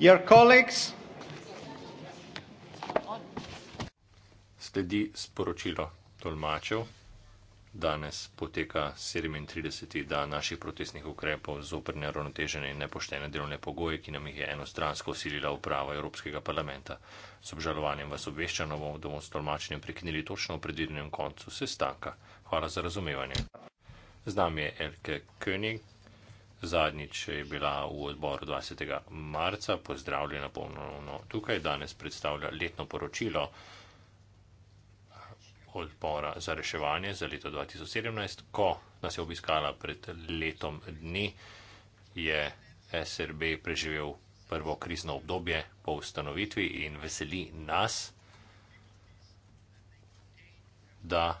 your colleagues. Sledi sporočilo tolmačev. Danes poteka 37. dan naših protestnih ukrepov z oprne ravnotežene in nepoštene delovne pogoje, ki nam jih je enostransko osilila uprava Evropskega parlamenta. S obžalovanjem vas obveščamo, da bomo s tolmačenjem prekinili točno v predvidenem koncu sestanka. Hvala za razumevanje. Z nami je Elke König, Zadnjič je bila v odboru 20. marca, pozdravljena ponovno tukaj, danes predstavlja letno poročilo odbora za reševanje za leto 2017. Ko nas je obiskala pred letom dni, je SRB preživel prvo krizno obdobje po ustanovitvi in veseli nas, da.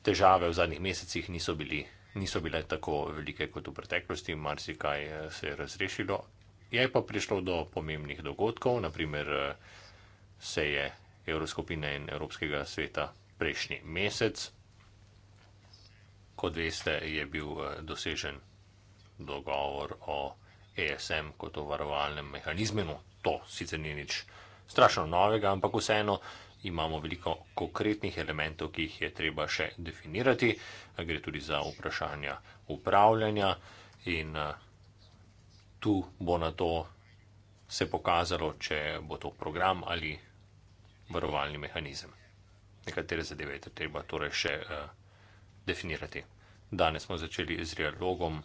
Težave v zadnjih mesecih niso bili niso bile tako velike kot v preteklosti, marsikaj eh, se je razrešilo. Je pa prišlo do pomembnih dogodkov, naprimer eh, se je Evroskupina in Evropskega sveta prejšnji mesec, kot veste, je bil eh, dosežen dogovor o ESM kot o varovalnem mehanizmu. No, to sicer ni nič strašno novega, ampak vseeno imamo veliko konkretnih elementov, ki jih je treba še definirati. Gre tudi za vprašanja upravljanja in eh, tu bo na to se pokazalo, če bo to program ali varovalni mehanizem. Nekatere zadeve je treba torej še eh, definirati. Danes smo začeli z dialogom.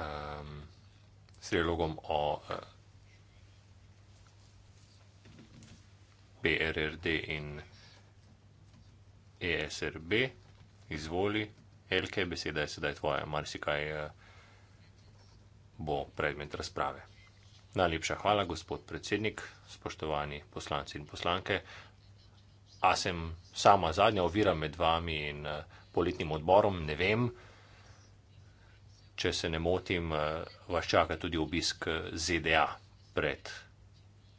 Um, s dialogom o uh BRRD in ESRB, izvoli, Elke, beseda je sedaj tvoja, marsikaj eh, bo predmet razprave. Najlepša hvala, gospod predsednik, spoštovani poslanci in poslanke. A sem sama zadnja ovira med vami in eh, politnim odborom, ne vem. Če se ne motim, eh, vas čaka tudi obisk ZDA pred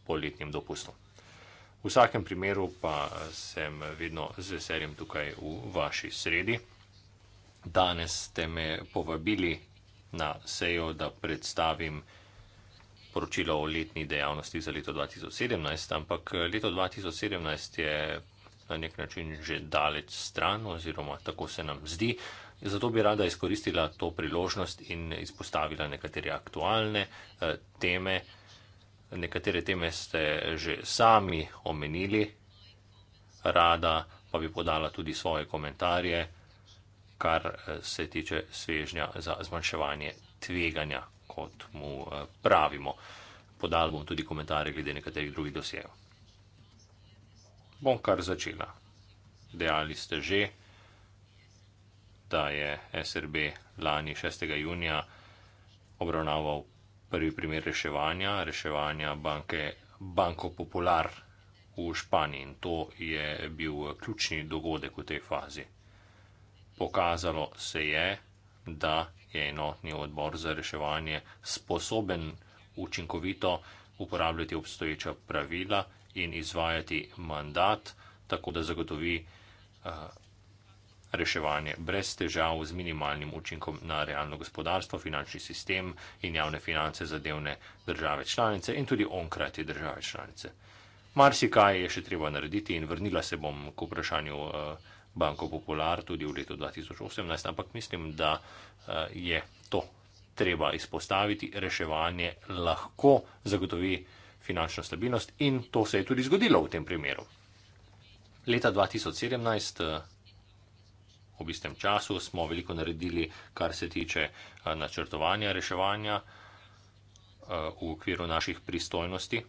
politnim dopustom. V vsakem primeru pa sem vedno z veseljem tukaj v vaši sredi. Danes ste me povabili na sejo, da predstavim poročilo o letni dejavnosti za leto 2017, ampak leto 2017 je na nek način že daleč stran oziroma tako se nam zdi. Zato bi rada izkoristila to priložnost in izpostavila nekatere aktualne eh, teme. Nekatere teme ste že sami omenili, rada pa bi podala tudi svoje komentarje, kar eh, se tiče svežnja za zmanjševanje tveganja, kot mu eh, pravimo. Podal bom tudi komentarje glede nekaterih drugih dosjev. Bom kar začela. Dejali ste že, da je SRB lani 6. junija obravnaval prvi primer reševanja, reševanja banke Banco Popular v Španiji in to je bil ključni dogodek v tej fazi. Pokazalo se je, da je enotni odbor za reševanje sposoben učinkovito uporabljati obstoječa pravila in izvajati mandat, tako da zagotovi uh, reševanje brez težav z minimalnim učinkom na realno gospodarstvo, finančni sistem in javne finance zadevne države članice in tudi onkrati države članice. Marsikaj je še treba narediti in vrnila se bom k vprašanju eh, Banko Popular tudi v letu 2018, ampak mislim, da eh, je to treba izpostaviti. Reševanje lahko zagotovi finančno stabilnost in to se je tudi zgodilo v tem primeru. Leta 2017 v istem času, smo veliko naredili, kar se tiče eh, načrtovanja, reševanja eh, v okviru naših pristojnosti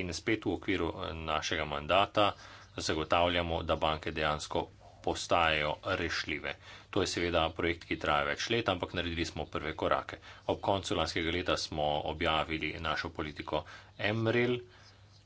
in spet v okviru eh, našega mandata zagotavljamo, da banke dejansko postajajo rešljive. To je seveda projekt, ki traja več let, ampak naredili smo prve korake. Ob koncu lanskega leta smo objavili našo politiko MREL,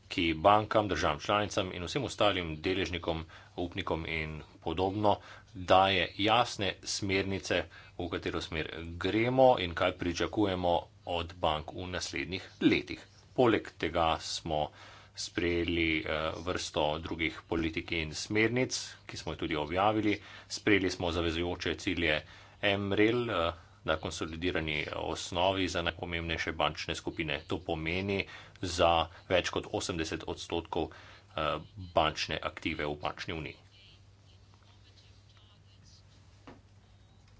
ki bankam, državam članicam in vsem ostalim deležnikom, upnikom in podobno daje jasne smernice, v katero smer gremo in kaj pričakujemo od bank v naslednjih letih. Poleg tega smo sprejeli eh, vrsto drugih politik in smernic, ki smo jih tudi objavili. Sprejeli smo zavezujoče cilje MREL eh, na konsolidirani osnovi za najpomembnejše bančne skupine. To pomeni, za več kot 80 odstotkov eh, bančne aktive v bančni uniji.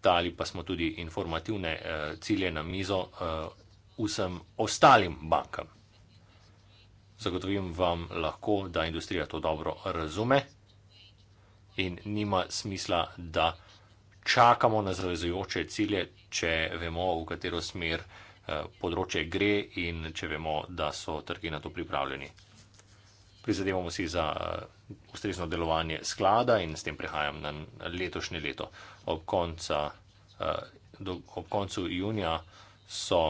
Dali pa smo tudi informativne eh, cilje na mizo eh, vsem ostalim bankam. Zagotovim vam lahko, da industrija to dobro razume in nima smisla, da čakamo na zavezujoče cilje, če vemo, v katero smer eh, Eh, področje gre in če vemo, da so trgi na to pripravljeni. Prizadevamo si za eh, ustrezno delovanje sklada in s tem prehajam na letošnje leto. Ob, konca, eh, do, ob koncu junija so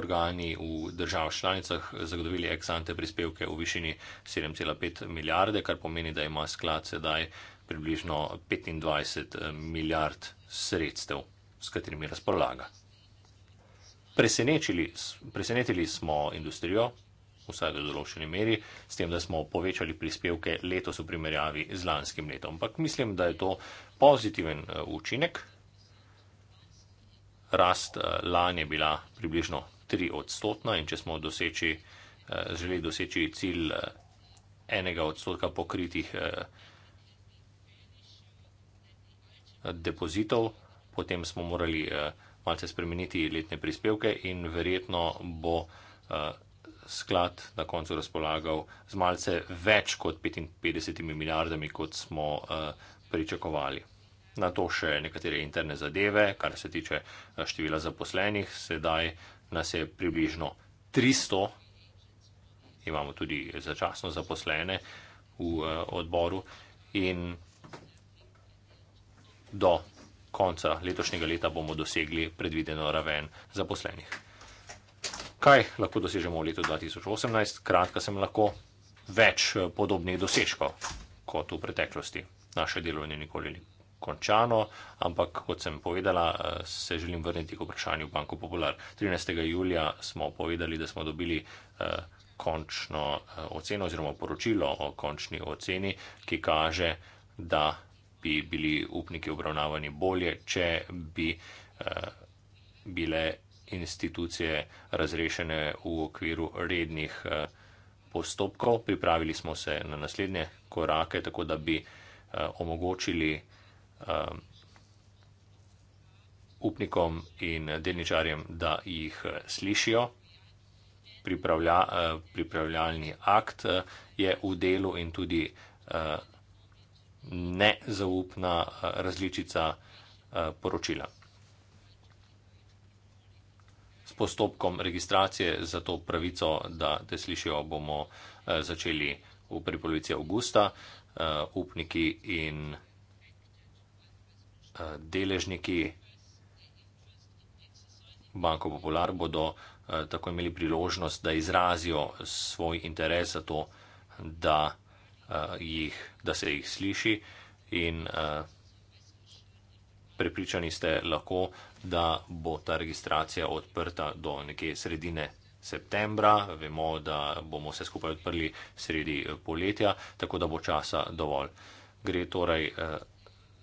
organi v državah članicah zagotovili eksante prispevke v višini 7,5 milijarde, kar pomeni, da ima sklad sedaj približno 25 milijard sredstev, s katerimi razpolaga presenečili, presenetili smo industrijo, vsaj do določene meri, s tem, da smo povečali prispevke letos v primerjavi z lanskim letom. Ampak mislim, da je to pozitiven eh, učinek. Rast eh, lani je bila približno 3 odstotna in če smo doseči, eh, želeli doseči cilj enega odstotka pokritih depozitov, potem smo morali eh, malce spremeniti letne prispevke in verjetno bo uh, sklad na koncu razpolagal z malce več kot 55 milijardami, kot smo uh, pričakovali. Na to še nekatere interne zadeve, kar se tiče eh, števila zaposlenih, sedaj nas je približno 300, imamo tudi začasno zaposlene v uh, odboru in do konca letošnjega leta bomo dosegli predvideno raven zaposlenih. Kaj lahko dosežemo v letu 2018? Kratka sem lahko več eh, podobnih dosežkov kot v preteklosti. Naše delo ni nikoli končano, ampak kot sem povedala, eh, se želim vrniti k vprašanju Banko Popular. 13. julija smo povedali, da smo dobili eh, končno oceno oziroma poročilo o končni oceni, ki kaže, da bi bili upniki obravnavani bolje, če bi eh, bile institucije razrešene v okviru rednih eh, postopkov. Pripravili smo se na naslednje korake, tako da bi eh, omogočili upnikom in delničarjem, da jih slišijo. Pripravlja, pripravljalni akt je v delu in tudi nezaupna eh, različica eh, poročila. S postopkom registracije za to pravico, da te slišijo, bomo eh, začeli v pripolovici avgusta. Upniki in deležniki Banko Popular bodo tako imeli priložnost, da izrazijo svoj interes za to, da uh, jih, da se jih sliši in uh, prepričani ste lahko, da bo ta registracija odprta do neke sredine septembra. Vemo, da bomo se skupaj odprli sredi eh, poletja, tako da bo časa dovolj. Gre torej uh,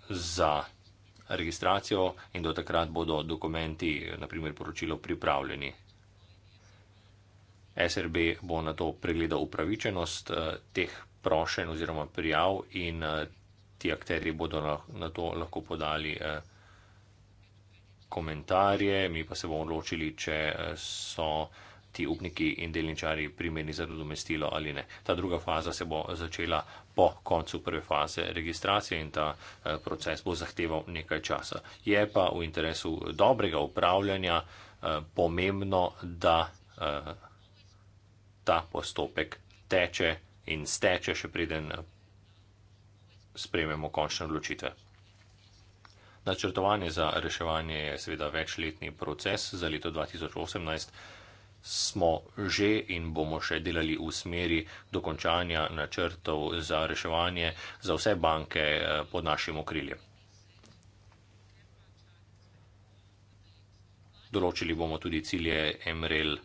za registracijo in do takrat bodo dokumenti, naprimer poročilo, pripravljeni. SRB bo na to pregledal upravičenost eh, teh prošen oziroma prijav in eh, ti akteri bodo na to lahko podali eh, komentarje, mi pa se bomo odločili, če eh, so ti upniki in delničari primerni za domestilo ali ne. Ta druga faza se bo začela po koncu prve faze registracije in ta proces bo zahteval nekaj časa. Je pa v interesu dobrega upravljanja pomembno, da ta postopek teče in steče, še preden eh, sprememo končne odločitve. Načrtovanje za reševanje je seveda večletni proces. Za leto 2018 smo že in bomo še delali v smeri dokončanja načrtov za reševanje za vse banke eh, pod našim okriljem. Določili bomo tudi cilje MREL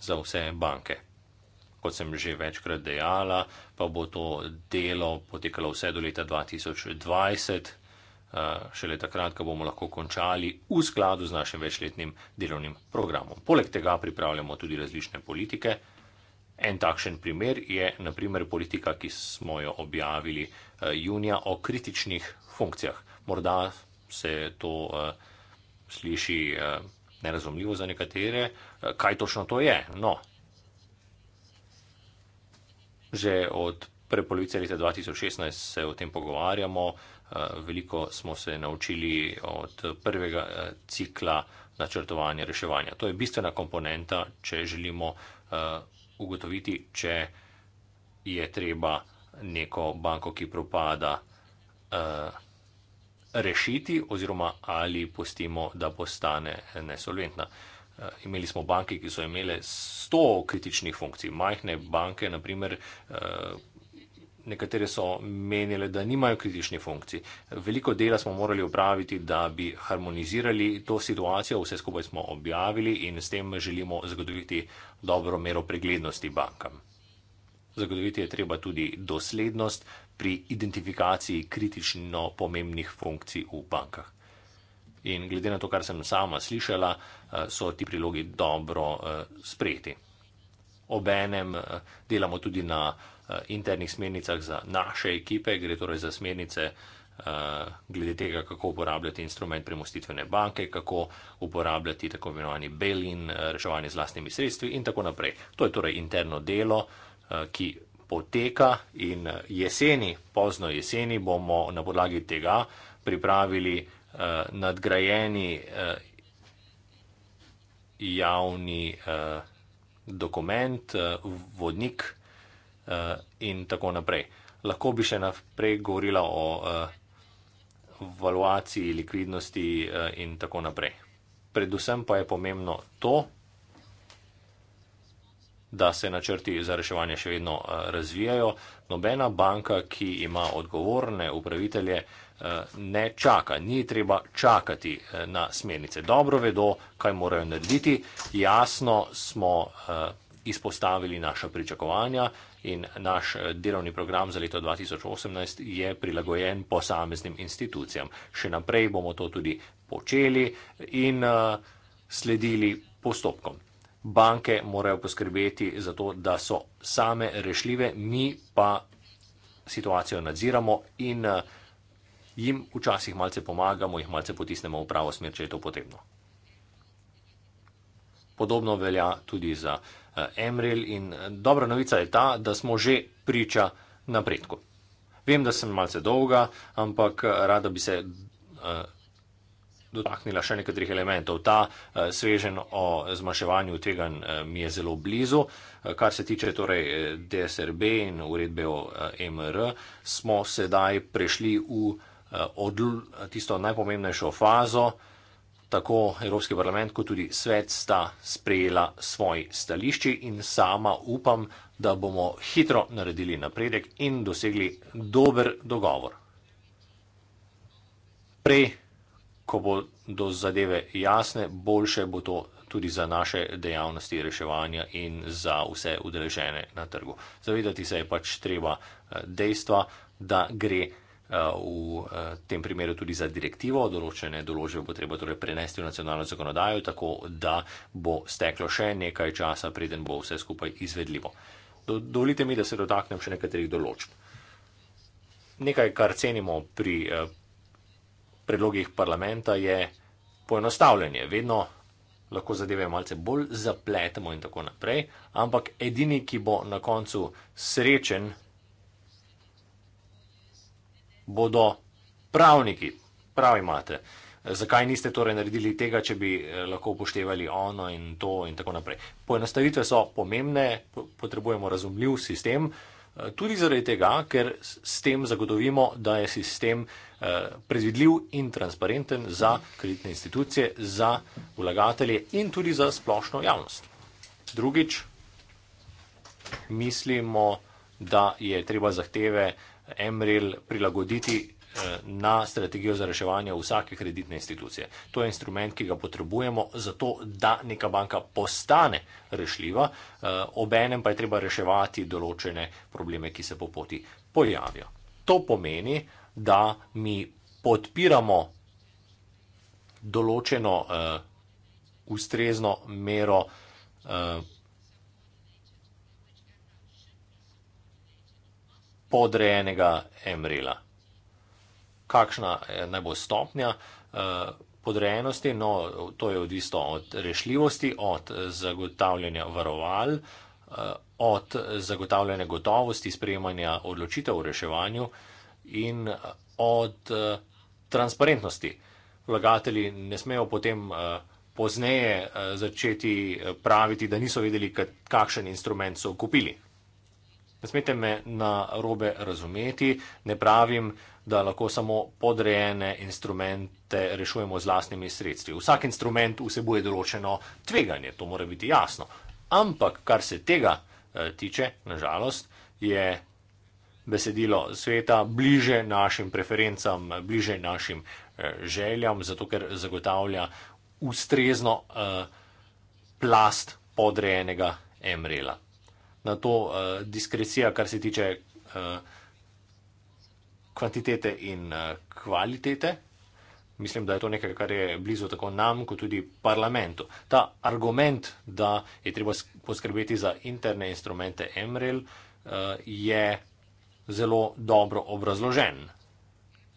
za vse banke kot sem že večkrat dejala, pa bo to delo potekalo vse do leta 2020. Eh, šele takrat, ko bomo lahko končali v skladu z našim večletnim delovnim programom. Poleg tega pripravljamo tudi različne politike. En takšen primer je naprimer politika, ki smo jo objavili eh, junija o kritičnih funkcijah. Morda se to uh, sliši uh, nerazumljivo za nekatere. Kaj točno to je? No, že od prepolovice leta 2016 se o tem pogovarjamo. Eh, veliko smo se naučili od prvega eh, cikla načrtovanja reševanja. To je bistvena komponenta, če želimo eh, ugotoviti, če je treba neko banko, ki propada, rešiti oziroma ali postimo, da postane nesolventna. Eh, imeli smo banke, ki so imele 100 kritičnih funkcij, majhne banke, naprimer, eh, nekatere so menile, da nimajo kritičnih funkcij. Veliko dela smo morali upraviti, da bi harmonizirali to situacijo, vse skupaj smo objavili in s tem želimo zagotoviti dobro mero preglednosti bankam. Zagotoviti je treba tudi doslednost pri identifikaciji kritično pomembnih funkcij v bankah in glede na to, kar sem sama slišala, eh, so ti prilogi dobro eh, sprejeti. Obenem eh, delamo tudi na internih smernicah za naše ekipe, gre torej za smernice glede tega, kako uporabljati instrument premustitvene banke, kako uporabljati tako imenovani bail-in, reševanje z vlastnimi sredstvi in tako naprej. To je torej interno delo, ki poteka in jeseni, pozno jeseni bomo na podlagi tega pripravili uh, nadgrajeni uh, javni uh, dokument, uh, vodnik uh, in tako naprej. Lahko bi še naprej govorila o uh, valuaciji, likvidnosti uh, in tako naprej. Predvsem pa je pomembno to, da se načrti za reševanje še vedno razvijajo. Nobena banka, ki ima odgovorne upravitelje, uh, Eh, ne čaka, ni treba čakati eh, na smernice. Dobro vedo, kaj morajo narediti, jasno smo eh, izpostavili naša pričakovanja in naš delovni program za leto 2018 je prilagojen posameznim institucijam. Še naprej bomo to tudi počeli in sledili postopkom. Banke morajo poskrbeti za to, da so same rešljive, mi pa situacijo nadziramo in uh, jim včasih malce pomagamo, jih malce potisnemo v pravo smer, če je to potrebno. Podobno velja tudi za eh, Emril in eh, dobra novica je ta, da smo že priča napredku. Vem, da sem malce dolga, ampak eh, rada bi se dotaknila še nekaterih elementov. Ta svežen o zmaševanju tega mi je zelo blizu. Kar se tiče torej DSRB in uredbe o MR, smo sedaj prešli v Eh, odl, tisto najpomembnejšo fazo, tako Evropski parlament, kot tudi svet sta sprejela svoj stališči in sama upam, da bomo hitro naredili napredek in dosegli dober dogovor. Prej, ko bo do zadeve jasne, boljše bo to tudi za naše dejavnosti reševanja in za vse udeležene na trgu. Zavedati se je pač treba eh, dejstva, da gre Eh, v eh, tem primeru tudi za direktivo, določene določbe bo treba torej prenesti v nacionalno zakonodajo, tako da bo steklo še nekaj časa, preden bo vse skupaj izvedljivo. Do, dovolite mi, da se dotaknem še nekaterih določb. Nekaj, kar cenimo pri eh, predlogih parlamenta, je poenostavljanje. Vedno lahko zadeve malce bolj zapletemo in tako naprej, ampak edini, ki bo na koncu srečen bodo pravniki. Prav imate. Zakaj niste torej naredili tega, če bi eh, lahko upoštevali ono in to in tako naprej? Poenostavitve so pomembne, potrebujemo razumljiv sistem, eh, tudi zaradi tega, ker s tem zagotovimo, da je sistem eh, predvidljiv in transparenten za kreditne institucije, za vlagatelje in tudi za splošno javnost. Drugič, mislimo, da je treba zahteve MRL prilagoditi eh, na strategijo za reševanje vsake kreditne institucije. To je instrument, ki ga potrebujemo zato, da neka banka postane rešljiva, eh, obenem pa je treba reševati določene probleme, ki se po poti pojavijo. To pomeni, da mi podpiramo določeno uh, ustrezno mero uh, podrejenega emrela. Kakšna je najbolj stopnja eh, podrejenosti? No, to je odvisno od rešljivosti, od eh, zagotavljanja varoval, eh, od zagotavljanja gotovosti sprejemanja odločitev o reševanju in od transparentnosti. Vlagatelji ne smejo potem pozneje začeti praviti, da niso vedeli, kakšen instrument so kupili. Ne smete me na robe razumeti, ne pravim, da lahko samo podrejene instrumente rešujemo z vlastnimi sredstvi. Vsak instrument vsebuje določeno tveganje, to mora biti jasno. Ampak, kar se tega eh, tiče, nažalost, je besedilo sveta bliže našim preferencam, bliže našim eh, željam, zato ker zagotavlja ustrezno eh, plast podrejenega emrela na to uh, eh, diskrecija, kar se tiče uh, kvantitete in uh, kvalitete. Mislim, da je to nekaj, kar je blizu tako nam, kot tudi parlamentu. Ta argument, da je treba poskrbeti za interne instrumente MRL, je zelo dobro obrazložen.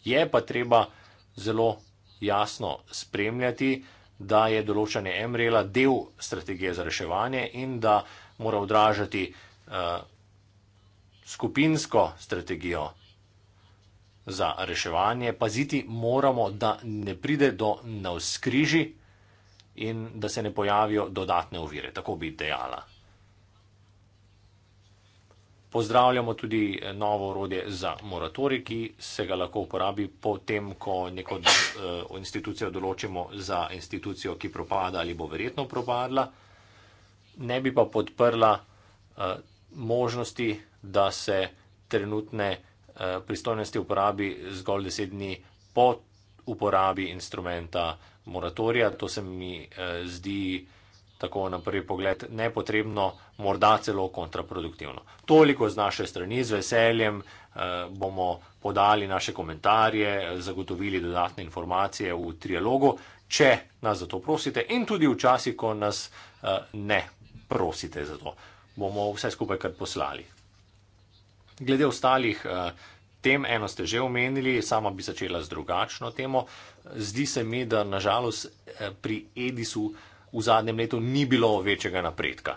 Je pa treba zelo jasno spremljati, da je določanje MRL-a del strategije za reševanje in da uh, mora odražati uh, skupinsko strategijo za reševanje. Paziti moramo, da ne pride do navskriži in da se ne pojavijo dodatne ovire, tako bi dejala. Pozdravljamo tudi eh, novo orodje za moratori, ki se ga lahko uporabi potem, ko neko uh, institucijo določimo za institucijo, ki propada ali bo verjetno propadla ne bi pa podprla uh, možnosti, da se trenutne uh, pristojnosti uporabi zgolj deset dni po uporabi instrumenta moratorija. To se mi uh, zdi tako na prvi pogled nepotrebno, morda celo kontraproduktivno. Toliko z naše strani, z veseljem eh, bomo podali naše komentarje, zagotovili dodatne informacije v trialogu, če nas za to prosite in tudi včasih, ko nas eh, ne prosite za to. Bomo vse skupaj kar poslali. Glede ostalih eh, tem, eno ste že omenili, sama bi začela z drugačno temo. Zdi se mi, da nažalost eh, pri Edisu v zadnjem letu ni bilo večjega napredka.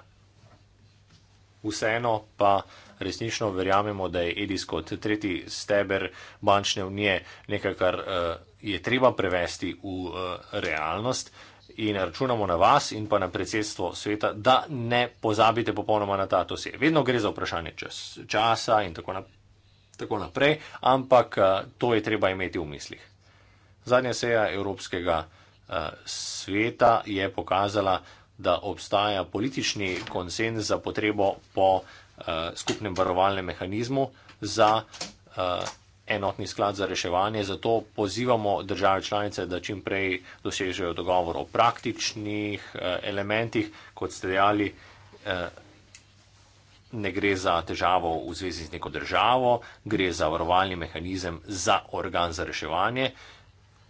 Vseeno pa resnično verjamemo, da je Edis kot tretji steber bančne unije nekaj, kar eh, je treba prevesti v realnost in računamo na vas in pa na predsedstvo sveta, da ne pozabite popolnoma na ta dosje. Vedno gre za vprašanje čas, časa in tako, na, tako naprej, ampak eh, to je treba imeti v mislih. Zadnja seja Evropskega eh, sveta je pokazala, da obstaja politični konsens za potrebo po eh, skupnem varovalnem mehanizmu za enotni sklad za reševanje, zato pozivamo države članice, da čim prej dosežejo dogovor o praktičnih eh, elementih, kot ste dejali, eh, ne gre za težavo v zvezi z neko državo, gre za varovalni mehanizem za organ za reševanje,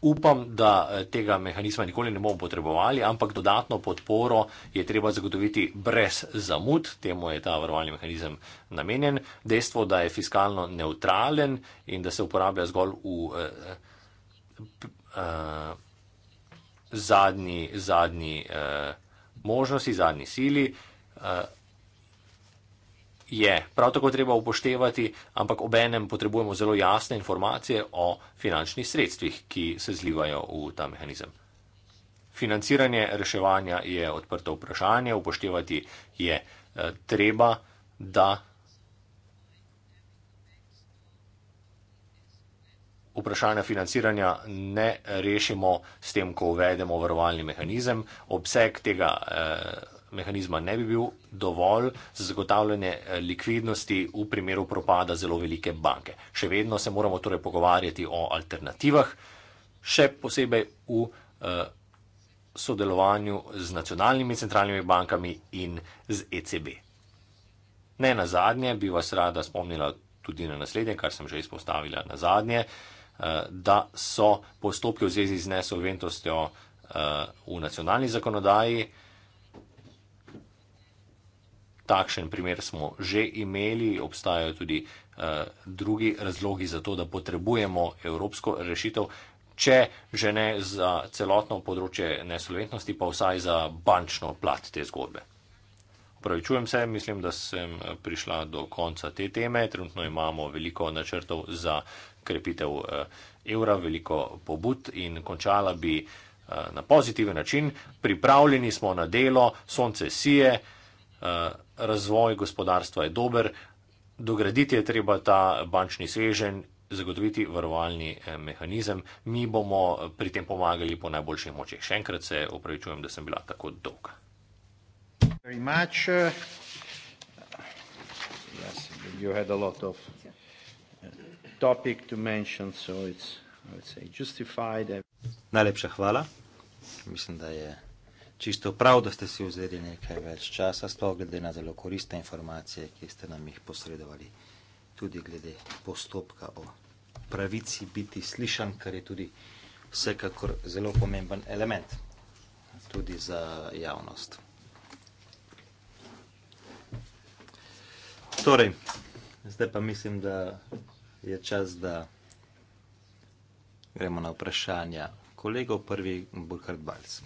upam, da eh, tega mehanizma nikoli ne bomo potrebovali, ampak dodatno podporo je treba zagotoviti brez zamud, temu je ta varovalni mehanizem namenjen. Dejstvo, da je fiskalno neutralen in da se uporablja zgolj v eh, eh, zadnji, zadnji eh, možnosti, zadnji sili. Eh, je prav tako treba upoštevati, ampak obenem potrebujemo zelo jasne informacije o finančnih sredstvih, ki se zlivajo v ta mehanizem. Financiranje reševanja je odprto vprašanje, upoštevati je eh, treba, da vprašanja financiranja ne rešimo s tem, ko uvedemo varovalni mehanizem. Obseg tega eh, mehanizma ne bi bil dovolj za zagotavljanje eh, likvidnosti v primeru propada zelo velike banke. Še vedno se moramo torej pogovarjati o alternativah, še posebej v eh, sodelovanju z nacionalnimi centralnimi bankami in z ECB. Ne na zadnje bi vas rada spomnila tudi na naslednje, kar sem že izpostavila na zadnje, eh, da so postopke v zvezi z nesolventnostjo eh, v nacionalni zakonodaji eh, Takšen primer smo že imeli, obstajajo tudi uh, drugi razlogi za to, da potrebujemo evropsko rešitev, če že ne za celotno področje nesolventnosti, pa vsaj za bančno plat te zgodbe. Pravičujem se, mislim, da sem prišla do konca te teme. Trenutno imamo veliko načrtov za krepitev eh, evra, veliko pobud in končala bi eh, na pozitiven način. Pripravljeni smo na delo, sonce sije. Eh, razvoj gospodarstva je dober, dograditi je treba ta bančni svežen, zagotoviti varovalni eh, mehanizem. Mi bomo pri tem pomagali po najboljših močeh. Še enkrat se upravičujem, da sem bila tako dolga. Uh, mention, so it's, it's Najlepša hvala. Mislim, da je čisto prav, da ste si vzeli nekaj več časa, sploh glede na zelo koriste informacije, ki ste nam jih posredovali, tudi glede postopka o pravici biti slišan, kar je tudi vsekakor zelo pomemben element tudi za javnost. Torej, zdaj pa mislim, da je čas, da gremo na vprašanja kolegov. Prvi, Burkhard Balc.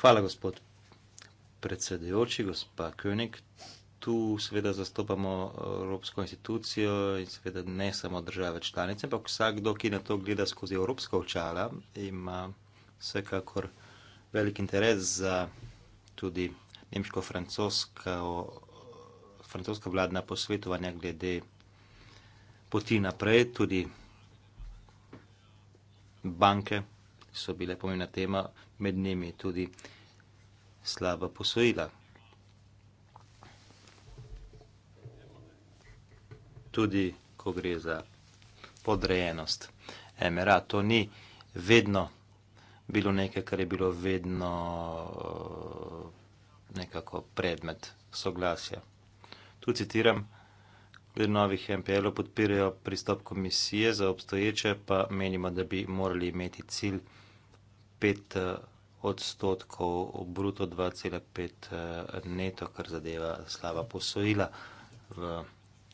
Hvala, gospod predsedujoči, gospa König. Tu seveda zastopamo Evropsko institucijo in seveda ne samo države članice, ampak vsakdo, ki na to gleda skozi evropska očala, ima vsekakor velik interes za tudi nemško-francoska vladna posvetovanja glede poti naprej, tudi banke so bile pomembna tema, med njimi tudi slaba posojila. Tudi, ko gre za podrejenost. MRA to ni vedno bilo nekaj, kar je bilo vedno nekako predmet soglasja. Tu citiram, Pri novih MPL-ov podpirajo pristop komisije, za obstoječe pa menimo, da bi morali imeti cilj 5 eh, odstotkov bruto 2,5 eh, neto, kar zadeva slaba posojila v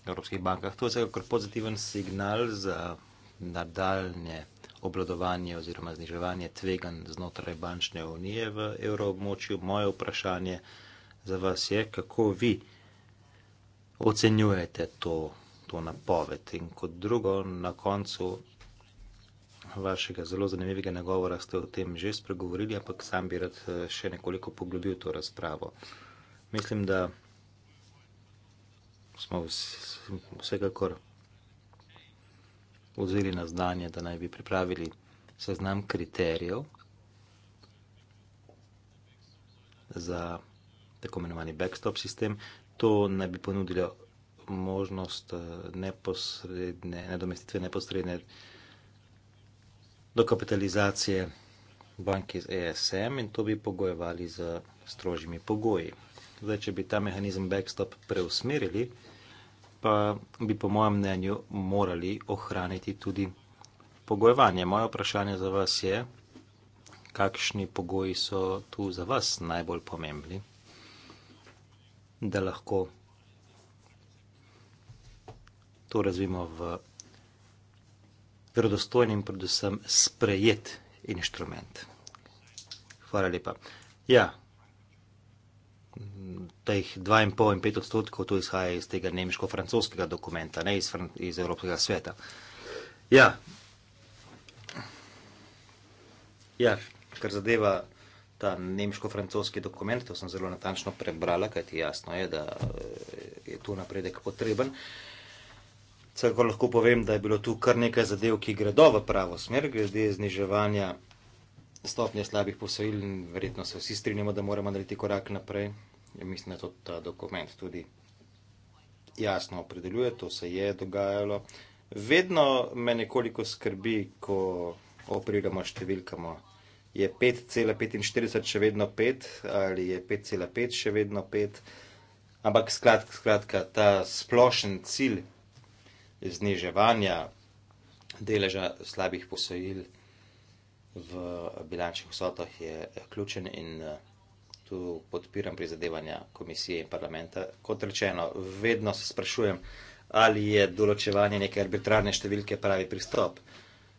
evropskih bankah. To je vsekakor pozitiven signal za nadaljne obladovanje oziroma zniževanje tvegan znotraj bančne unije v evroobmočju. Moje vprašanje za vas je, kako vi ocenjujete to, to napoved. In kot drugo, na koncu vašega zelo zanimivega nagovora ste o tem že spregovorili, ampak sam bi rad eh, še nekoliko poglobil to razpravo. Mislim, da smo vsekakor vzeli na znanje, da naj bi pripravili seznam kriterijev za tako imenovani backstop sistem, to naj bi ponudilo možnost eh, neposredne, nadomestitve neposredne dokapitalizacije banke z ESM in to bi pogojevali z strožjimi pogoji. Zdaj, če bi ta mehanizem backstop preusmerili, pa bi po mojem mnenju morali ohraniti tudi pogojevanje. Moje vprašanje za vas je, kakšni pogoji so tu za vas najbolj pomembni da lahko to razvijemo v verodostojni in predvsem sprejet inštrument. Hvala lepa. Ja, teh dva in pol in pet odstotkov to izhaja iz tega nemško-francoskega dokumenta, ne iz, iz Evropskega sveta. Ja, ja kar zadeva ta nemško-francoski dokument, to sem zelo natančno prebrala, kajti jasno je, da eh, je tu napredek potreben. Celko lahko povem, da je bilo tu kar nekaj zadev, ki gredo v pravo smer, glede zniževanja stopnje slabih posojil in verjetno se vsi strinjamo, da moramo narediti korak naprej. Ja, mislim, da to ta dokument tudi jasno opredeljuje, to se je dogajalo. Vedno me nekoliko skrbi, ko operiramo številkama je 5,45 še vedno 5 ali je 5,5 še vedno 5. Ampak skratka, skratka ta splošen cilj zniževanja deleža slabih posojil v bilančnih vsotah je ključen in eh, tu podpiram prizadevanja komisije in parlamenta. Kot rečeno, vedno se sprašujem, ali je določevanje neke arbitrarne številke pravi pristop.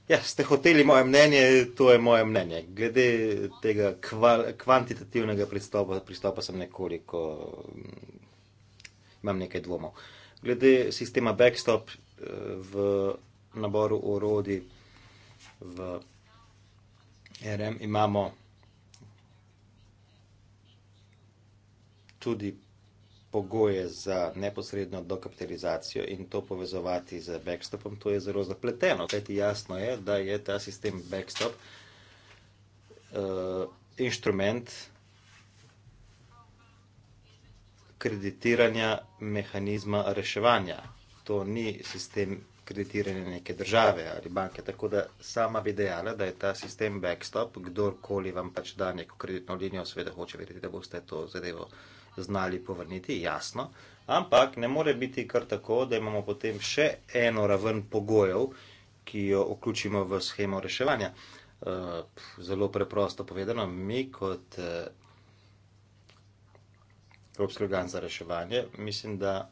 Ja, ste hoteli moje mnenje, to je moje mnenje. Glede tega kval, kvantitativnega pristopa, pristopa sem nekoliko, imam nekaj dvomov. Glede sistema backstop eh, v naboru orodi v RM imamo tudi pogoje za neposredno dokapitalizacijo in to povezovati z backstopom, to je zelo zapleteno. Kajti jasno je, da je ta sistem backstop uh, inštrument kreditiranja mehanizma reševanja. To ni sistem kreditiranja neke države ali banke. Tako da sama bi dejala, da je ta sistem backstop, kdorkoli vam pač da neko kreditno linijo, seveda hoče vedeti, da boste to zadevo znali povrniti, jasno. Ampak ne more biti kar tako, da imamo potem še eno raven pogojev, ki jo vključimo v schemo reševanja. Eh, zelo preprosto povedano, mi kot eh, Evropski organ za reševanje mislim, da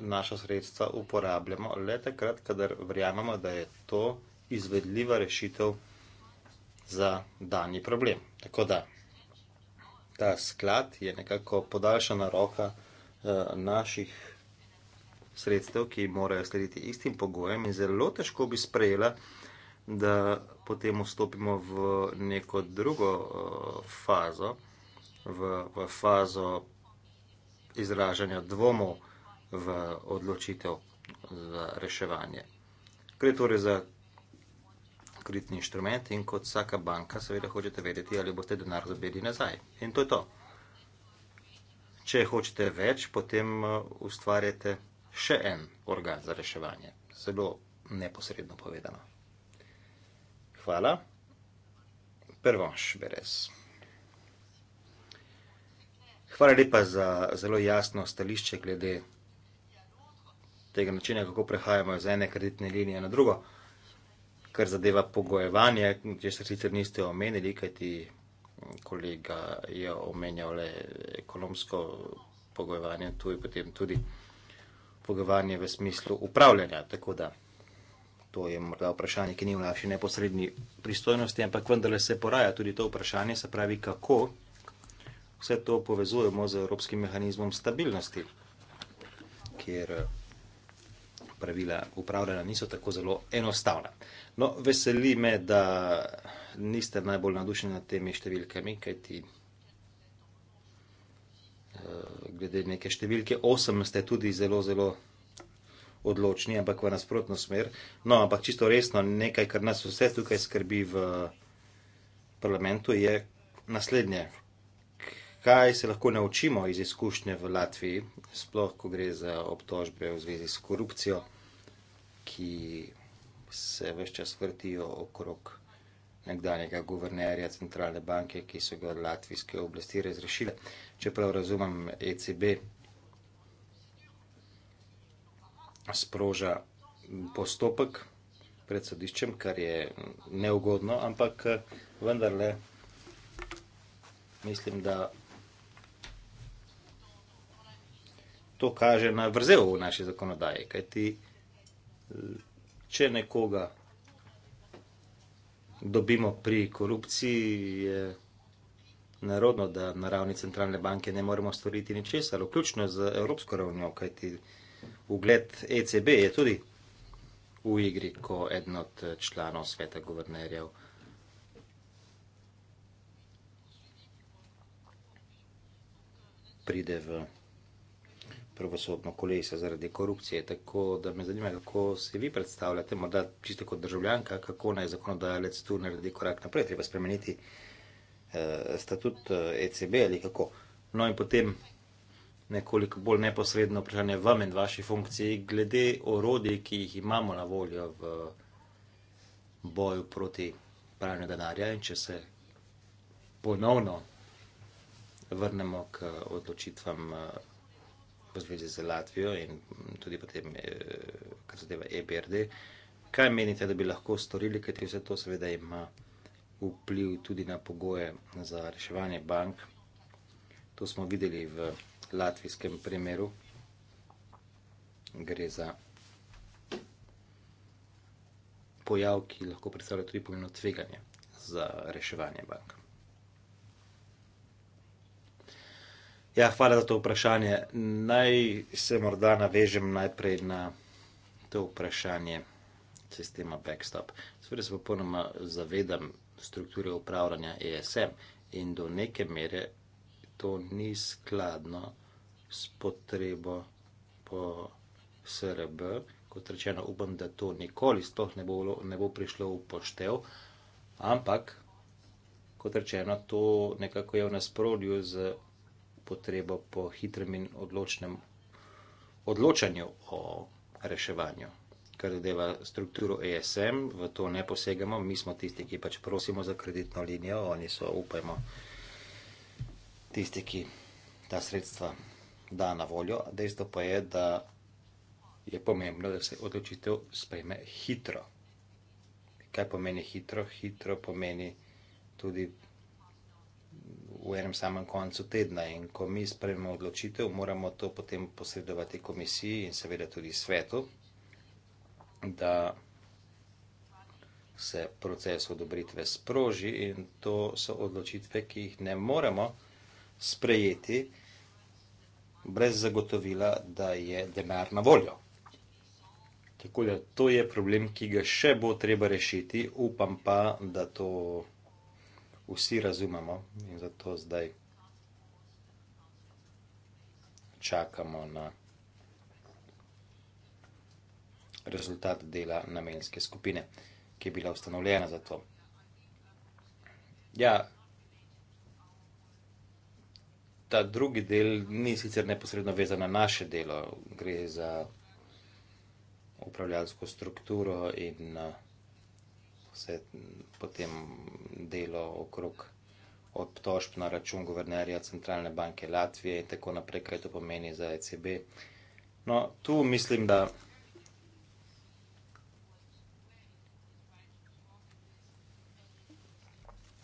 naša sredstva uporabljamo le takrat, kadar verjamemo, da je to izvedljiva rešitev za danji problem. Tako da ta sklad je nekako podaljšana roka uh, naših sredstev, ki morajo slediti istim pogojem in zelo težko bi sprejela, da potem vstopimo v neko drugo uh, fazo, v, v fazo izražanja dvomov v odločitev za reševanje. Gre torej za kreditni inštrument in kot vsaka banka seveda hočete vedeti, ali boste denar dobili nazaj. In to je to. Če hočete več, potem eh, ustvarjate še en organ za reševanje. Zelo neposredno povedano. Hvala. Prvoš, Beres. Hvala lepa za zelo jasno stališče glede tega načina, kako prehajamo iz ene kreditne linije na drugo kar zadeva pogojevanje, če se sicer niste omenili, kajti kolega je omenjal le ekonomsko pogojevanje, tu je potem tudi pogojevanje v smislu upravljanja. Tako da to je morda vprašanje, ki ni v naši neposrednji pristojnosti, ampak vendarle se poraja tudi to vprašanje, se pravi, kako vse to povezujemo z evropskim mehanizmom stabilnosti, kjer pravila upravljanja niso tako zelo enostavna. No, veseli me, da niste najbolj nadušeni nad temi številkami, kajti eh, glede neke številke 8 ste tudi zelo, zelo odločni, ampak v nasprotno smer. No, ampak čisto resno, nekaj, kar nas vse tukaj skrbi v parlamentu, je naslednje. Kaj se lahko naučimo iz izkušnje v Latviji, sploh ko gre za obtožbe v zvezi s korupcijo, ki se vse čas vrtijo okrog nekdanjega guvernerja centralne banke, ki so ga latvijske oblasti razrešile. Čeprav razumem, ECB sproža postopek pred sodiščem, kar je neugodno, ampak vendarle mislim, da to kaže na vrzel v naši zakonodaji, kajti če nekoga dobimo pri korupciji, je narodno, da na ravni centralne banke ne moremo storiti ničesar, vključno z evropsko ravnjo, kajti ugled ECB je tudi v igri, ko eden od članov sveta guvernerjev. pride v pravosodno kolesje zaradi korupcije. Tako da me zanima, kako se vi predstavljate, morda čisto kot državljanka, kako naj zakonodajalec tu naredi korak naprej, treba spremeniti eh, statut ECB eh, e ali kako. No in potem nekoliko bolj neposredno vprašanje vam in vaši funkciji, glede orodij, ki jih imamo na voljo v boju proti pravnemu denarju in če se ponovno vrnemo k odločitvam. Eh, v zvezi z Latvijo in tudi potem, eh, kar zadeva EBRD. Kaj menite, da bi lahko storili, kajti vse to seveda ima vpliv tudi na pogoje za reševanje bank? To smo videli v latvijskem primeru. Gre za pojav, ki lahko predstavlja tudi pomeno tveganje za reševanje bank. Ja, hvala za to vprašanje. Naj se morda navežem najprej na to vprašanje sistema backstop. Sveda se popolnoma zavedam strukture upravljanja ESM in do neke mere to ni skladno s potrebo po SRB. Kot rečeno, upam, da to nikoli sploh ne, ne bo prišlo v poštev, ampak. Kot rečeno, to nekako je v nasprotju z potrebo po hitrem in odločnem odločanju o reševanju. Kar zadeva strukturo ESM, v to ne posegamo, mi smo tisti, ki pač prosimo za kreditno linijo, oni so, upajmo, tisti, ki ta sredstva da na voljo. Dejstvo pa je, da je pomembno, da se odločitev sprejme hitro. Kaj pomeni hitro? Hitro pomeni tudi v enem samem koncu tedna in ko mi sprememo odločitev, moramo to potem posredovati komisiji in seveda tudi svetu, da se proces odobritve sproži in to so odločitve, ki jih ne moremo sprejeti brez zagotovila, da je denar na voljo. Tako da to je problem, ki ga še bo treba rešiti, upam pa, da to vsi razumemo in zato zdaj čakamo na rezultat dela namenske skupine, ki je bila ustanovljena za to. Ja, ta drugi del ni sicer neposredno vezan na naše delo, gre za upravljalsko strukturo in uh, vse potem delo okrog obtožb na račun guvernerja Centralne banke Latvije in tako naprej, kaj to pomeni za ECB. No, tu mislim, da.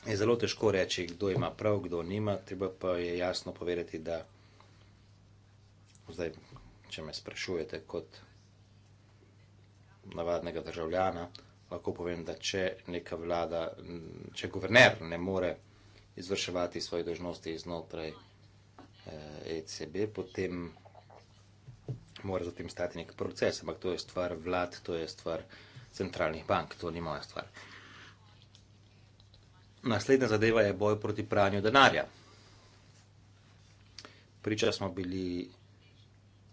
Je zelo težko reči, kdo ima prav, kdo nima, treba pa je jasno povedati, da zdaj, če me sprašujete kot navadnega državljana, lahko povem, da če neka vlada, če guverner ne more izvrševati svoje dožnosti iznotraj ECB, eh, e potem mora za tem stati nek proces, ampak to je stvar vlad, to je stvar centralnih bank, to ni moja stvar. Naslednja zadeva je boj proti pranju denarja. Priča smo bili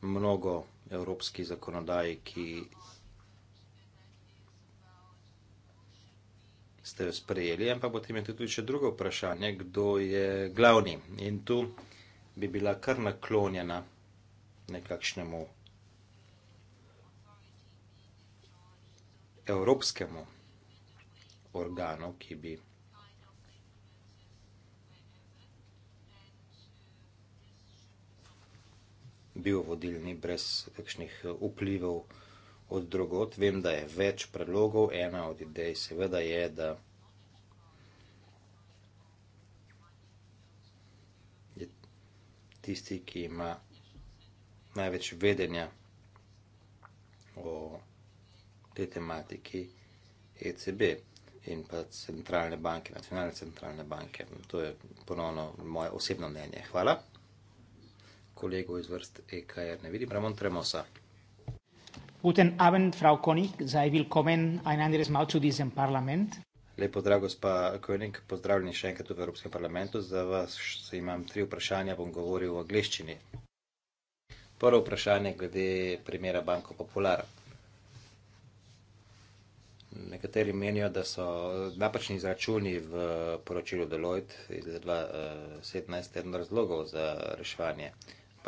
mnogo evropski zakonodaji, ki ste jo sprejeli, ampak potem je tudi še drugo vprašanje, kdo je glavni. In tu bi bila kar naklonjena nekakšnemu evropskemu organu, ki bi bil vodilni brez kakšnih vplivov od drugot, vem, da je več predlogov, ena od idej seveda je, da je tisti, ki ima največ vedenja o te tematiki ECB in pa centralne banke, nacionalne centralne banke. To je ponovno moje osebno mnenje. Hvala. Kolego iz vrst EKR ne vidim, Ramon Tremosa. Guten Abend, Frau König, sei willkommen ein anderes Mal zu diesem Parlament. Lepo drago, gospa König, pozdravljeni še enkrat v Evropskem parlamentu. Za vas imam tri vprašanja, bom govoril v angliščini. Prvo vprašanje glede primera Banko Popular. Nekateri menijo, da so napačni izračuni v poročilu Deloitte iz 2017 eh, eden razlogov za reševanje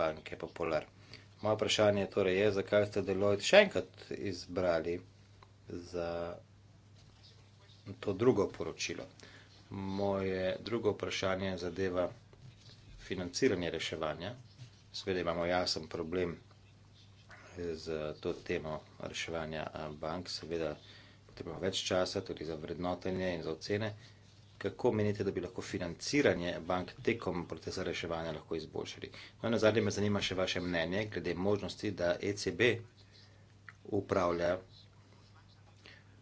banke Popular moje vprašanje torej je, zakaj ste Deloitte še enkrat izbrali za to drugo poročilo. Moje drugo vprašanje zadeva financiranje reševanja. Sveda imamo jasen problem z to temo reševanja bank, seveda potrebujemo več časa tudi za vrednotenje in za ocene kako menite, da bi lahko financiranje bank tekom procesa reševanja lahko izboljšali. No, na zadnje me zanima še vaše mnenje glede možnosti, da ECB upravlja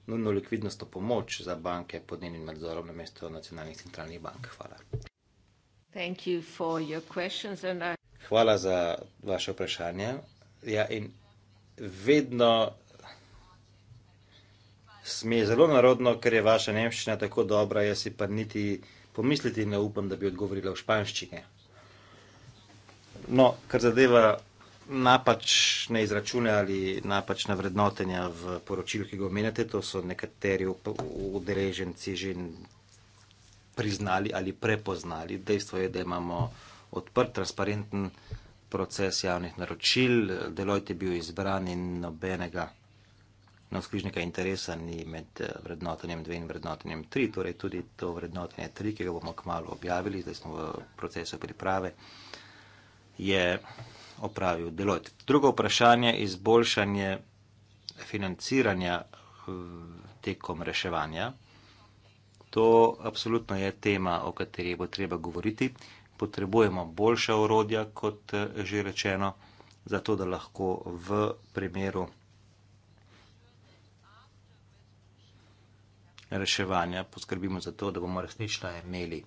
nujno likvidnostno pomoč za banke pod njenim nadzorom na mesto nacionalnih centralnih bank. Hvala. Hvala za vaše vprašanje. Ja, in vedno mi je zelo narodno, ker je vaša nemščina tako dobra, jaz si pa niti pomisliti ne upam, da bi odgovorila v španščini. No, kar zadeva napačne izračune ali napačna vrednotenja v poročilu, ki ga omenjate, to so nekateri udeleženci že priznali ali prepoznali. Dejstvo je, da imamo odprt, transparenten proces javnih naročil, Deloitte je bil izbran in nobenega navzkrižnega interesa ni med eh, vrednotenjem 2 in vrednotenjem 3, torej tudi to vrednotenje 3, ki ga bomo kmalo objavili, zdaj smo v procesu priprave, je opravil deloj. Drugo vprašanje je izboljšanje financiranja eh, tekom reševanja. To absolutno je tema, o kateri bo treba govoriti. Potrebujemo boljša urodja, kot eh, že rečeno, zato da lahko v primeru reševanja, poskrbimo za to, da bomo resnično imeli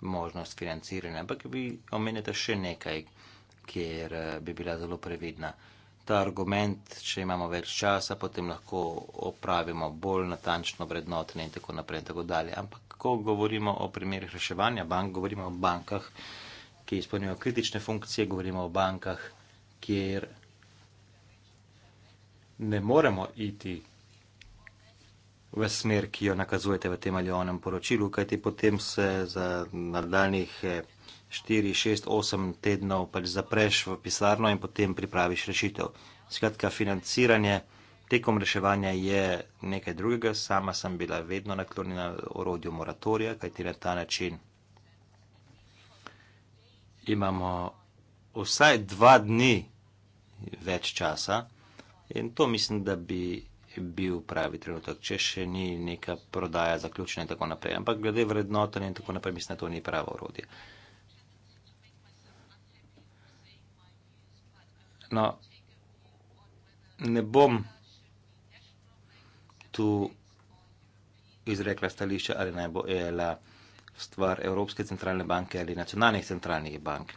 možnost financiranja. Ampak vi omenjate še nekaj, kjer eh, bi bila zelo previdna. Ta argument, če imamo več časa, potem lahko opravimo bolj natančno vrednotenje in tako naprej in tako dalje. Ampak ko govorimo o primerih reševanja bank, govorimo o bankah, ki izpolnjujejo kritične funkcije, govorimo o bankah, kjer ne moremo iti v smer, ki jo nakazujete v tem ali onem poročilu, kajti potem se za nadaljnih 4, 6, 8 tednov pač zapreš v pisarno in potem pripraviš rešitev. Skratka, financiranje tekom reševanja je nekaj drugega. Sama sem bila vedno naklonjena orodju moratorija, kajti na ta način imamo vsaj dva dni več časa in to mislim, da bi bil pravi trenutek, če še ni neka prodaja zaključena in tako naprej. Ampak glede vrednotenja in tako naprej, mislim, da to ni pravo orodje. No, ne bom tu izrekla stališča, ali naj bo ELA stvar Evropske centralne banke ali nacionalnih centralnih bank.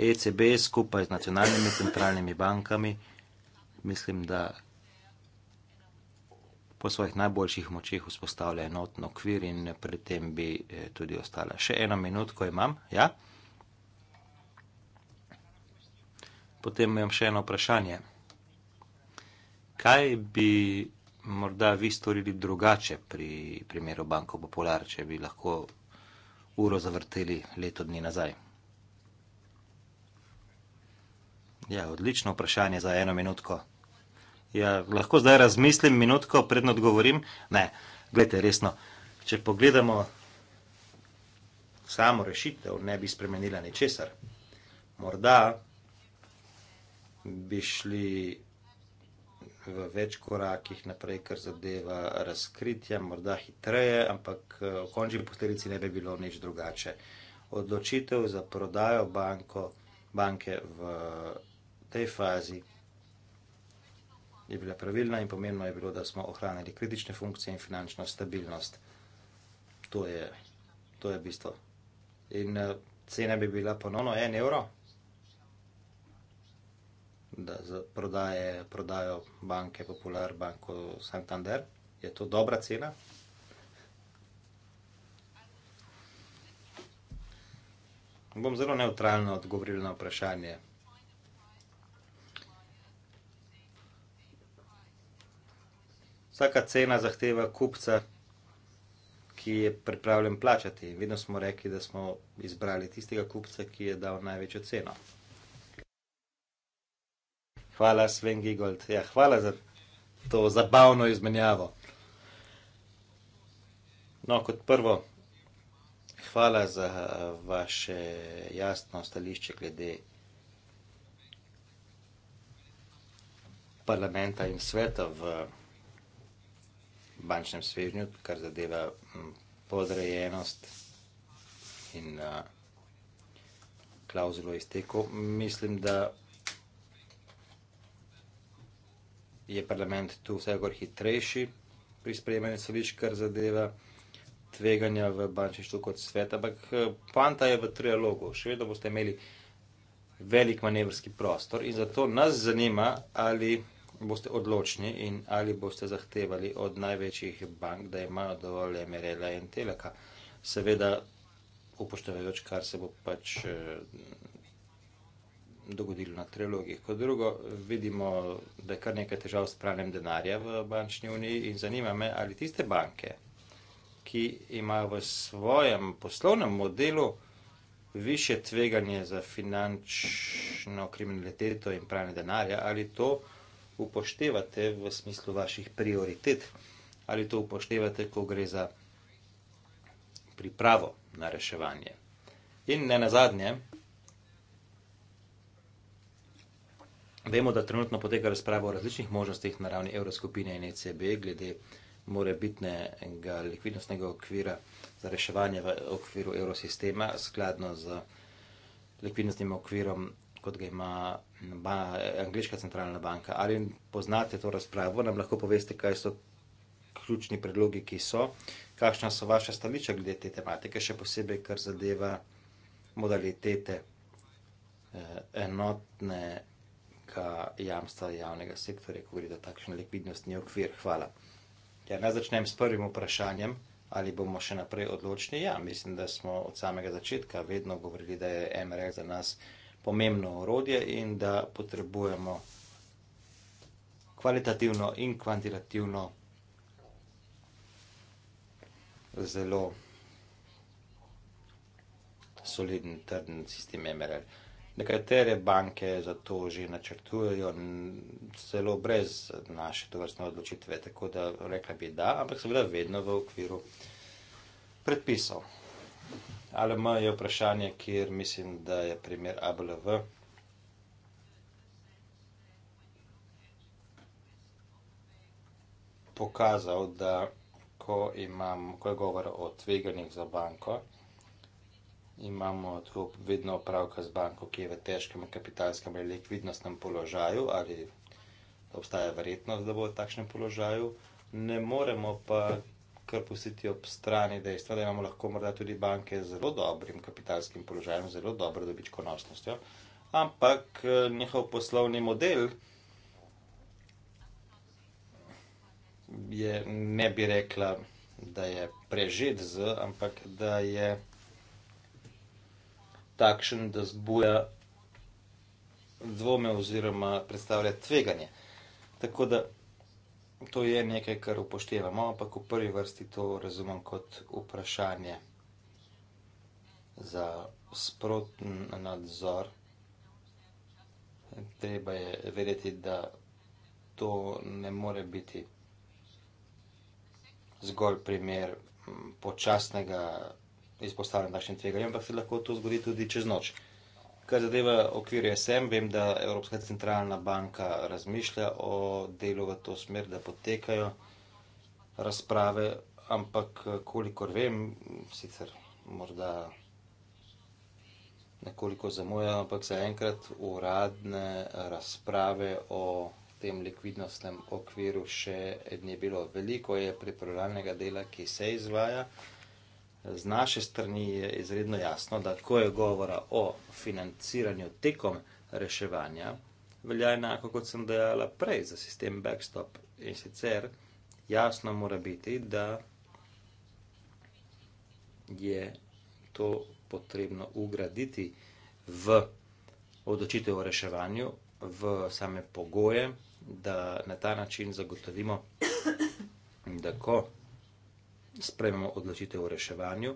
ECB skupaj z nacionalnimi centralnimi bankami, mislim, da po svojih najboljših močeh vzpostavlja enotno okvir in predtem bi eh, tudi ostala. Še eno minutko imam, ja? Potem imam še eno vprašanje. Kaj bi morda vi storili drugače pri primeru Banko Popular, če bi lahko uro zavrteli leto dni nazaj? Ja, odlično vprašanje za eno minutko. Ja, lahko zdaj razmislim minutko, predno odgovorim. Ne, gledajte, resno, če pogledamo samo rešitev, ne bi spremenila ničesar. Morda bi šli v več korakih naprej, kar zadeva razkritja, morda hitreje, ampak eh, v končni posledici ne bi bilo nič drugače. Odločitev za prodajo banko, banke v tej fazi je bila pravilna in pomembno je bilo, da smo ohranili kritične funkcije in finančno stabilnost. To je, to je bistvo. In eh, cena bi bila ponovno en evro, da prodaje, prodajo banke Popular, banko Santander. Je to dobra cena? Bom zelo neutralno odgovoril na vprašanje. vsaka cena zahteva kupca, ki je pripravljen plačati. Vedno smo rekli, da smo izbrali tistega kupca, ki je dal največjo ceno. Hvala, Sven Gigold. Ja, hvala za to zabavno izmenjavo. No, kot prvo, hvala za uh, vaše jasno stališče glede parlamenta in sveta v bančnem svežnju, kar zadeva podrejenost in klauzulo izteku. Mislim, da je parlament tu vsegor hitrejši pri sprejemanju svež, kar zadeva tveganja v bančništvu kot svet, ampak e, panta je v trialogu. Še vedno boste imeli velik manevrski prostor in zato nas zanima, ali boste odločni in ali boste zahtevali od največjih bank, da imajo dovolj MRL-a in Teleka. Seveda, upoštevajoč, kar se bo pač eh, dogodilo na trilogih. Kot drugo, vidimo, da je kar nekaj težav s pranjem denarja v bančni uniji in zanima me, ali tiste banke, ki imajo v svojem poslovnem modelu više tveganje za finančno kriminaliteto in pranje denarja, ali to upoštevate v smislu vaših prioritet, ali to upoštevate, ko gre za pripravo na reševanje. In ne na zadnje, vemo, da trenutno poteka razprava o različnih možnostih na ravni Evroskupine in ECB glede morebitnega likvidnostnega okvira za reševanje v okviru evrosistema skladno z likvidnostnim okvirom kot ga ima Angliška centralna banka. Ali poznate to razpravo, nam lahko poveste, kaj so ključni predlogi, ki so, kakšna so vaša stališča glede te tematike, še posebej, kar zadeva modalitete eh, enotnega jamstva javnega sektorja, ko gre za takšen likvidnostni okvir. Hvala. Ja, naj začnem s prvim vprašanjem. Ali bomo še naprej odločni? Ja, mislim, da smo od samega začetka vedno govorili, da je MRL za nas pomembno orodje in da potrebujemo kvalitativno in kvantitativno zelo soliden, trden sistem MRL. Nekatere banke za to že načrtujejo, celo brez naše tovrstne odločitve, tako da rekla bi da, ampak seveda vedno v okviru predpisov. Thank you. Ali ima je vprašanje, kjer mislim, da je primer ABLV. Pokazal, da ko, imam, ko je govor o tveganjih za banko, imamo tu vedno opravka z banko, ki je v težkem kapitalskem ali likvidnostnem položaju, ali obstaja verjetnost, da bo v takšnem položaju. Ne moremo pa kar pustiti ob strani dejstva, da imamo lahko morda tudi banke z zelo dobrim kapitalskim položajem, zelo dobro dobičkonosnostjo, ampak eh, njihov poslovni model je, ne bi rekla, da je prežet z, ampak da je takšen, da zbuja dvome oziroma predstavlja tveganje. Tako da to je nekaj, kar upoštevamo, ampak v prvi vrsti to razumem kot vprašanje za sprotn nadzor. Treba je vedeti, da to ne more biti zgolj primer počasnega izpostavljanja takšnim tveganjem, ampak se lahko to zgodi tudi čez noč. Kar zadeva okvir SM, vem, da Evropska centralna banka razmišlja o delu v to smer, da potekajo razprave, ampak kolikor vem, sicer morda nekoliko zamujajo, ampak zaenkrat uradne razprave o tem likvidnostnem okviru še ni bilo. Veliko je pripravljalnega dela, ki se izvaja z naše strani je izredno jasno, da ko je govora o financiranju tekom reševanja, velja enako kot sem dejala prej za sistem backstop. In sicer jasno mora biti, da je to potrebno ugraditi v odločitev o reševanju, v same pogoje, da na ta način zagotovimo, da ko sprememo odločitev o reševanju,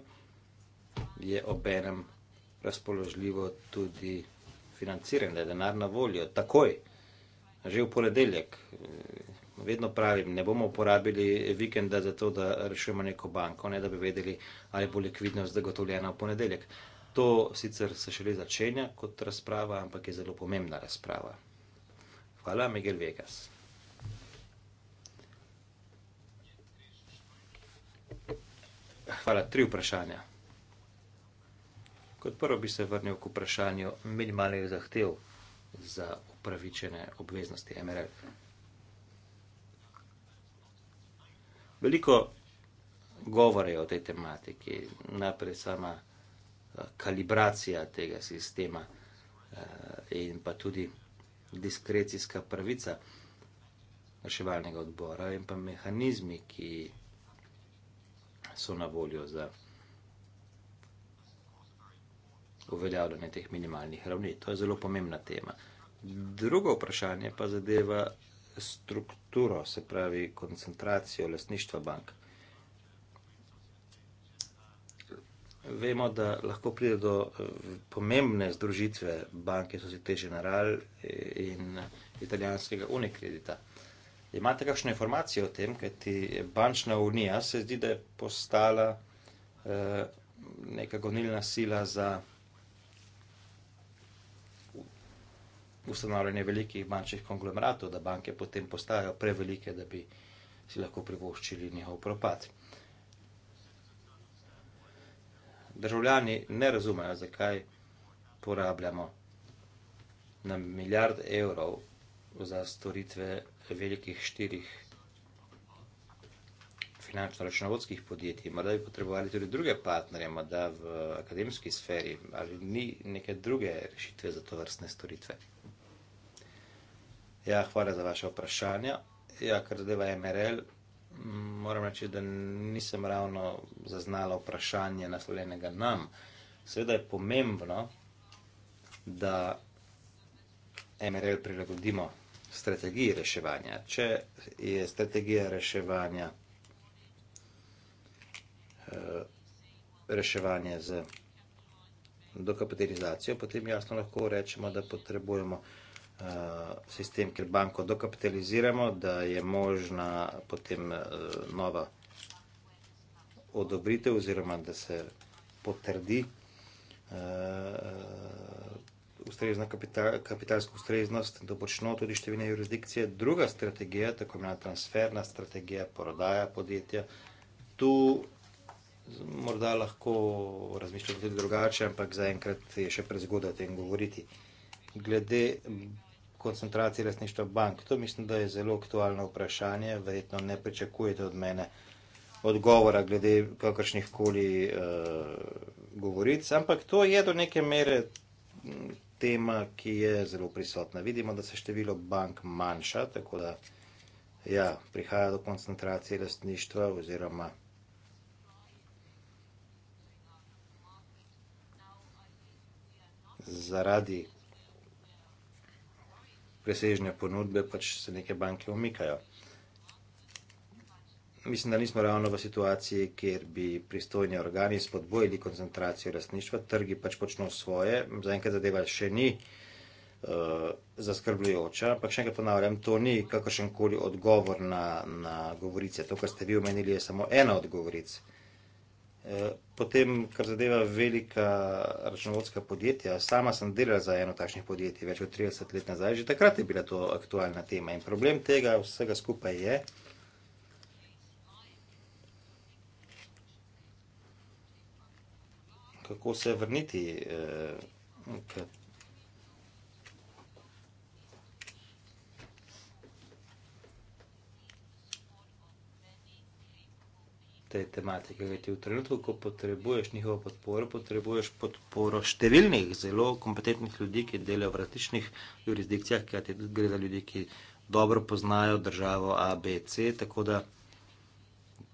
je obenem razpoložljivo tudi financiranje, da je denar na voljo, takoj, že v ponedeljek. Eh, vedno pravim, ne bomo uporabili vikenda za to, da rešujemo neko banko, ne da bi vedeli, ali bo likvidnost zagotovljena v ponedeljek. To sicer se šele začenja kot razprava, ampak je zelo pomembna razprava. Hvala, Miguel Vegas. Hvala, tri vprašanja. Kot prvo bi se vrnil k vprašanju minimalnih zahtev za upravičene obveznosti MRL. Veliko govore je o tej tematiki, najprej sama eh, kalibracija tega sistema eh, in pa tudi diskrecijska pravica reševalnega odbora in pa mehanizmi, ki so na voljo za uveljavljanje teh minimalnih ravni. To je zelo pomembna tema. Drugo vprašanje pa zadeva strukturo, se pravi koncentracijo lasništva bank. Vemo, da lahko pride do eh, pomembne združitve banke Societe Generale in italijanskega Unicredita. Imate kakšne informacije o tem, kaj ti bančna unija se zdi, da je postala eh, neka gonilna sila za ustanovljanje velikih bančnih konglomeratov, da banke potem postajajo prevelike, da bi si lahko privoščili njihov propad. Državljani ne razumejo, zakaj porabljamo na milijard evrov za storitve velikih štirih finančno-računovodskih podjetij, morda bi potrebovali tudi druge partnerje, morda v akademski sferi, ali ni neke druge rešitve za to vrstne storitve. Ja, hvala za vaše vprašanje. Ja, kar zadeva MRL, moram reči, da nisem ravno zaznala vprašanje naslovljenega nam. Seveda je pomembno, da MRL prilagodimo strategiji reševanja. Če je strategija reševanja eh, reševanje z dokapitalizacijo, potem jasno lahko rečemo, da potrebujemo eh, sistem, kjer banko dokapitaliziramo, da je možna potem eh, nova odobritev oziroma, da se potrdi ustrezna kapital, kapitalska ustreznost, da počno tudi številne jurisdikcije. Druga strategija, tako imena transferna strategija, prodaja podjetja, tu morda lahko razmišljate tudi drugače, ampak zaenkrat je še prezgodaj o tem govoriti. Glede koncentracije lastništva bank, to mislim, da je zelo aktualno vprašanje, verjetno ne pričakujete od mene odgovora glede kakršnih koli uh, eh, govoric, ampak to je do neke mere tema, ki je zelo prisotna. Vidimo, da se število bank manjša, tako da ja, prihaja do koncentracije lastništva oziroma. Zaradi presežne ponudbe pač se neke banke omikajo mislim, da nismo ravno v situaciji, kjer bi pristojni organi spodbojili koncentracijo lasništva, trgi pač počno svoje, zaenkrat zadeva še ni uh, zaskrbljujoča, ampak še enkrat ponavljam, to ni kakršen koli odgovor na, na govorice. To, kar ste vi omenili, je samo ena od govoric. Eh, potem, kar zadeva velika računovodska podjetja, sama sem delala za eno takšnih podjetij več kot 30 let nazaj, že takrat je bila to aktualna tema. In problem tega vsega skupaj je, kako se vrniti eh, k tej tematiki. Kajti v trenutku, ko potrebuješ njihovo podporo, potrebuješ podporo številnih zelo kompetentnih ljudi, ki delajo v različnih jurisdikcijah, kajti tudi gre za ljudi, ki dobro poznajo državo ABC, tako da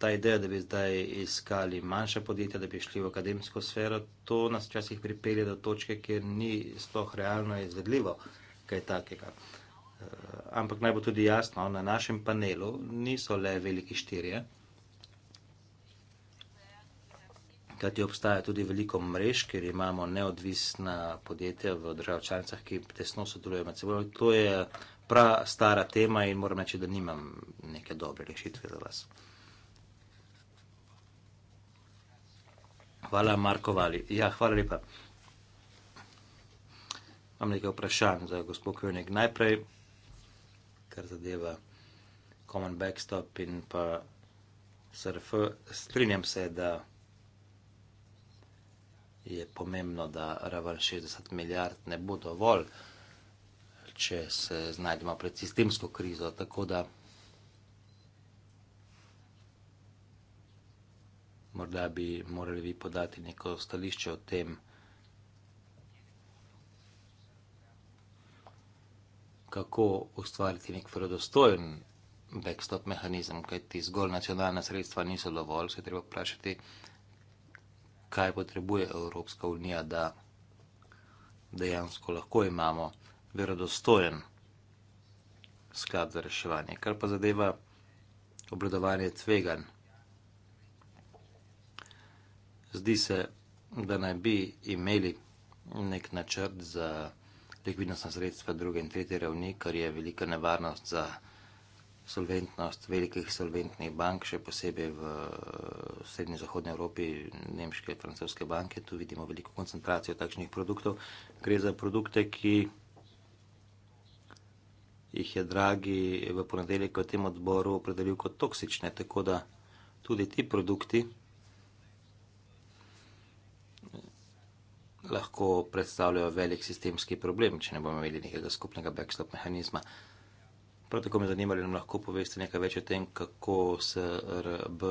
ta ideja, da bi zdaj iskali manjša podjetja, da bi šli v akademsko sfero, to nas včasih pripelje do točke, kjer ni sploh realno izvedljivo kaj takega. Eh, ampak naj bo tudi jasno, na našem panelu niso le veliki štirje, kaj ti obstaja tudi veliko mrež, kjer imamo neodvisna podjetja v državčancah, ki tesno sodelujejo med seboj. To je prav stara tema in moram reči, da nimam neke dobre rešitve za vas. Hvala, Marko Vali. Ja, hvala lepa. Imam nekaj vprašanj za gospod Kovnik. Najprej, kar zadeva common backstop in pa SRF, strinjam se, da je pomembno, da raven 60 milijard ne bo dovolj, če se znajdemo pred sistemsko krizo. Tako da. morda bi morali vi podati neko stališče o tem, kako ustvariti nek verodostojen backstop mehanizem, kajti zgolj nacionalna sredstva niso dovolj, se treba vprašati, kaj potrebuje Evropska unija, da dejansko lahko imamo verodostojen sklad za reševanje. Kar pa zadeva obladovanje tveganj, Zdi se, da naj bi imeli nek načrt za likvidnostna sredstva druge in tretje ravni, kar je velika nevarnost za solventnost velikih solventnih bank, še posebej v eh, srednji zahodnji Evropi, nemške, francoske banke. Tu vidimo veliko koncentracijo takšnih produktov. Gre za produkte, ki jih je dragi v ponedeljek v tem odboru opredelil kot toksične, tako da tudi ti produkti, lahko predstavljajo velik sistemski problem, če ne bomo imeli nekega skupnega backstop mehanizma. Prav tako me zanima, ali nam lahko poveste nekaj več o tem, kako se RB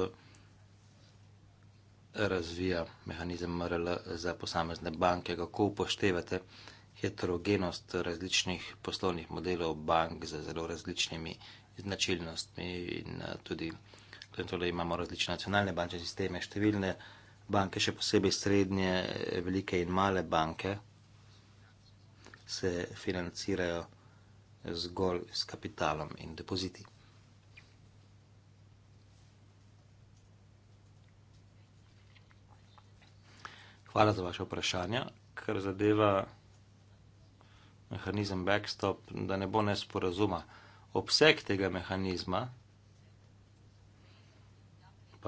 razvija mehanizem MRL za posamezne banke, kako upoštevate heterogenost različnih poslovnih modelov bank z zelo različnimi značilnostmi in tudi, tudi, tudi imamo različne nacionalne bančne sisteme, številne banke, še posebej srednje, velike in male banke, se financirajo zgolj s kapitalom in depoziti. Hvala za vaše vprašanje. Kar zadeva mehanizem backstop, da ne bo nesporazuma. Obseg tega mehanizma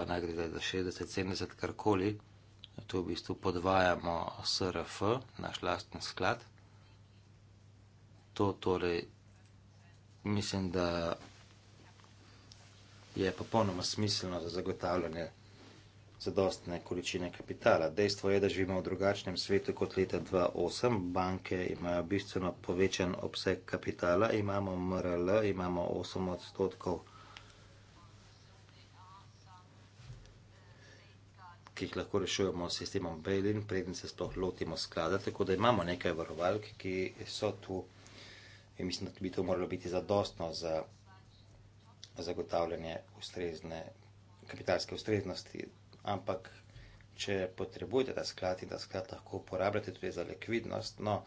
pa naj gre za 60, 70, karkoli, tu v bistvu podvajamo SRF, naš lasten sklad. To torej mislim, da je popolnoma smiselno za zagotavljanje zadostne količine kapitala. Dejstvo je, da živimo v drugačnem svetu kot leta 2008. Banke imajo bistveno povečen obseg kapitala, imamo MRL, imamo 8 odstotkov ki jih lahko rešujemo s sistemom Bejlin, preden se sploh lotimo sklada. Tako da imamo nekaj varovalk, ki so tu in mislim, da bi to moralo biti zadostno za zagotavljanje ustrezne, kapitalske ustreznosti. Ampak, če potrebujete ta sklad in ta sklad lahko uporabljate tudi za likvidnost, no,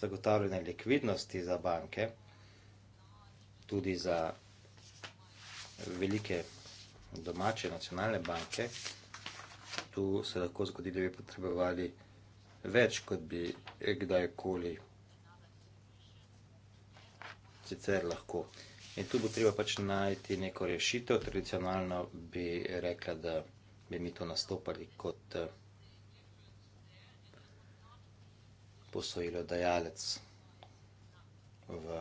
zagotavljanje likvidnosti za banke, tudi za velike domače nacionalne banke, tu se lahko zgodi, da bi potrebovali več, kot bi kdajkoli sicer lahko. In tu bo treba pač najti neko rešitev. Tradicionalno bi rekla, da bi mi to nastopali kot eh, posojilo dajalec v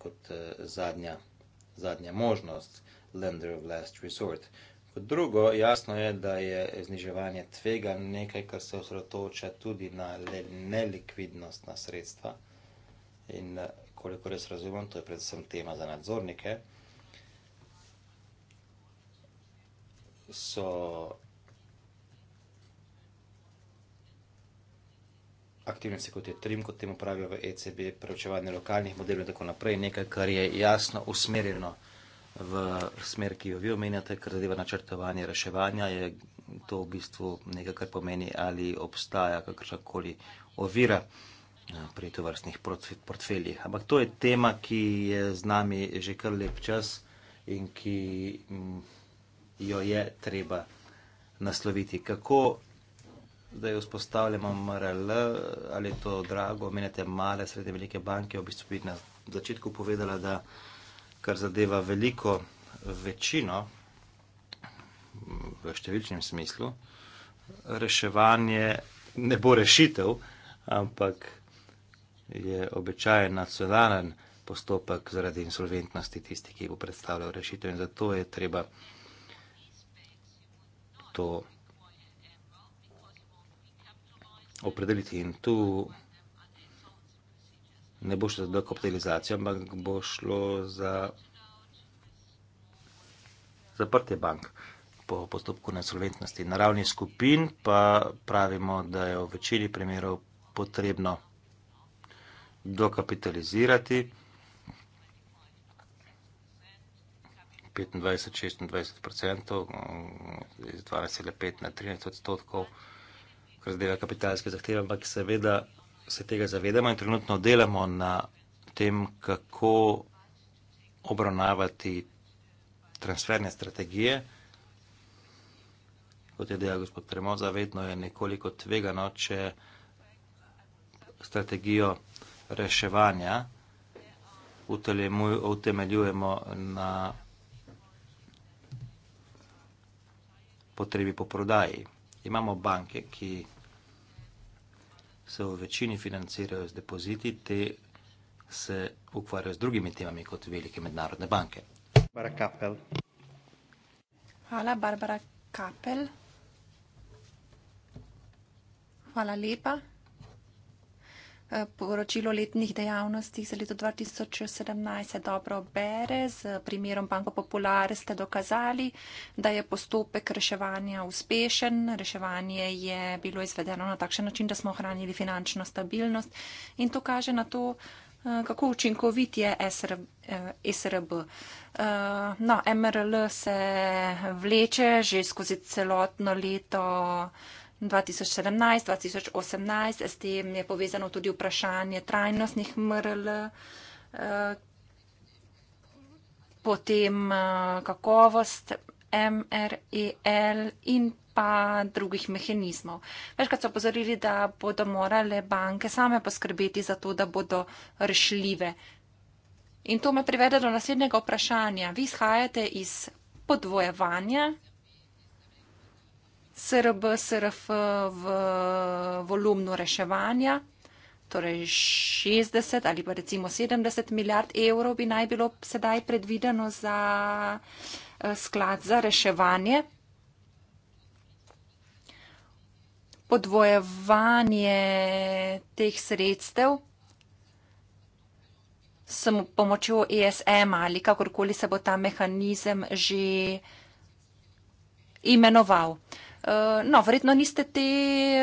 kot eh, zadnja zadnja možnost, lender of last resort. Kot drugo, jasno je, da je zniževanje tvega nekaj, kar se osredotoča tudi na nelikvidnostna sredstva. In eh, koliko res razumem, to je predvsem tema za nadzornike. So aktivne sekunde trim, kot temu pravijo v ECB, preučevanje lokalnih modelov in tako naprej, nekaj, kar je jasno usmerjeno v smer, ki jo vi omenjate, kar zadeva načrtovanje reševanja, je to v bistvu nekaj, kar pomeni, ali obstaja kakršnakoli ovira eh, pri tovrstnih portfeljih. Ampak to je tema, ki je z nami že kar lep čas in ki mm, jo je treba nasloviti. Kako zdaj vzpostavljamo MRL, ali je to drago, menite male, srednje velike banke, v bistvu bi na začetku povedala, da kar zadeva veliko večino v številčnem smislu, reševanje ne bo rešitev, ampak je običajen nacionalen postopek zaradi insolventnosti tisti, ki bo predstavljal rešitev in zato je treba to rešiti opredeliti in tu ne bo šlo za dokapitalizacijo, ampak bo šlo za zaprte bank po postopku nesolventnosti. Na ravni skupin pa pravimo, da je v večini primerov potrebno dokapitalizirati 25-26% iz 12,5 na 13 odstotkov kar zadeva kapitalske zahteve, ampak seveda se tega zavedamo in trenutno delamo na tem, kako obravnavati transferne strategije. Kot je dejal gospod Premoza, vedno je nekoliko tvegano, če strategijo reševanja utemeljujemo na potrebi po prodaji. Imamo banke, ki se v večini financirajo z depoziti, te se ukvarjajo z drugimi temami kot velike mednarodne banke. Barbara Kapel. Hvala, Barbara Kapel. Hvala lepa. Eh, poročilo letnih dejavnosti za leto 2017 se dobro bere, z primerom Banko Popular ste dokazali, da je postopek reševanja uspešen, reševanje je bilo izvedeno na takšen način, da smo ohranili finančno stabilnost in to kaže na to, eh, kako učinkovit je SRB. Eh, SRB. No, MRL se vleče že skozi celotno leto 2017-2018, s tem je povezano tudi vprašanje trajnostnih MRL, eh, potem eh, kakovost MREL in pa drugih mehanizmov. Večkrat so pozorili, da bodo morale banke same poskrbeti za to, da bodo rešljive. In to me privede do naslednjega vprašanja. Vi izhajate iz podvojevanja SRB, SRF v volumnu reševanja, torej 60 ali pa recimo 70 milijard evrov bi naj bilo sedaj predvideno za eh, sklad za reševanje. Podvojevanje teh sredstev s pomočjo ESM ali kakorkoli se bo ta mehanizem že imenoval. Eh, no, verjetno, te,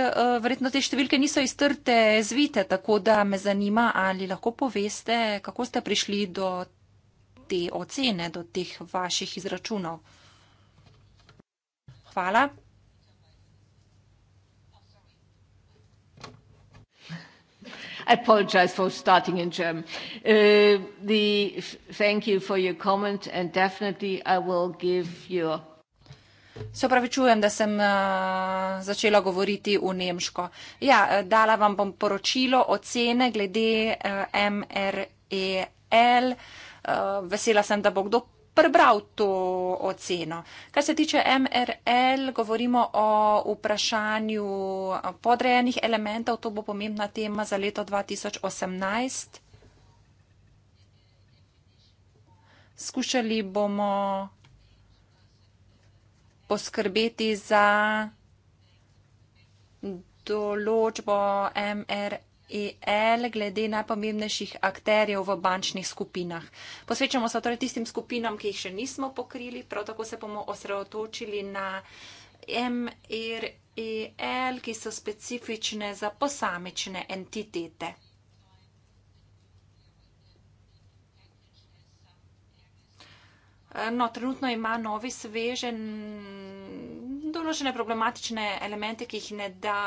eh, verjetno te številke niso iztrte zvite, tako da me zanima, ali lahko poveste, kako ste prišli do te ocene, do teh vaših izračunov. Hvala. I apologize for starting in German. Uh, the, thank you for your comment, and definitely I will give your Se opravičujem, da sem uh, začela govoriti v nemško. Ja, eh, dala vam bom poročilo ocene glede uh, eh, MREL. Uh, vesela sem, da bo kdo prebral to oceno. Kar se tiče MRL, e govorimo o vprašanju podrejenih elementov, to bo pomembna tema za leto 2018. Skušali bomo poskrbeti za določbo MREL glede najpomembnejših akterjev v bančnih skupinah. Posvečamo se torej tistim skupinam, ki jih še nismo pokrili, prav tako se bomo osredotočili na MREL, ki so specifične za posamične entitete. Eh, no, trenutno ima novi svežen določene problematične elemente, ki, ne da,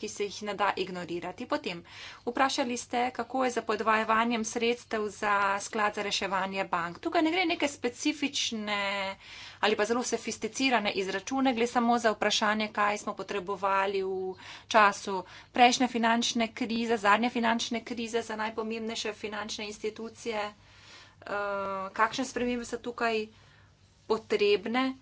ki se jih ne da ignorirati. Potem, vprašali ste, kako je za podvajanjem sredstev za sklad za reševanje bank. Tukaj ne gre neke specifične ali pa zelo sofisticirane izračune, gre samo za vprašanje, kaj smo potrebovali v času prejšnje finančne krize, zadnje finančne krize za najpomembnejše finančne institucije. Eh, kakšne spremembe so tukaj potrebne.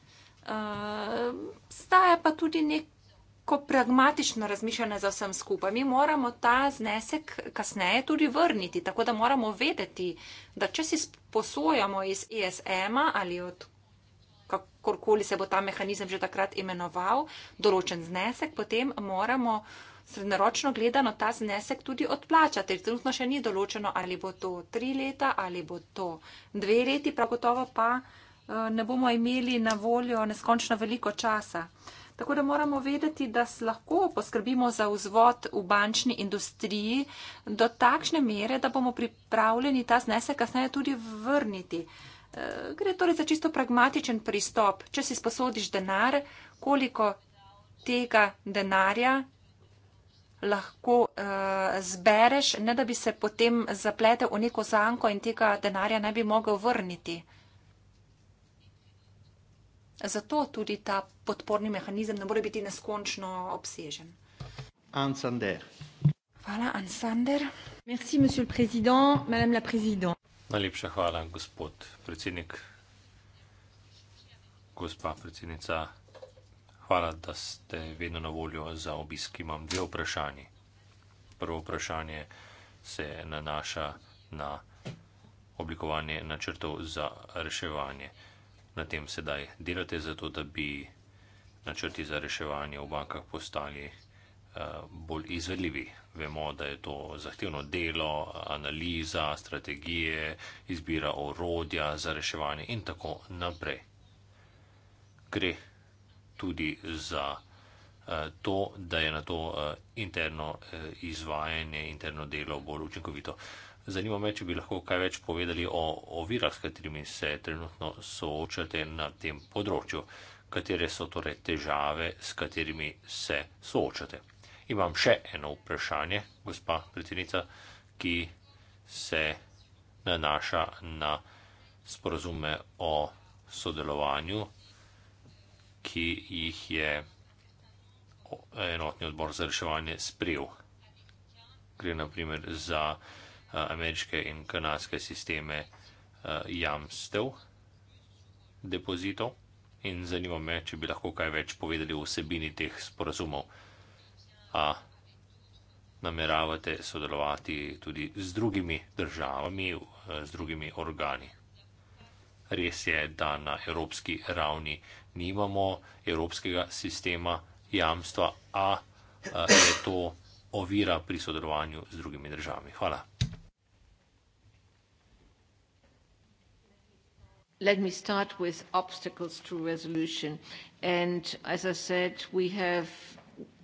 Eh, staja pa tudi neko pragmatično razmišljanje za vsem skupaj. Mi moramo ta znesek kasneje tudi vrniti, tako da moramo vedeti, da če si posojamo iz ESM-a ali od kakorkoli se bo ta mehanizem že takrat imenoval, določen znesek, potem moramo srednjeročno gledano ta znesek tudi odplačati. Trenutno še ni določeno, ali bo to tri leta, ali bo to dve leti, prav gotovo pa eh, ne bomo imeli na voljo neskončno veliko časa. Tako da moramo vedeti, da lahko poskrbimo za vzvod v bančni industriji do takšne mere, da bomo pripravljeni ta znesek kasneje tudi vrniti. Eh, gre torej za čisto pragmatičen pristop. Če si sposodiš denar, koliko tega denarja lahko uh, zbereš, ne da bi se potem zapletel v neko zanko in tega denarja ne bi mogel vrniti. Zato tudi ta podporni mehanizem ne more biti neskončno obsežen. Ansander. Hvala, Ansander. Merci, monsieur le président, madame la président. Najlepša hvala, gospod predsednik. Gospa predsednica hvala, da ste vedno na voljo za obisk. Imam dve vprašanje. Prvo vprašanje se nanaša na oblikovanje načrtov za reševanje. Na tem sedaj delate zato, da bi načrti za reševanje v bankah postali eh, bolj izvedljivi. Vemo, da je to zahtevno delo, analiza, strategije, izbira orodja za reševanje in tako naprej. Gre tudi za eh, to, da je na to eh, interno eh, izvajanje, interno delo bolj učinkovito. Zanima me, če bi lahko kaj več povedali o ovirah, s katerimi se trenutno soočate na tem področju, katere so torej težave, s katerimi se soočate. Imam še eno vprašanje, gospa predsednica, ki se nanaša na sporozume o sodelovanju ki jih je enotni odbor za reševanje sprijel. Gre naprimer za ameriške in kanadske sisteme jamstev, depozitov in zanima me, če bi lahko kaj več povedali o vsebini teh sporazumov. A nameravate sodelovati tudi z drugimi državami, z drugimi organi? Res je, da na evropski ravni nimamo evropskega sistema jamstva, a je to ovira pri sodelovanju z drugimi državami. Hvala. Let me start with obstacles to resolution. And as I said, we have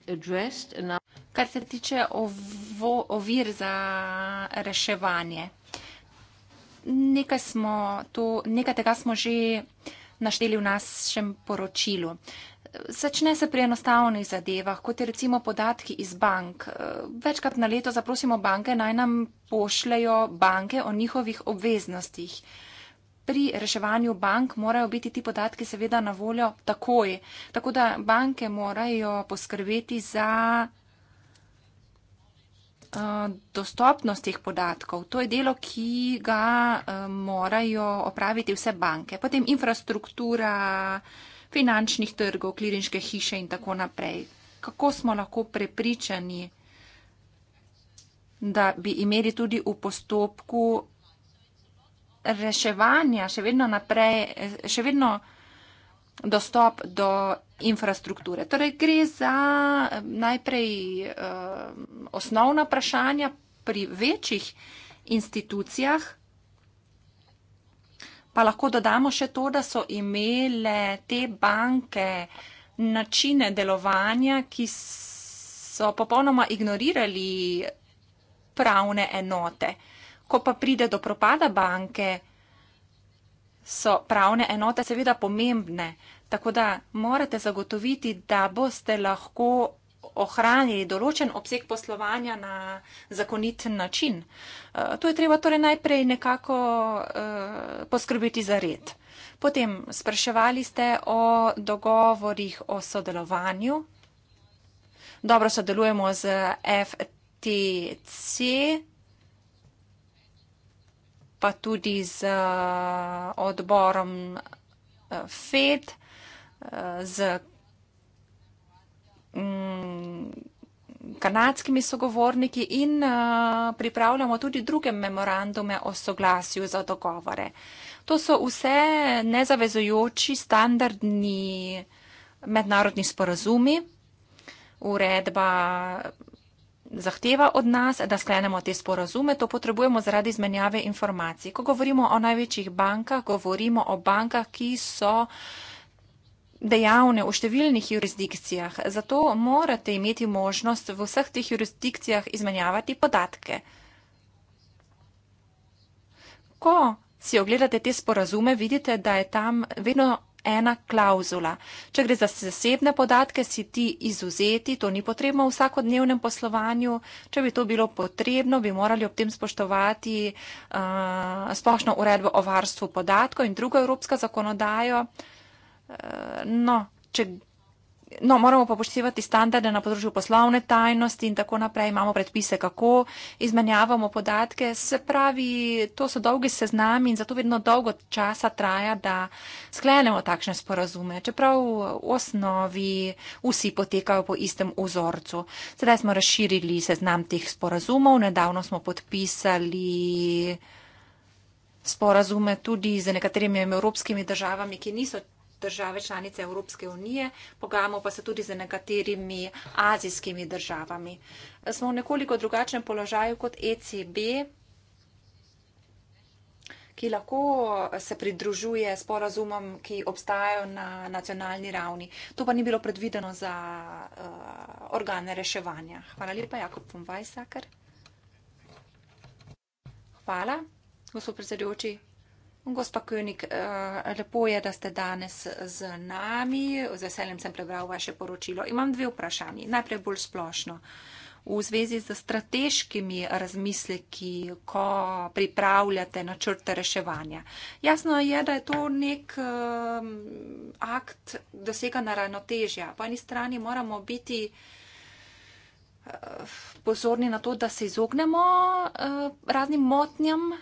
addressed enough. Kar se tiče ovo, ovir za reševanje, nekaj, to, nekaj tega smo že našteli v našem poročilu. Začne se pri enostavnih zadevah, kot je recimo podatki iz bank. Večkrat na leto zaprosimo banke, naj nam pošljajo banke o njihovih obveznostih. Pri reševanju bank morajo biti ti podatki seveda na voljo takoj, tako da banke morajo poskrbeti za Eh, dostopnost teh podatkov. To je delo, ki ga eh, morajo opraviti vse banke. Potem infrastruktura finančnih trgov, klirinške hiše in tako naprej. Kako smo lahko prepričani, da bi imeli tudi v postopku reševanja še vedno naprej, eh, še vedno naprej, dostop do infrastrukture. Torej gre za eh, najprej eh, osnovna vprašanja pri večjih institucijah. Pa lahko dodamo še to, da so imele te banke načine delovanja, ki so popolnoma ignorirali pravne enote. Ko pa pride do propada banke, so pravne enote seveda pomembne, tako da morate zagotoviti, da boste lahko ohranili določen obseg poslovanja na zakonit način. Eh, tu je treba torej najprej nekako eh, poskrbiti za red. Potem spraševali ste o dogovorih o sodelovanju. Dobro sodelujemo z FTC pa tudi z eh, odborom eh, FED, eh, z mm, kanadskimi sogovorniki in pripravljamo tudi druge memorandume o soglasju za dogovore. To so vse nezavezojoči standardni mednarodni sporazumi, uredba zahteva od nas, da sklenemo te sporazume, to potrebujemo zaradi izmenjave informacij. Ko govorimo o največjih bankah, govorimo o bankah, ki so dejavne v številnih jurisdikcijah. Zato morate imeti možnost v vseh teh jurisdikcijah izmenjavati podatke. Ko si ogledate te sporazume, vidite, da je tam vedno ena klauzula. Če gre za zasebne podatke, si ti izuzeti, to ni potrebno v vsakodnevnem poslovanju. Če bi to bilo potrebno, bi morali ob tem spoštovati uh, splošno uredbo o varstvu podatkov in drugo evropsko zakonodajo. Uh, no, če no, moramo pa poštivati standarde na področju poslovne tajnosti in tako naprej, imamo predpise, kako izmenjavamo podatke. Se pravi, to so dolgi seznami in zato vedno dolgo časa traja, da sklenemo takšne sporazume, čeprav v osnovi vsi potekajo po istem vzorcu. Sedaj smo razširili seznam teh sporazumov, nedavno smo podpisali sporazume tudi z nekaterimi evropskimi državami, ki niso države članice Evropske unije, pogajamo pa se tudi z nekaterimi azijskimi državami. Smo v nekoliko drugačnem položaju kot ECB, ki lahko se pridružuje sporazumom, ki obstajajo na nacionalni ravni. To pa ni bilo predvideno za uh, organe reševanja. Hvala lepa, Jakob von Weissaker. Hvala, gospod predsedujoči. Gospa König, eh, lepo je, da ste danes z nami. Z veseljem sem prebral vaše poročilo. Imam dve vprašanje. Najprej bolj splošno. V zvezi z strateškimi razmisleki, ko pripravljate načrte reševanja. Jasno je, da je to nek um, akt dosega naravno težja. Po eni strani moramo biti uh, pozorni na to, da se izognemo uh, raznim motnjam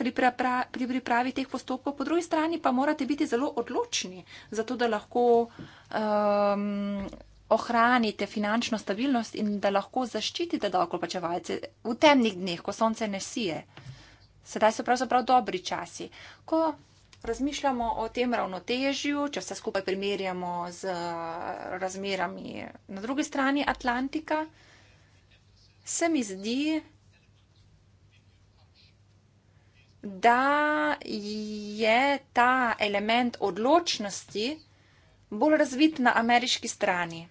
pri, prepra, pri pripravi teh postopkov, po drugi strani pa morate biti zelo odločni, zato da lahko um, ohranite finančno stabilnost in da lahko zaščitite davkoplačevalce v temnih dneh, ko sonce ne sije. Sedaj so pravzaprav dobri časi. Ko razmišljamo o tem ravnotežju, če vse skupaj primerjamo z uh, razmerami na drugi strani Atlantika, se mi zdi, da je ta element odločnosti bolj razvit na ameriški strani.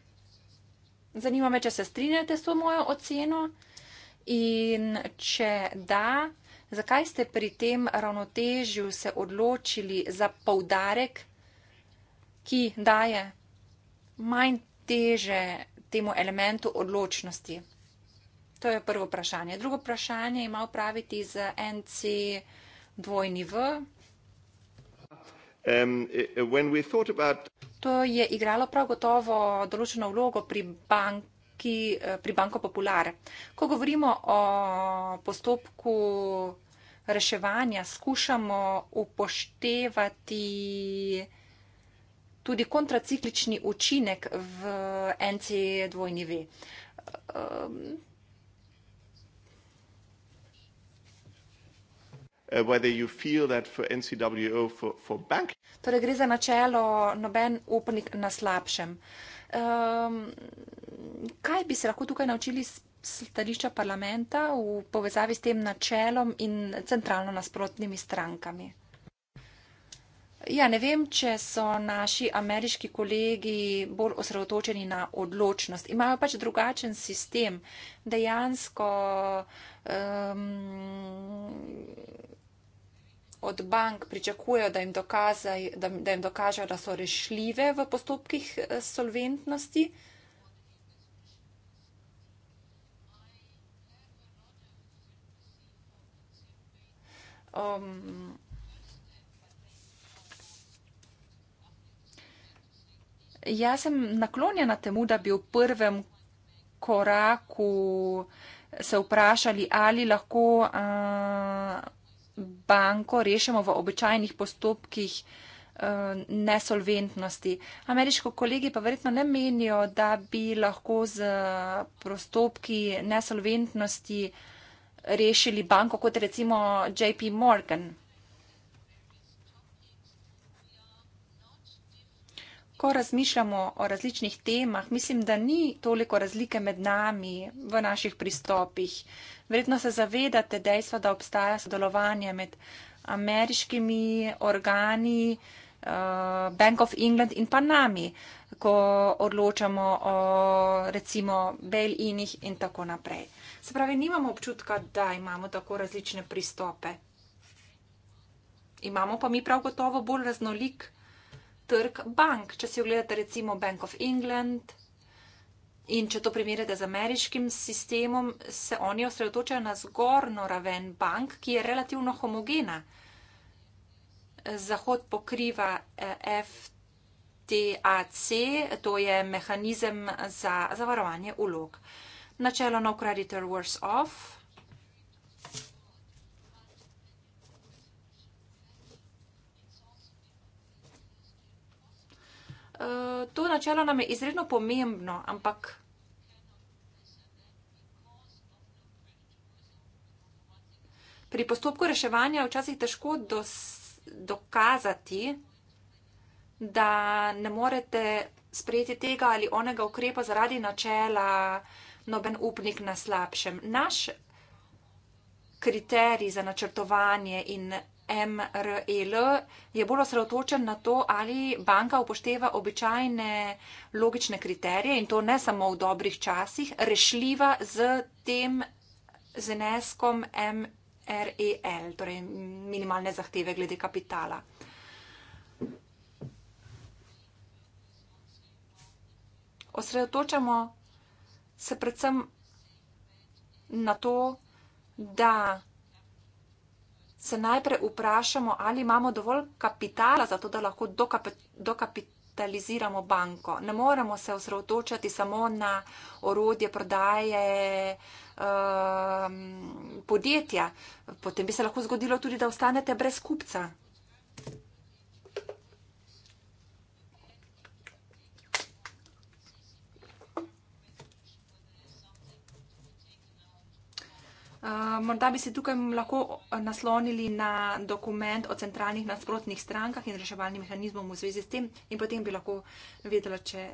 Zanima me, če se strinjate s to mojo oceno in če da, zakaj ste pri tem ravnotežju se odločili za poudarek, ki daje manj teže temu elementu odločnosti. To je prvo vprašanje. Drugo vprašanje ima upraviti z NC dvojni V. Um, eh, to je igralo prav gotovo določeno vlogo pri bank ki eh, pri Banko Popular. Ko govorimo o postopku reševanja, skušamo upoštevati tudi kontraciklični učinek v NC dvojni V. Ehm, Uh, NCWO for, for torej gre za načelo noben upnik na slabšem. Um, kaj bi se lahko tukaj naučili iz stališča parlamenta v povezavi s tem načelom in centralno nasprotnimi strankami? Ja, ne vem, če so naši ameriški kolegi bolj osredotočeni na odločnost. Imajo pač drugačen sistem. Dejansko um, od bank pričakujejo, da jim, dokazaj, da, da jim dokažejo, da so rešljive v postopkih eh, solventnosti. Um, jaz sem naklonjena temu, da bi v prvem koraku se vprašali, ali lahko uh, banko rešimo v običajnih postopkih eh, nesolventnosti. Ameriško kolegi pa verjetno ne menijo, da bi lahko z eh, postopki nesolventnosti rešili banko kot recimo JP Morgan. Ko razmišljamo o različnih temah, mislim, da ni toliko razlike med nami v naših pristopih. Verjetno se zavedate dejstva, da obstaja sodelovanje med ameriškimi organi, eh, Bank of England in pa nami, ko odločamo o recimo bail-inih in tako naprej. Se pravi, nimamo občutka, da imamo tako različne pristope. Imamo pa mi prav gotovo bolj raznolik trg bank, če si ogledate recimo Bank of England, In če to primerjate z ameriškim sistemom, se oni osredotočajo na zgornjo raven bank, ki je relativno homogena. Zahod pokriva eh, FTAC, to je mehanizem za zavarovanje ulog. Načelo no creditor worse off. Eh, to načelo nam je izredno pomembno, ampak pri postopku reševanja včasih težko dokazati, da ne morete sprejeti tega ali onega ukrepa zaradi načela noben upnik na slabšem. Naš kriterij za načrtovanje in MRL e je bolj osredotočen na to, ali banka upošteva običajne logične kriterije in to ne samo v dobrih časih, rešljiva z tem zneskom MRL. MREL, torej minimalne zahteve glede kapitala. Osredotočamo se predvsem na to, da se najprej vprašamo, ali imamo dovolj kapitala za to, da lahko dokapitaliziramo banko. Ne moremo se osredotočati samo na orodje prodaje, Um, podjetja, potem bi se lahko zgodilo tudi, da ostanete brez kupca. Uh, morda bi se tukaj lahko naslonili na dokument o centralnih nasprotnih strankah in reševalnih mehanizmov v zvezi s tem in potem bi lahko vedela, če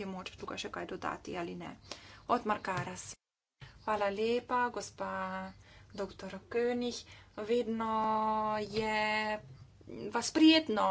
je moč tukaj še kaj dodati ali ne. Od Markaras. Hvala lepa, gospa dr. König. Vedno je vas prijetno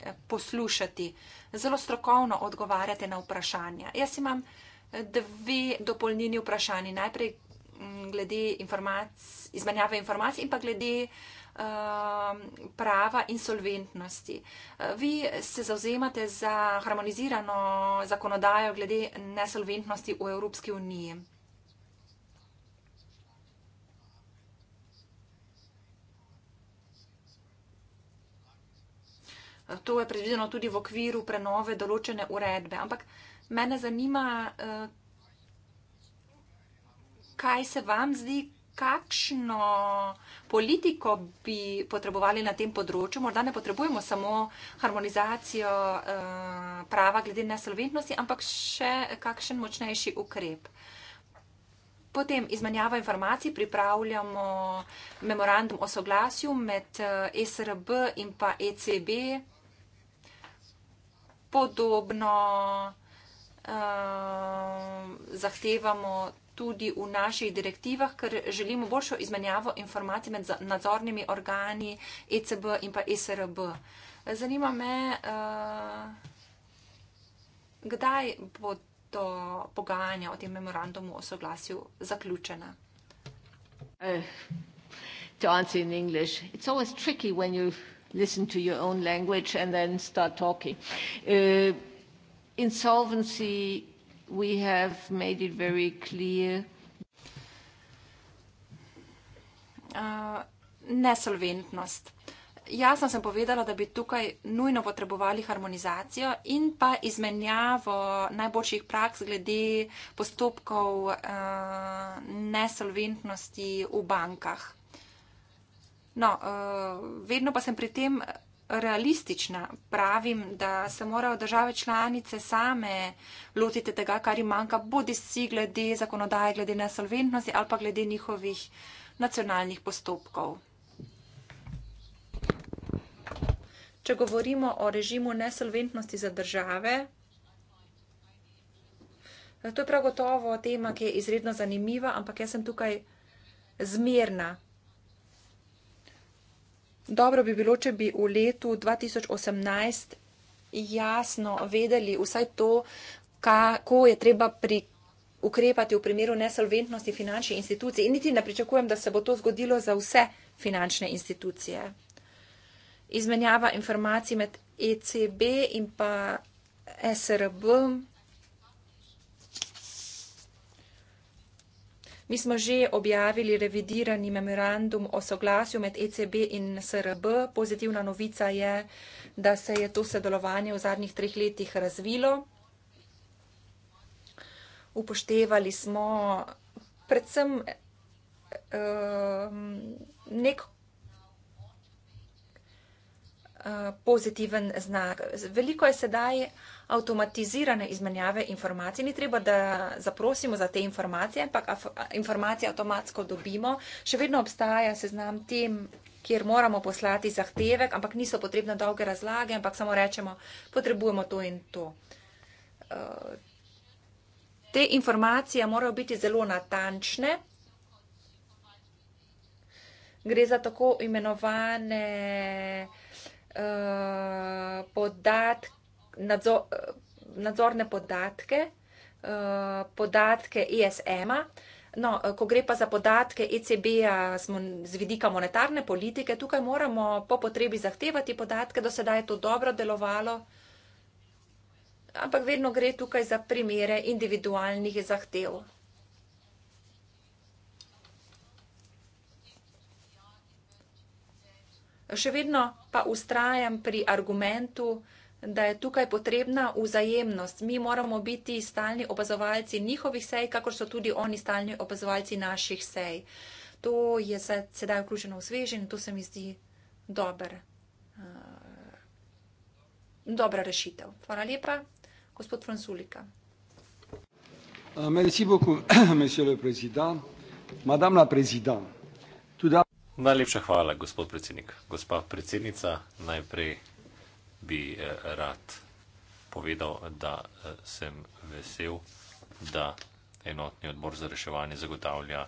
eh, poslušati, zelo strokovno odgovarjate na vprašanja. Jaz imam eh, dve dopolnjeni vprašanji. Najprej mm, glede informac, izmenjave informacij in pa glede ehm, prava insolventnosti. Eh, vi se zauzemate za harmonizirano zakonodajo glede nesolventnosti v Evropski uniji. To je predvideno tudi v okviru prenove določene uredbe. Ampak mene zanima, eh, kaj se vam zdi, kakšno politiko bi potrebovali na tem področju. Morda ne potrebujemo samo harmonizacijo eh, prava glede nesolventnosti, ampak še kakšen močnejši ukrep. Potem izmenjava informacij, pripravljamo memorandum o soglasju med eh, SRB in pa ECB podobno uh, zahtevamo tudi v naših direktivah, ker želimo boljšo izmenjavo informacij med nadzornimi organi ECB in pa e SRB. Zanima me, uh, kdaj bodo pogajanja o tem memorandumu o soglasju zaključena. Uh, to answer in English. It's always tricky when you listen to your own language and then start talking. Uh, insolvency, we have made it very clear. Uh, nesolventnost. Jasno sem povedala, da bi tukaj nujno potrebovali harmonizacijo in pa izmenjavo najboljših praks glede postopkov uh, nesolventnosti v bankah. No, eh, vedno pa sem pri tem realistična. Pravim, da se morajo države članice same lotiti tega, kar jim manjka, bodi si glede zakonodaje, glede nesolventnosti ali pa glede njihovih nacionalnih postopkov. Če govorimo o režimu nesolventnosti za države, to je prav gotovo tema, ki je izredno zanimiva, ampak jaz sem tukaj zmerna. Dobro bi bilo, če bi v letu 2018 jasno vedeli vsaj to, kako je treba pri, ukrepati v primeru nesolventnosti finančnih institucij. In niti ne pričakujem, da se bo to zgodilo za vse finančne institucije. Izmenjava informacij med ECB in pa SRB. Mi smo že objavili revidirani memorandum o soglasju med ECB in SRB. Pozitivna novica je, da se je to sodelovanje v zadnjih treh letih razvilo. Upoštevali smo predvsem uh, nek uh, pozitiven znak. Veliko je sedaj avtomatizirane izmenjave informacij. Ni treba, da zaprosimo za te informacije, ampak informacije avtomatsko dobimo. Še vedno obstaja seznam tem, kjer moramo poslati zahtevek, ampak niso potrebne dolge razlage, ampak samo rečemo, potrebujemo to in to. Eh, te informacije morajo biti zelo natančne. Gre za tako imenovane uh, podatke nadzor, nadzorne podatke, eh, podatke ESM-a. No, eh, ko gre pa za podatke ECB-ja z vidika monetarne politike, tukaj moramo po potrebi zahtevati podatke, do sedaj je to dobro delovalo, ampak vedno gre tukaj za primere individualnih zahtev. Še vedno pa ustrajam pri argumentu, da je tukaj potrebna vzajemnost. Mi moramo biti stalni opazovalci njihovih sej, kakor so tudi oni stalni opazovalci naših sej. To je sedaj vključeno v svežen in to se mi zdi dober, uh, dobra rešitev. Hvala lepa, gospod Fransulika. Eh, merci beaucoup, monsieur le président. Madame la présidente. Najlepša hvala, gospod predsednik. Gospa predsednica, najprej bi eh, rad povedal, da eh, sem vesel, da enotni odbor za reševanje zagotavlja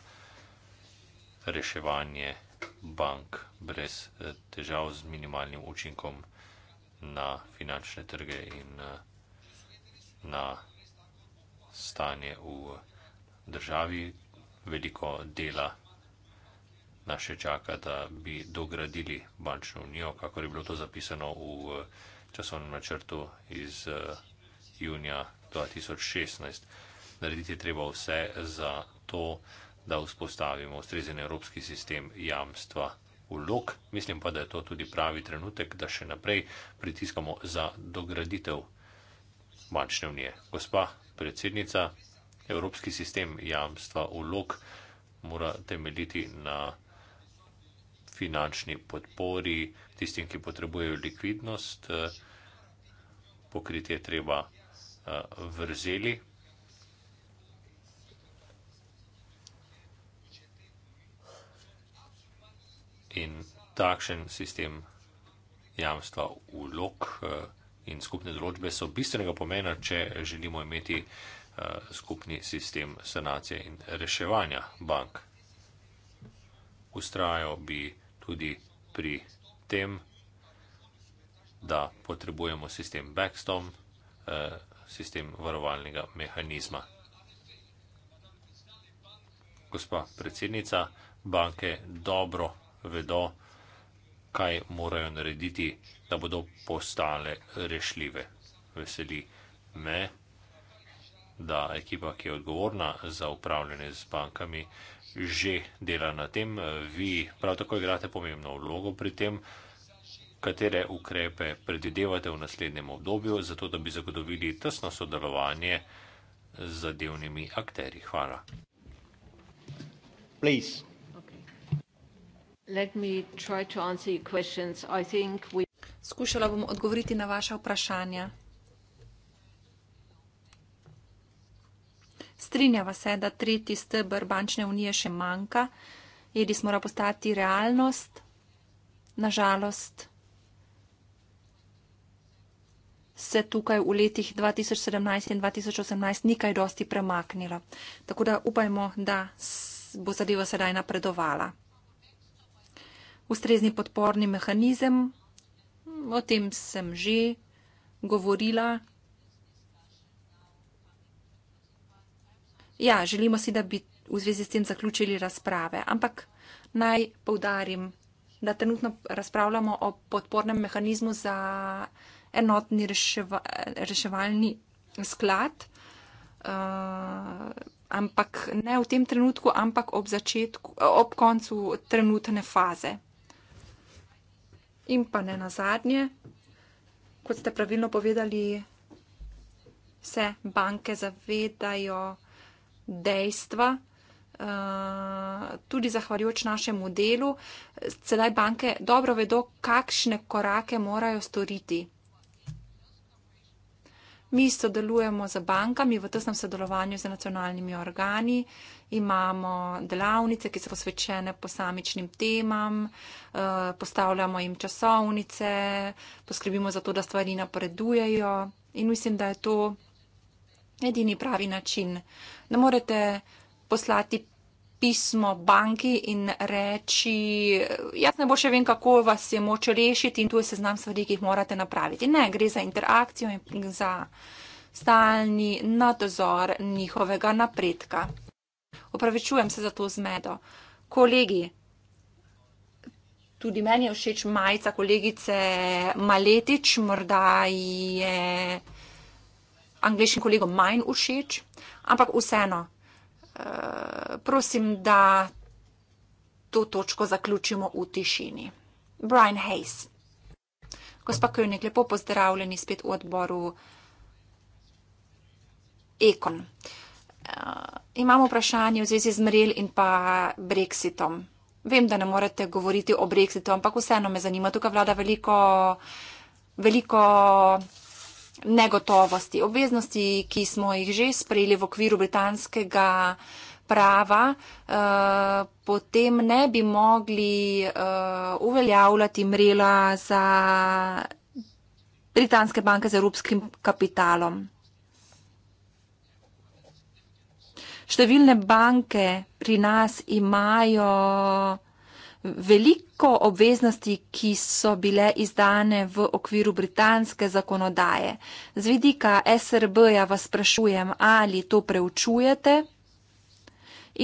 reševanje bank brez eh, težav z minimalnim učinkom na finančne trge in na stanje v državi. Veliko dela nas še čaka, da bi dogradili bančno unijo, kako je bilo to zapisano v eh, časovnem načrtu iz eh, junija 2016. Narediti je treba vse za to, da vzpostavimo ustrezen evropski sistem jamstva vlog. Mislim pa, da je to tudi pravi trenutek, da še naprej pritiskamo za dograditev bančne unije. Gospa predsednica, evropski sistem jamstva vlog mora temeljiti na finančni podpori tistim, ki potrebujejo likvidnost, eh, pokritje treba eh, vrzeli. In takšen sistem jamstva vlog eh, in skupne določbe so bistvenega pomena, če želimo imeti skupni sistem sanacije in reševanja bank. Ustrajal bi tudi pri tem, da potrebujemo sistem backstop, eh, sistem varovalnega mehanizma. Gospa predsednica, banke dobro vedo, kaj morajo narediti, da bodo postale rešljive. Veseli me da ekipa, ki je odgovorna za upravljanje z bankami, že dela na tem. Vi prav tako igrate pomembno vlogo pri tem, katere ukrepe predvidevate v naslednjem obdobju, zato da bi zagotovili tesno sodelovanje z zadevnimi akteri. Hvala. Skušala bom odgovoriti na vaše vprašanje. Strinjava se, da tretji stebr bančne unije še manjka, edis mora postati realnost, nažalost. Se tukaj v letih 2017 in 2018 ni kaj dosti premaknilo. Tako da upajmo, da bo zadeva sedaj napredovala. Ustrezni podporni mehanizem, o tem sem že govorila, ja, želimo si, da bi v zvezi s tem zaključili razprave. Ampak naj povdarim, da trenutno razpravljamo o podpornem mehanizmu za enotni reševa, reševalni sklad. Uh, ampak ne v tem trenutku, ampak ob začetku, ob koncu trenutne faze. In pa ne na zadnje, kot ste pravilno povedali, se banke zavedajo dejstva, eh, tudi zahvaljujoč našemu delu, celaj banke dobro vedo, kakšne korake morajo storiti. Mi sodelujemo z bankami v tesnem sodelovanju z nacionalnimi organi, imamo delavnice, ki so posvečene posamičnim temam, eh, postavljamo jim časovnice, poskrbimo za to, da stvari napredujejo in mislim, da je to edini pravi način. Ne morete poslati pismo banki in reči, jaz ne bo še vem, kako vas je moč rešiti in tu je seznam stvari, ki jih morate napraviti. Ne, gre za interakcijo in za stalni nadzor njihovega napredka. Upravičujem se za to zmedo. Kolegi, tudi meni je všeč majica kolegice Maletič, morda je angliškim kolegom manj všeč, ampak vseeno, eh, prosim, da to točko zaključimo v tišini. Brian Hayes. Gospa Koenig, lepo pozdravljeni spet v odboru Ekon. Eh, imam vprašanje v zvezi z Mrel in pa Brexitom. Vem, da ne morete govoriti o Brexitu, ampak vseeno me zanima. Tukaj vlada veliko, veliko negotovosti, obveznosti, ki smo jih že sprejeli v okviru britanskega prava, eh, potem ne bi mogli eh, uveljavljati mrela za britanske banke z evropskim kapitalom. Številne banke pri nas imajo veliko obveznosti, ki so bile izdane v okviru britanske zakonodaje. Z vidika SRB-ja vas sprašujem, ali to preučujete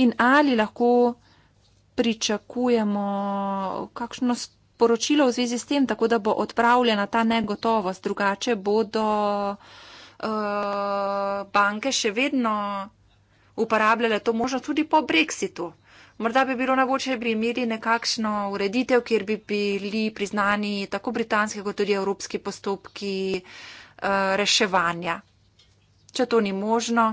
in ali lahko pričakujemo kakšno sporočilo v zvezi s tem, tako da bo odpravljena ta negotovost, drugače bodo uh, banke še vedno uporabljale to možnost tudi po brexitu. Morda bi bilo mogoče, da bi imeli nekakšno ureditev, kjer bi bili priznani tako britanski, kot tudi evropski postopki eh, reševanja. Če to ni možno,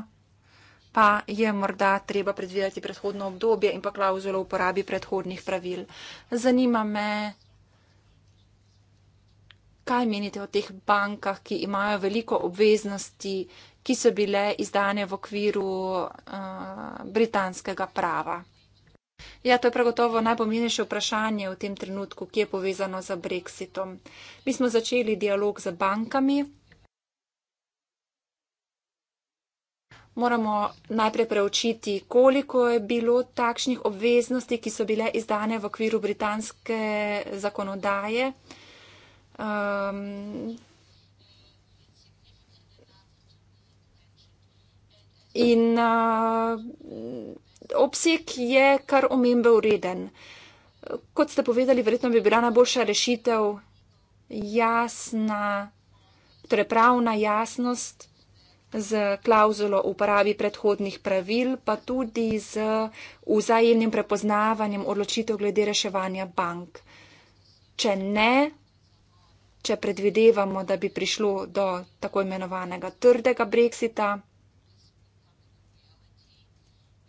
pa je morda treba predvideti predhodno obdobje in pa klauzulo uporabi predhodnih pravil. Zanima me, kaj menite o teh bankah, ki imajo veliko obveznosti, ki so bile izdane v okviru uh, britanskega prava. Ja, to je pregotovo najpomembnejše vprašanje v tem trenutku, ki je povezano z Brexitom. Mi smo začeli dialog z bankami. Moramo najprej preučiti, koliko je bilo takšnih obveznosti, ki so bile izdane v okviru britanske zakonodaje. Um, in uh, obseg je kar omembe ureden. Kot ste povedali, verjetno bi bila najboljša rešitev jasna, torej pravna jasnost z klauzulo o uporabi predhodnih pravil, pa tudi z vzajemnim prepoznavanjem odločitev glede reševanja bank. Če ne, če predvidevamo, da bi prišlo do tako imenovanega trdega brexita,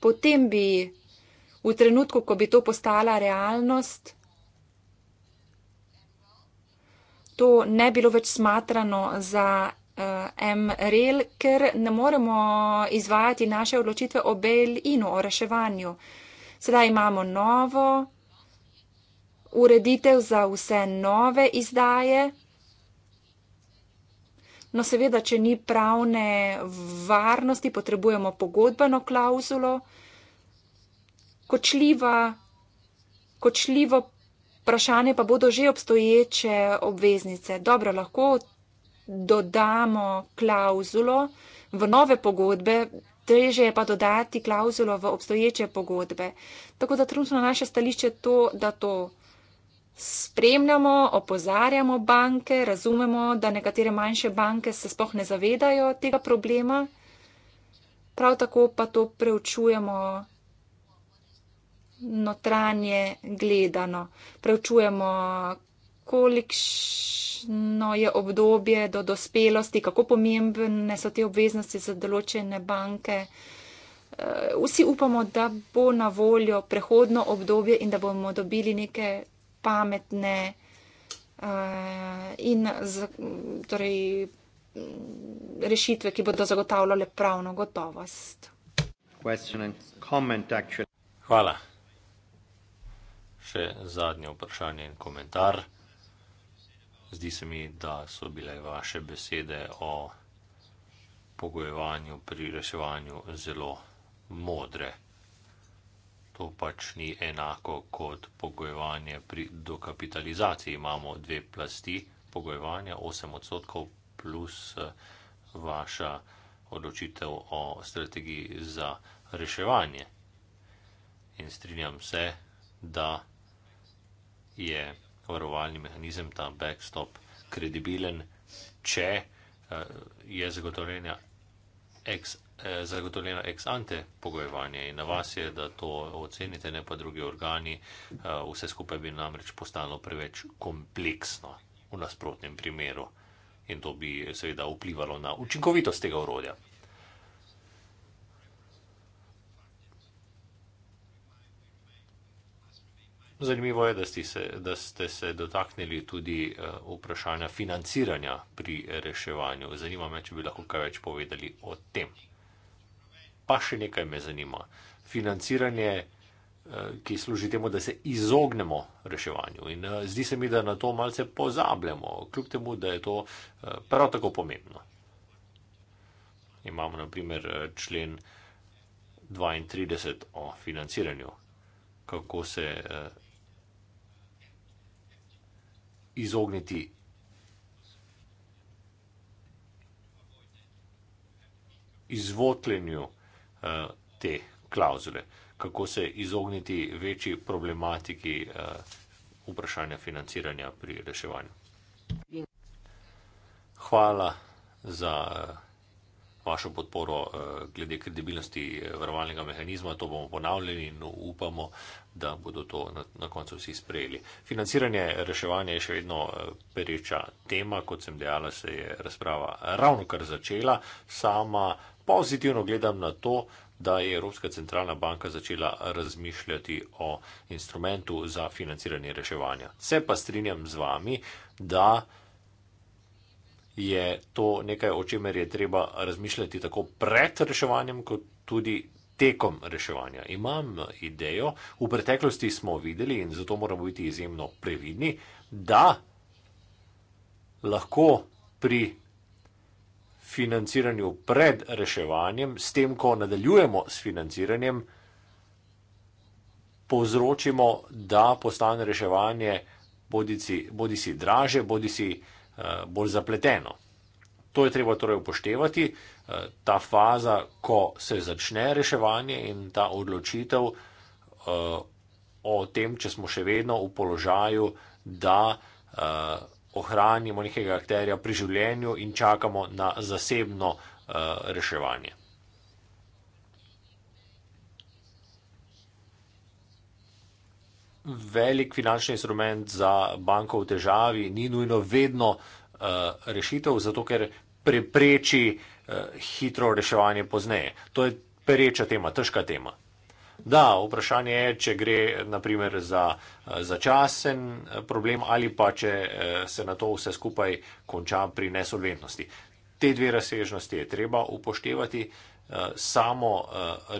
potem bi v trenutku, ko bi to postala realnost, to ne bilo več smatrano za eh, MRL, ker ne moremo izvajati naše odločitve o bail-inu, o reševanju. Sedaj imamo novo ureditev za vse nove izdaje. No, seveda, če ni pravne varnosti, potrebujemo pogodbeno klauzulo, kočljiva, kočljivo vprašanje pa bodo že obstoječe obveznice. Dobro, lahko dodamo klauzulo v nove pogodbe, teže je pa dodati klauzulo v obstoječe pogodbe. Tako da trenutno naše stališče je to, da to spremljamo, opozarjamo banke, razumemo, da nekatere manjše banke se sploh ne zavedajo tega problema. Prav tako pa to preučujemo notranje gledano. Preučujemo, kolikšno je obdobje do dospelosti, kako pomembne so te obveznosti za določene banke. Eh, vsi upamo, da bo na voljo prehodno obdobje in da bomo dobili neke pametne uh, in z, torej, rešitve, ki bodo zagotavljale pravno gotovost. Hvala. Še zadnje vprašanje in komentar. Zdi se mi, da so bile vaše besede o pogojevanju pri reševanju zelo modre to pač ni enako kot pogojevanje pri dokapitalizaciji. Imamo dve plasti pogojevanja, 8 odstotkov plus eh, vaša odločitev o strategiji za reševanje. In strinjam se, da je varovalni mehanizem, ta backstop, kredibilen, če eh, je zagotovljena ex Eh, zagotovljeno ex ante pogojevanje in na vas je, da to ocenite, ne pa drugi organi. Eh, vse skupaj bi namreč postalo preveč kompleksno v nasprotnem primeru in to bi seveda vplivalo na učinkovitost tega urodja. Zanimivo je, da ste, se, da ste se dotaknili tudi eh, vprašanja financiranja pri reševanju. Zanima me, če bi lahko kaj več povedali o tem pa še nekaj me zanima. Financiranje, eh, ki služi temu, da se izognemo reševanju. In eh, zdi se mi, da na to malce pozabljamo, kljub temu, da je to eh, prav tako pomembno. Imamo naprimer člen 32 o financiranju, kako se izogniti. Izvotljenju Eh, te klauzule. Kako se izogniti večji problematiki eh, vprašanja financiranja pri reševanju. Hvala za eh, vašo podporo glede kredibilnosti varovalnega mehanizma. To bomo ponavljali in upamo, da bodo to na koncu vsi sprejeli. Financiranje reševanja je še vedno pereča tema. Kot sem dejala, se je razprava ravno kar začela. Sama pozitivno gledam na to, da je Evropska centralna banka začela razmišljati o instrumentu za financiranje reševanja. Se pa strinjam z vami, da je to nekaj, o čemer je treba razmišljati tako pred reševanjem, kot tudi tekom reševanja. Imam idejo, v preteklosti smo videli in zato moramo biti izjemno previdni, da lahko pri financiranju pred reševanjem, s tem, ko nadaljujemo s financiranjem, povzročimo, da postane reševanje bodici, bodisi draže, bodisi eh, bolj zapleteno. To je treba torej upoštevati, eh, ta faza, ko se začne reševanje in ta odločitev eh, o tem, če smo še vedno v položaju, da ohranimo nekega akterja pri življenju in čakamo na zasebno uh, reševanje. Velik finančni instrument za banko v težavi ni nujno vedno uh, rešitev, zato ker prepreči uh, hitro reševanje pozneje. To je pereča tema, težka tema. Da, vprašanje je, če gre naprimer za eh, začasen eh, problem ali pa če eh, se na to vse skupaj konča pri nesolventnosti. Te dve razsežnosti je treba upoštevati. Samo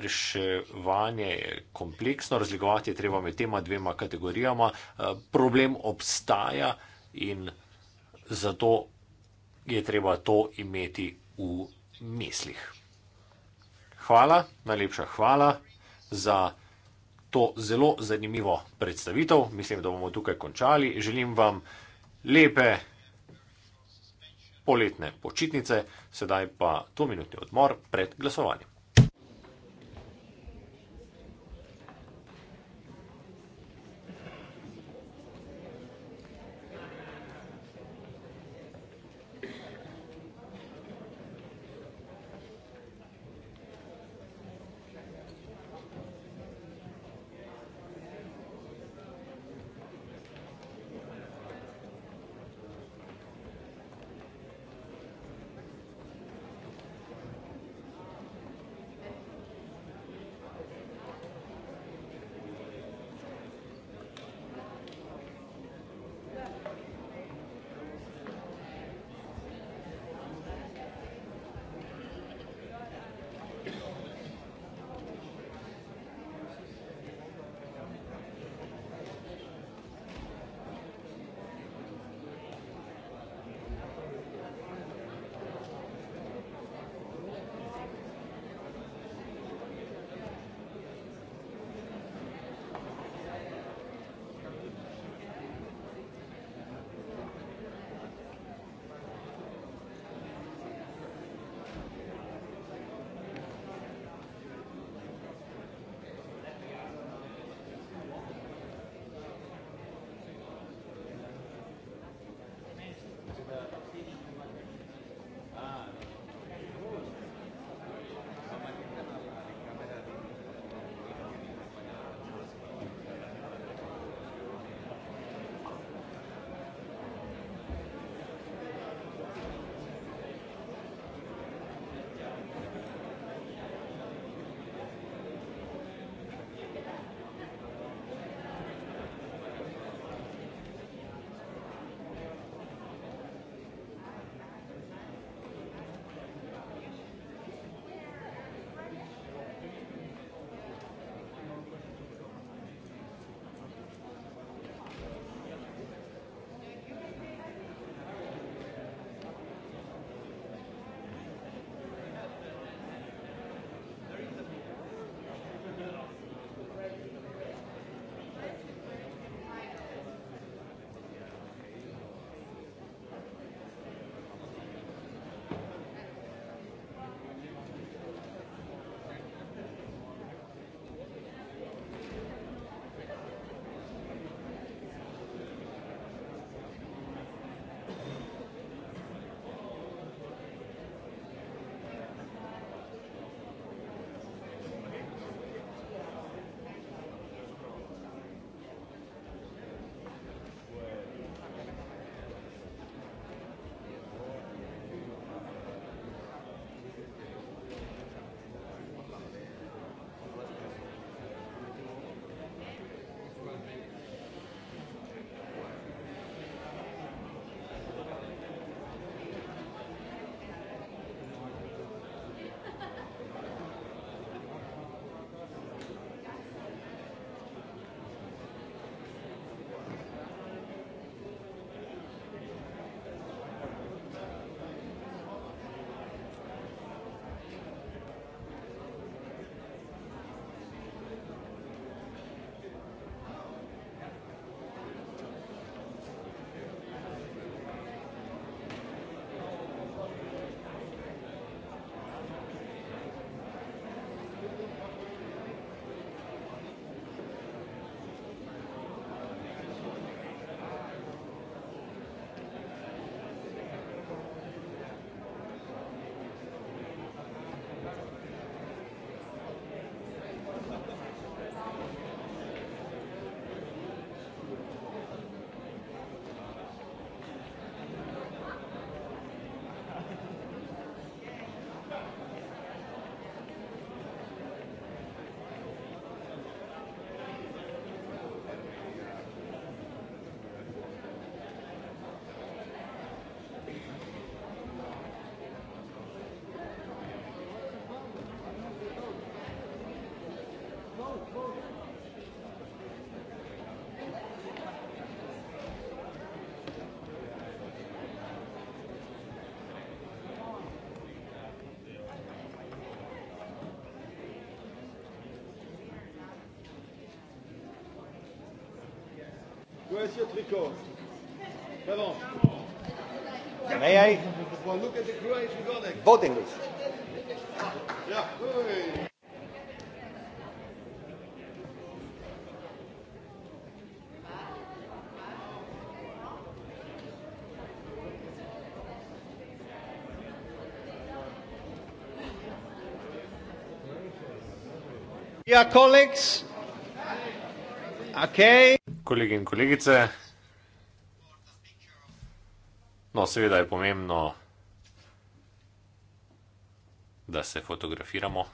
reševanje je kompleksno, razlikovati je treba med tema dvema kategorijama. Problem obstaja in zato je treba to imeti v mislih. Hvala, najlepša hvala za to zelo zanimivo predstavitev. Mislim, da bomo tukaj končali. Želim vam lepe poletne počitnice, sedaj pa to minutni odmor pred glasovanjem. Suecia tricolor. Pardon. May I? Well, look at the Croatian goal. Voting list. Yeah. Dear colleagues, okay kolegi in kolegice. No, seveda je pomembno, da se fotografiramo.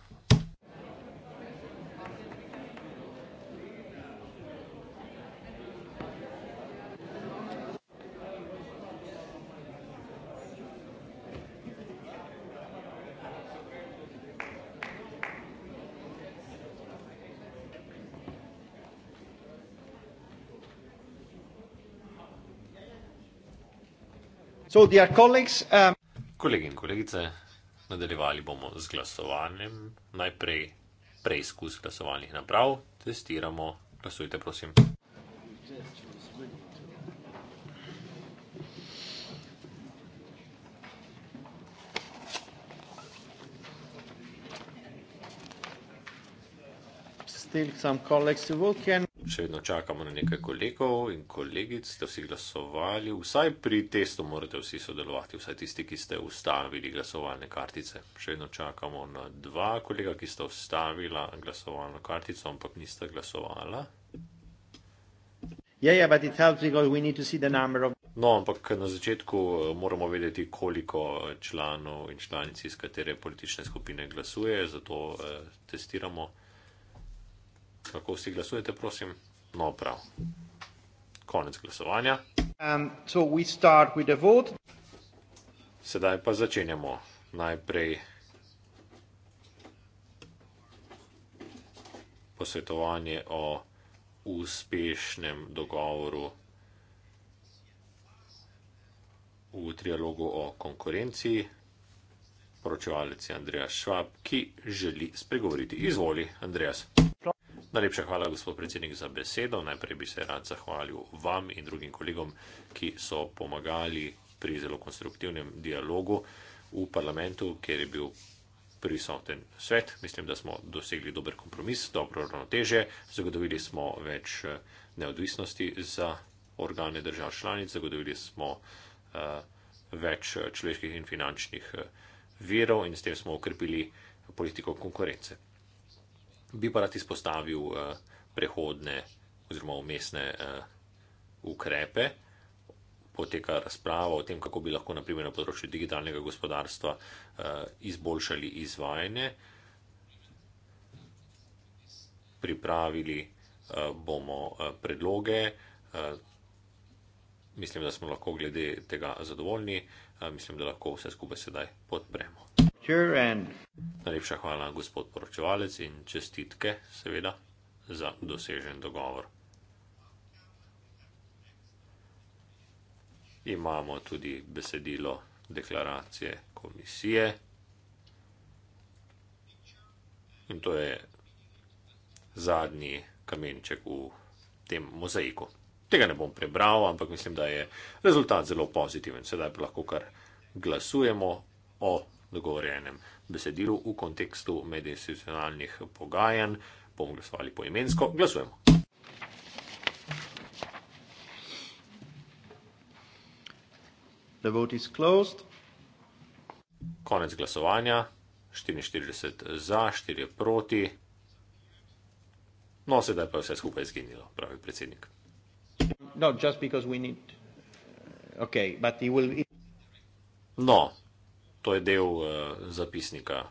So, colleagues, um... Kolegi in kolegice, nadaljevali bomo z glasovanjem. Najprej preizkus glasovalnih naprav, testiramo. Glasujte, prosim. Still some colleagues will can še vedno čakamo na nekaj kolegov in kolegic, ste vsi glasovali, vsaj pri testu morate vsi sodelovati, vsaj tisti, ki ste ustavili glasovalne kartice. Še vedno čakamo na dva kolega, ki sta ustavila glasovalno kartico, ampak nista glasovala. Yeah, yeah, no, ampak na začetku eh, moramo vedeti, koliko eh, članov in članic iz katere politične skupine glasuje, zato eh, testiramo kako vsi glasujete, prosim. No, prav. Konec glasovanja. Um, Sedaj pa začenjamo. Najprej posvetovanje o uspešnem dogovoru v trialogu o konkurenciji. Poročevalec je Andreas Švab, ki želi spregovoriti. Izvoli, Andreas. Najlepša hvala, gospod predsednik, za besedo. Najprej bi se rad zahvalil vam in drugim kolegom, ki so pomagali pri zelo konstruktivnem dialogu v parlamentu, kjer je bil prisoten svet. Mislim, da smo dosegli dober kompromis, dobro ravnoteže, zagotovili smo več eh, neodvisnosti za organe držav članic, zagotovili smo uh, več človeških in finančnih eh, virov in s tem smo okrepili politiko konkurence bi pa rad izpostavil eh, prehodne oziroma umestne eh, ukrepe. Poteka razprava o tem, kako bi lahko naprimer, na področju digitalnega gospodarstva eh, izboljšali izvajanje. Pripravili bomo predloge. Mislim, da smo lahko glede tega zadovoljni. Mislim, da lahko vse skupaj sedaj podpremo. Najlepša hvala, gospod poročevalec, in čestitke, seveda, za dosežen dogovor. Imamo tudi besedilo deklaracije komisije. In to je zadnji kamenček v tem mozaiku. Tega ne bom prebral, ampak mislim, da je rezultat zelo pozitiven. Sedaj pa lahko kar glasujemo o dogovorjenem besedilu v kontekstu medinstitucionalnih pogajanj. Bomo glasovali poimensko. Glasujemo. The vote is closed. Konec glasovanja. 44 za, 4 proti. No, sedaj pa je vse skupaj izginilo, pravi predsednik. No, just because we need... Okay, but he will... No, to je del uh, zapisnika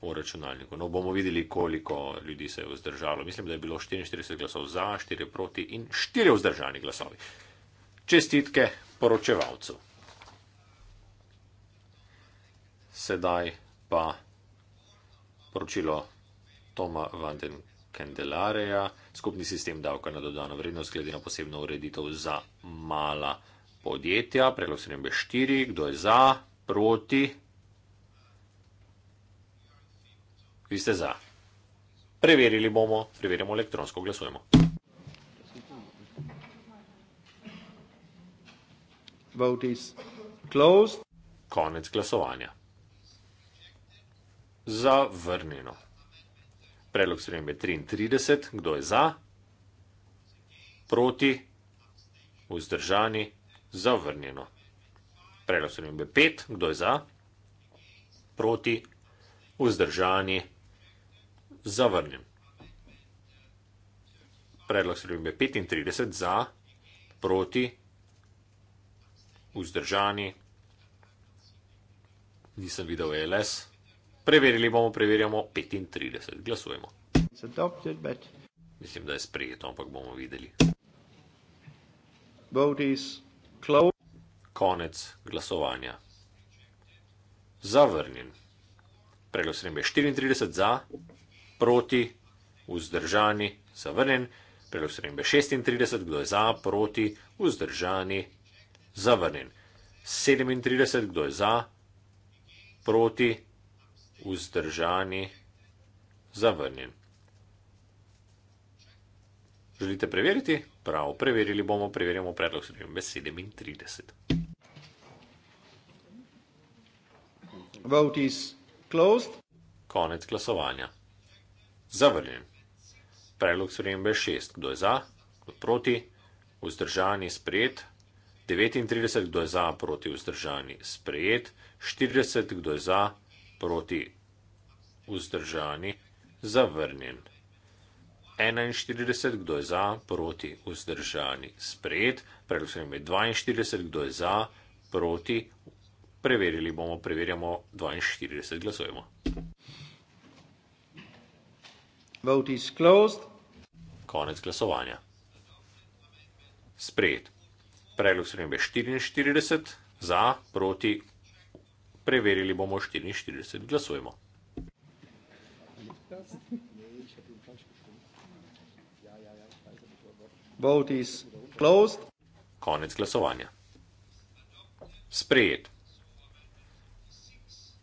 v računalniku. No, bomo videli, koliko ljudi se je vzdržalo. Mislim, da je bilo 44 glasov za, 4 proti in 4 vzdržani glasovi. Čestitke poročevalcu. Sedaj pa poročilo Toma Vanden Kendelareja, skupni sistem davka na dodano vrednost, glede na posebno ureditev za mala podjetja. Predlog se ne bi štiri, kdo je za? proti. Vi ste za. Preverili bomo, preverjamo elektronsko, glasujemo. Vote is closed. Konec glasovanja. Zavrnjeno. Predlog spremembe 33. Kdo je za? Proti? Vzdržani? Zavrnjeno. Predlog spremembe 5. Kdo je za? Proti? Vzdržani? Zavrnjen. Predlog spremembe 35. Za? Proti? Vzdržani? Nisem videl e LS. Preverili bomo, preverjamo 35. Glasujemo. Adopted, but... Mislim, da je sprejeto, ampak bomo videli. Vote is closed. Konec glasovanja. Zavrnjen. Predlog spremembe 34 za, proti, vzdržani, zavrnjen. Predlog spremembe 36, kdo je za, proti, vzdržani, zavrnjen. 37, kdo je za, proti, vzdržani, zavrnjen. Želite preveriti? Prav, preverili bomo, preverjamo predlog spremembe 37. Vote is closed. Konec glasovanja. Zavrnjen. Predlog sprejembe 6. Kdo je za? Kdo proti? Vzdržani sprejet. 39. Kdo je za? Proti vzdržani sprejet. 40. Kdo je za? Proti vzdržani zavrnjen. 41. Kdo je za? Proti vzdržani sprejet. Predlog sprejembe 42. Kdo je za? Proti vzdržani. Preverili bomo, preverjamo 42, glasujemo. Vote is closed. Konec glasovanja. Sprejet. Predlog sprejme 44 za, proti. Preverili bomo 44, glasujemo. Vote is closed. Konec glasovanja. Sprejet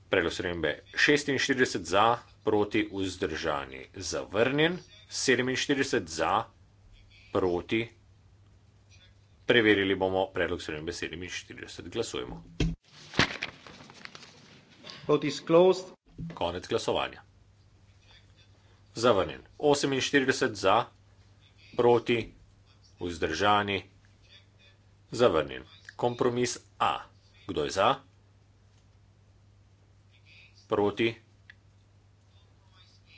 predlog spremembe 46 za, proti vzdržani, zavrnjen, 47 za, proti. Preverili bomo predlog spremembe 47. Glasujemo. Konec glasovanja. Zavrnjen. 48 za, proti, vzdržani, zavrnjen. Kompromis A. Kdo je za? proti.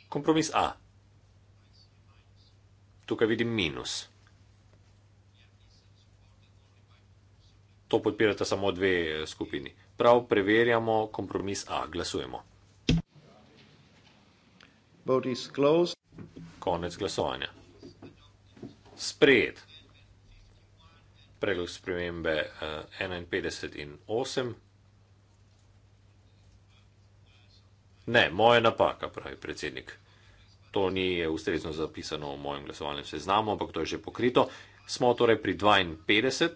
Kompromis A. Tukaj vidim minus. To podpirata samo dve eh, skupini. Prav preverjamo kompromis A. Glasujemo. Konec glasovanja. Sprejet. Predlog spremembe 51 eh, in 8. Ne, moja napaka, pravi predsednik. To ni ustrezno zapisano v mojem glasovalnem seznamu, ampak to je že pokrito. Smo torej pri 52,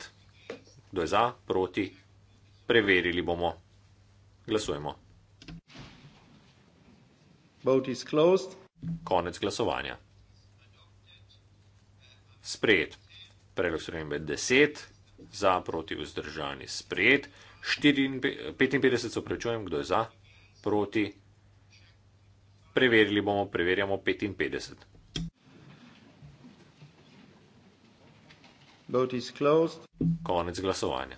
kdo je za, proti, preverili bomo. Glasujemo. Konec glasovanja. Sprejet. Predlog spremembe 10, za, proti, vzdržani, sprejet. 54, opravičujem, kdo je za, proti, Preverili bomo, preverjamo 55. Vote is closed. Konec glasovanja.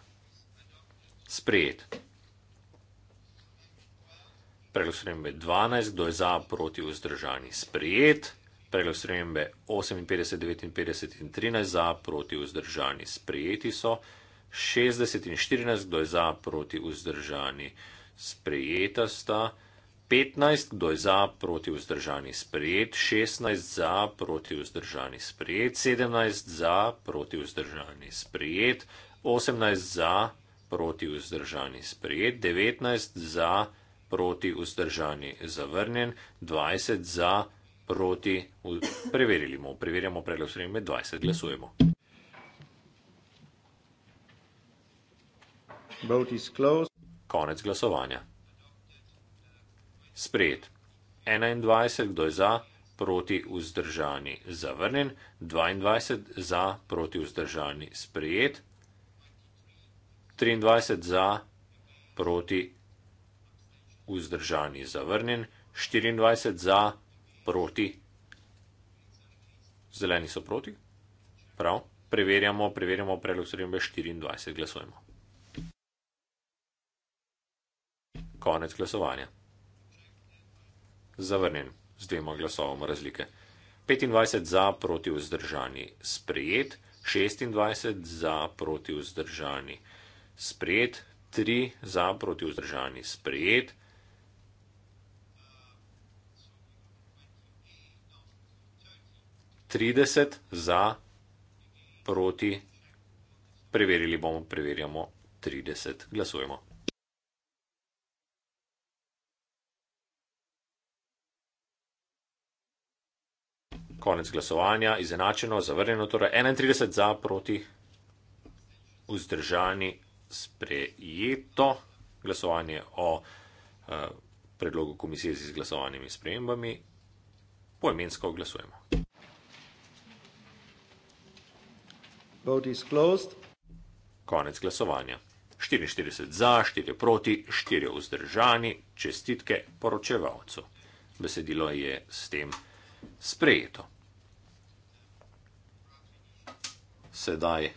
Sprejet. Predlog spremembe 12, kdo je za, proti, vzdržani. Sprejet. Predlog spremembe 58, 59 in 13, za, proti, vzdržani. Sprejeti so 60 in 14, kdo je za, proti, vzdržani. Sprejeta sta 15, kdo je za, proti vzdržani sprejet, 16 za, proti vzdržani sprejet, 17 za, proti vzdržani sprejet, 18 za, proti vzdržani sprejet, 19 za, proti vzdržani zavrnjen, 20 za, proti, preverjamo, preverjamo predlog sprejeme, 20 glasujemo. Konec glasovanja sprejet. 21, kdo je za, proti vzdržani, zavrnjen. 22, za, proti vzdržani, sprejet. 23, za, proti vzdržani, zavrnjen. 24, za, proti. Zeleni so proti. Prav, preverjamo, preverjamo predlog srednje 24, glasujemo. Konec glasovanja zavrnjen z dvema glasovoma razlike. 25 za proti vzdržani sprejet, 26 za proti vzdržani sprejet, 3 za proti vzdržani sprejet. Za proti, preverili bomo, preverjamo 30, glasujemo. konec glasovanja, izenačeno, zavrnjeno, torej 31 za, proti, vzdržani, sprejeto glasovanje o uh, predlogu komisije z izglasovanimi spremembami, poemensko glasujemo. Konec glasovanja. 44 za, 4 proti, 4 vzdržani, čestitke poročevalcu. Besedilo je s tem sprejeto. sedaj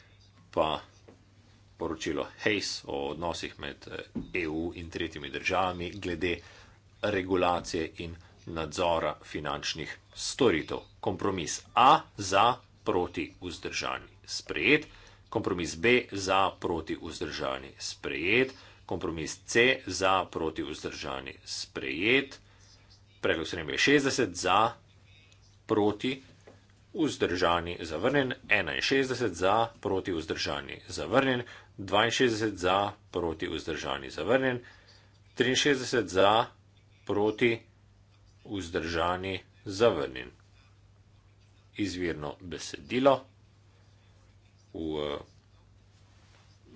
pa poročilo Hays o odnosih med EU eh, e in tretjimi državami glede regulacije in nadzora finančnih storitev. Kompromis A za proti vzdržani sprejet, kompromis B za proti vzdržani sprejet, kompromis C za proti vzdržani sprejet, predlog srednje 60 za proti vzdržani, zavrnjen, 61 za, proti vzdržani, zavrnjen, 62 za, proti vzdržani, zavrnjen, 63 za, proti vzdržani, zavrnjen. Izvirno besedilo v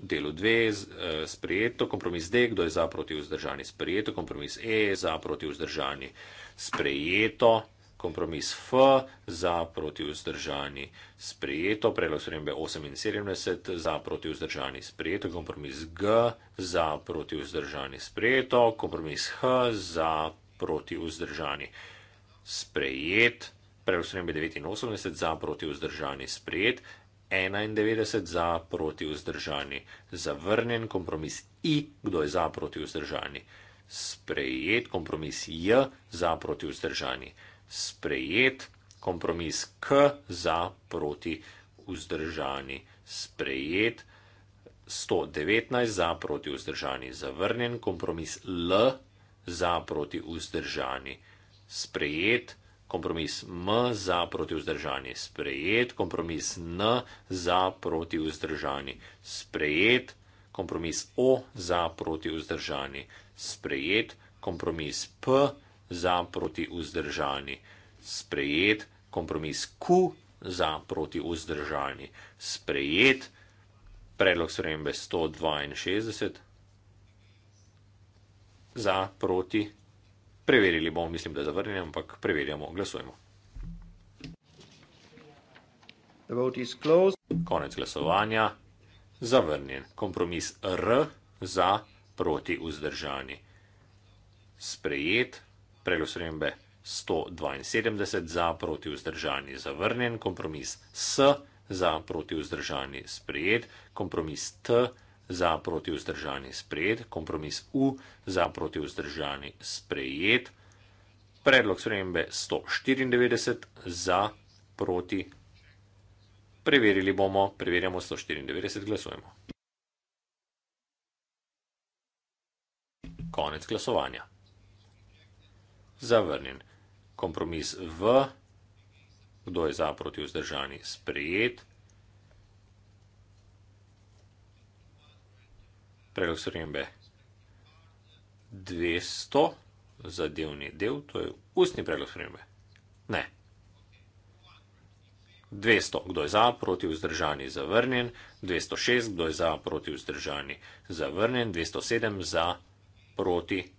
delu 2 eh, sprejeto, kompromis D, kdo je za, proti vzdržani, sprejeto, kompromis E, za, proti vzdržani, sprejeto kompromis F za proti vzdržani sprejeto, predlog spremembe 78 za proti vzdržani sprejeto, kompromis G za proti vzdržani sprejeto, kompromis H za proti vzdržani sprejet, predlog spremembe 89 za proti vzdržani sprejet, 91 za proti vzdržani zavrnjen, kompromis I, kdo je za proti vzdržani sprejet, kompromis J za proti vzdržani sprejet sprejet, kompromis K za proti vzdržani sprejet, 119 za proti vzdržani zavrnjen, kompromis L za proti vzdržani sprejet, kompromis M za proti vzdržani sprejet, kompromis N za proti vzdržani sprejet, kompromis O za proti vzdržani sprejet, kompromis P za proti vzdržani sprejet, za proti vzdržani, sprejet kompromis Q za proti vzdržani, sprejet predlog spremembe 162 za proti, preverili bomo, mislim, da zavrnjeno, ampak preverjamo, glasujemo. Konec glasovanja, zavrnjen, kompromis R za proti vzdržani, sprejet kompromis Q za proti vzdržani, sprejet kompromis Q za proti vzdržani, sprejet kompromis Q za proti vzdržani, sprejet kompromis Q za proti vzdržani, sprejet kompromis Q za proti vzdržani, sprejet kompromis Q za proti vzdržani, sprejet kompromis Q za proti vzdržani, sprejet kompromis Q za proti vzdržani, sprejet kompromis Q za proti vzdržani, sprejet kompromis Q za proti vzdržani, sprejet kompromis Q za proti vzdržani, sprejet kompromis Q za proti vzdržani, sprejet kompromis Q za proti vzdržani, sprejet kompromis Q za proti vzdržani, sprejet kompromis Q za proti vzdržani, sprejet kompromis Q za proti vzdržani, sprejet kompromis Q za proti vzdržani, sprejet kompromis Q za proti vzdržani, sprejet kompromis Q za proti vzdržani, sprejet kompromis Predlog spremembe 172 za proti vzdržani zavrnjen, kompromis S za proti vzdržani sprejet, kompromis T za proti vzdržani sprejet, kompromis U za proti vzdržani sprejet, predlog spremembe 194 za proti. Preverili bomo, preverjamo 194, glasujemo. Konec glasovanja zavrnjen. Kompromis v, kdo je za proti vzdržani, sprejet. Predlog srnjembe 200, zadevni del, to je ustni predlog srnjembe. Ne. 200, kdo je za, proti vzdržani, zavrnjen. 206, kdo je za, proti vzdržani, zavrnjen. 207, za, proti vzdržani.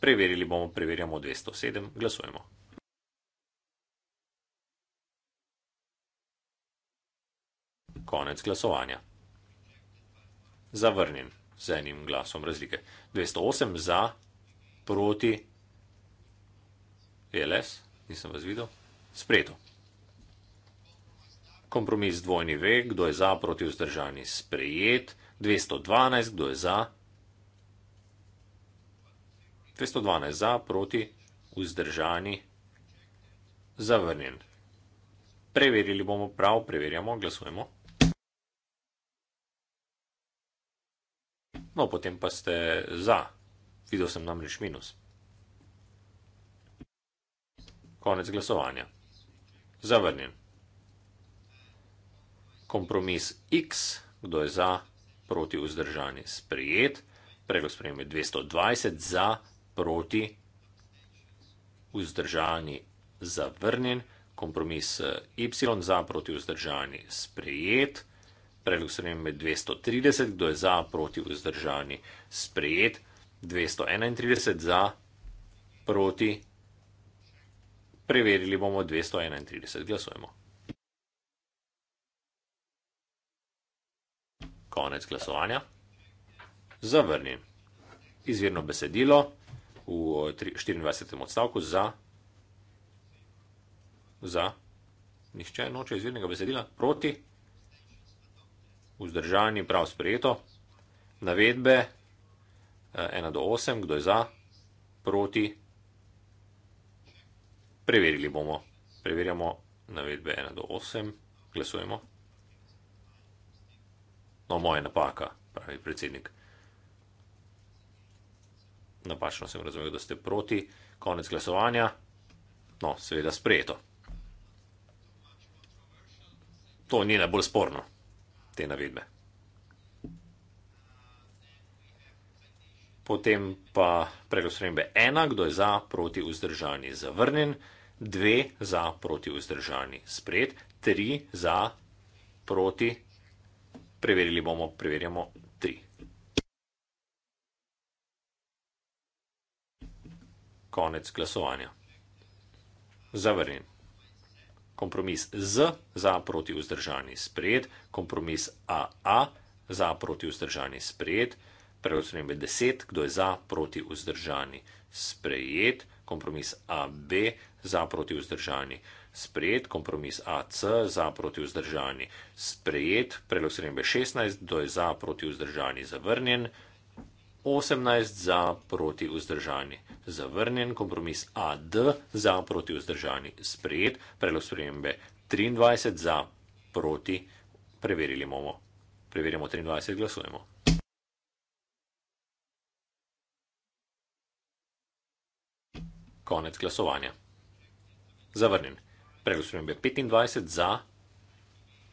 Preverili bomo, preverjamo 207, glasujemo. Konec glasovanja. Zavrnjen z enim glasom razlike. 208 za, proti, e LS, nisem vas videl, spreto. Kompromis dvojni ve, kdo je za, proti vzdržani, sprejet. 212, kdo je za, 212 za, proti, vzdržani, zavrnjen. Preverili bomo prav, preverjamo, glasujemo. No, potem pa ste za. Videl sem namreč minus. Konec glasovanja. Zavrnjen. Kompromis X, kdo je za, proti vzdržani, sprejet. Predlog sprejem je 220 za proti, vzdržani zavrnjen, kompromis eh, Y za proti vzdržani sprejet, predlog se med 230, kdo je za proti vzdržani sprejet, 231 za proti, preverili bomo 231, glasujemo. Konec glasovanja. Zavrnjen. Izvirno besedilo v 24. Eh, odstavku za, za, nišče noče izvirnega besedila, proti, vzdržanje prav sprejeto, navedbe 1 eh, do 8, kdo je za, proti, preverili bomo, preverjamo navedbe 1 do 8, glasujemo. No, moja napaka, pravi predsednik napačno sem razumel, da ste proti, konec glasovanja, no, seveda sprejeto. To ni najbolj sporno, te navedbe. Potem pa predlog spremembe ena, kdo je za, proti, vzdržani, zavrnjen, dve za, proti, vzdržani, sprejet, tri za, proti, preverili bomo, preverjamo, konec glasovanja. Zavrnjen. Kompromis Z za proti vzdržani spred, kompromis AA za proti vzdržani spred, preglasovanje med deset, kdo je za proti vzdržani sprejet, kompromis AB za proti vzdržani sprejet, kompromis AC za proti vzdržani sprejet, predlog sprejembe 16, kdo je za proti vzdržani zavrnjen, 18 za proti vzdržani sprejet zavrnjen, kompromis AD za proti vzdržani sprejet, predlog spremembe 23 za proti, preverili bomo. Preverimo 23, glasujemo. Konec glasovanja. Zavrnjen. Predlog spremembe 25 za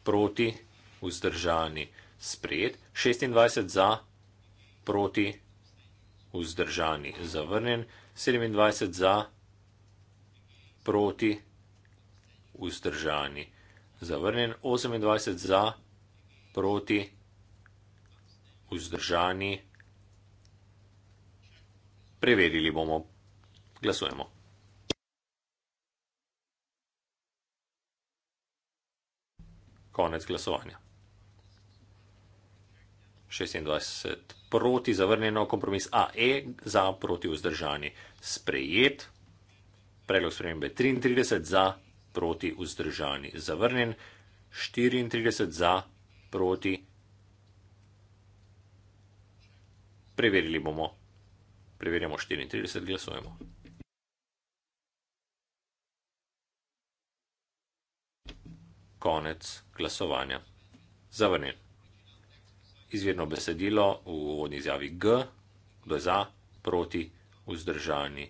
proti vzdržani sprejet, 26 za proti vzdržani zavrnjen. 27 za, proti, vzdržani. Zavrnjen 28 za, proti, vzdržani. Preverili bomo. Glasujemo. Konec glasovanja. 26 proti zavrnjeno, kompromis AE za proti vzdržani sprejet, predlog spremembe 33 za proti vzdržani zavrnjen, 34 za proti. Preverili bomo. Preverjamo 34, glasujemo. Konec glasovanja. Zavrnjen izvirno besedilo v uvodni izjavi G, kdo je za, proti, vzdržani,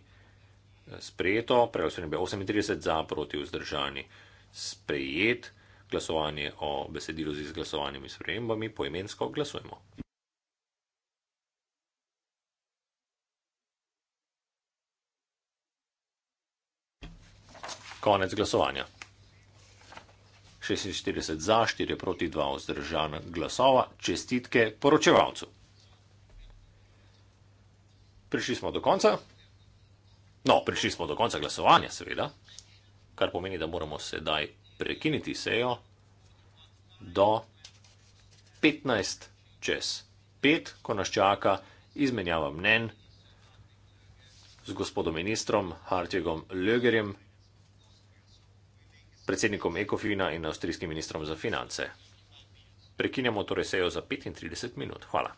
sprejeto, preglasovanje 38 za, proti, vzdržani, sprejet, glasovanje o besedilu z izglasovanimi spremembami, poimensko glasujemo. Konec glasovanja. 46 za, 4 proti 2 vzdržana glasova. Čestitke poročevalcu. Prišli smo do konca. No, prišli smo do konca glasovanja, seveda, kar pomeni, da moramo sedaj prekiniti sejo do 15 čez 5, ko nas čaka izmenjava mnen z gospodom ministrom Hartjegom Lögerjem, predsednikom Ekofina in avstrijskim ministrom za finance. Prekinjamo torej sejo za 35 minut. Hvala.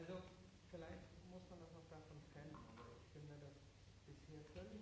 Also vielleicht muss man das noch davon trennen, aber ich finde das bisher völlig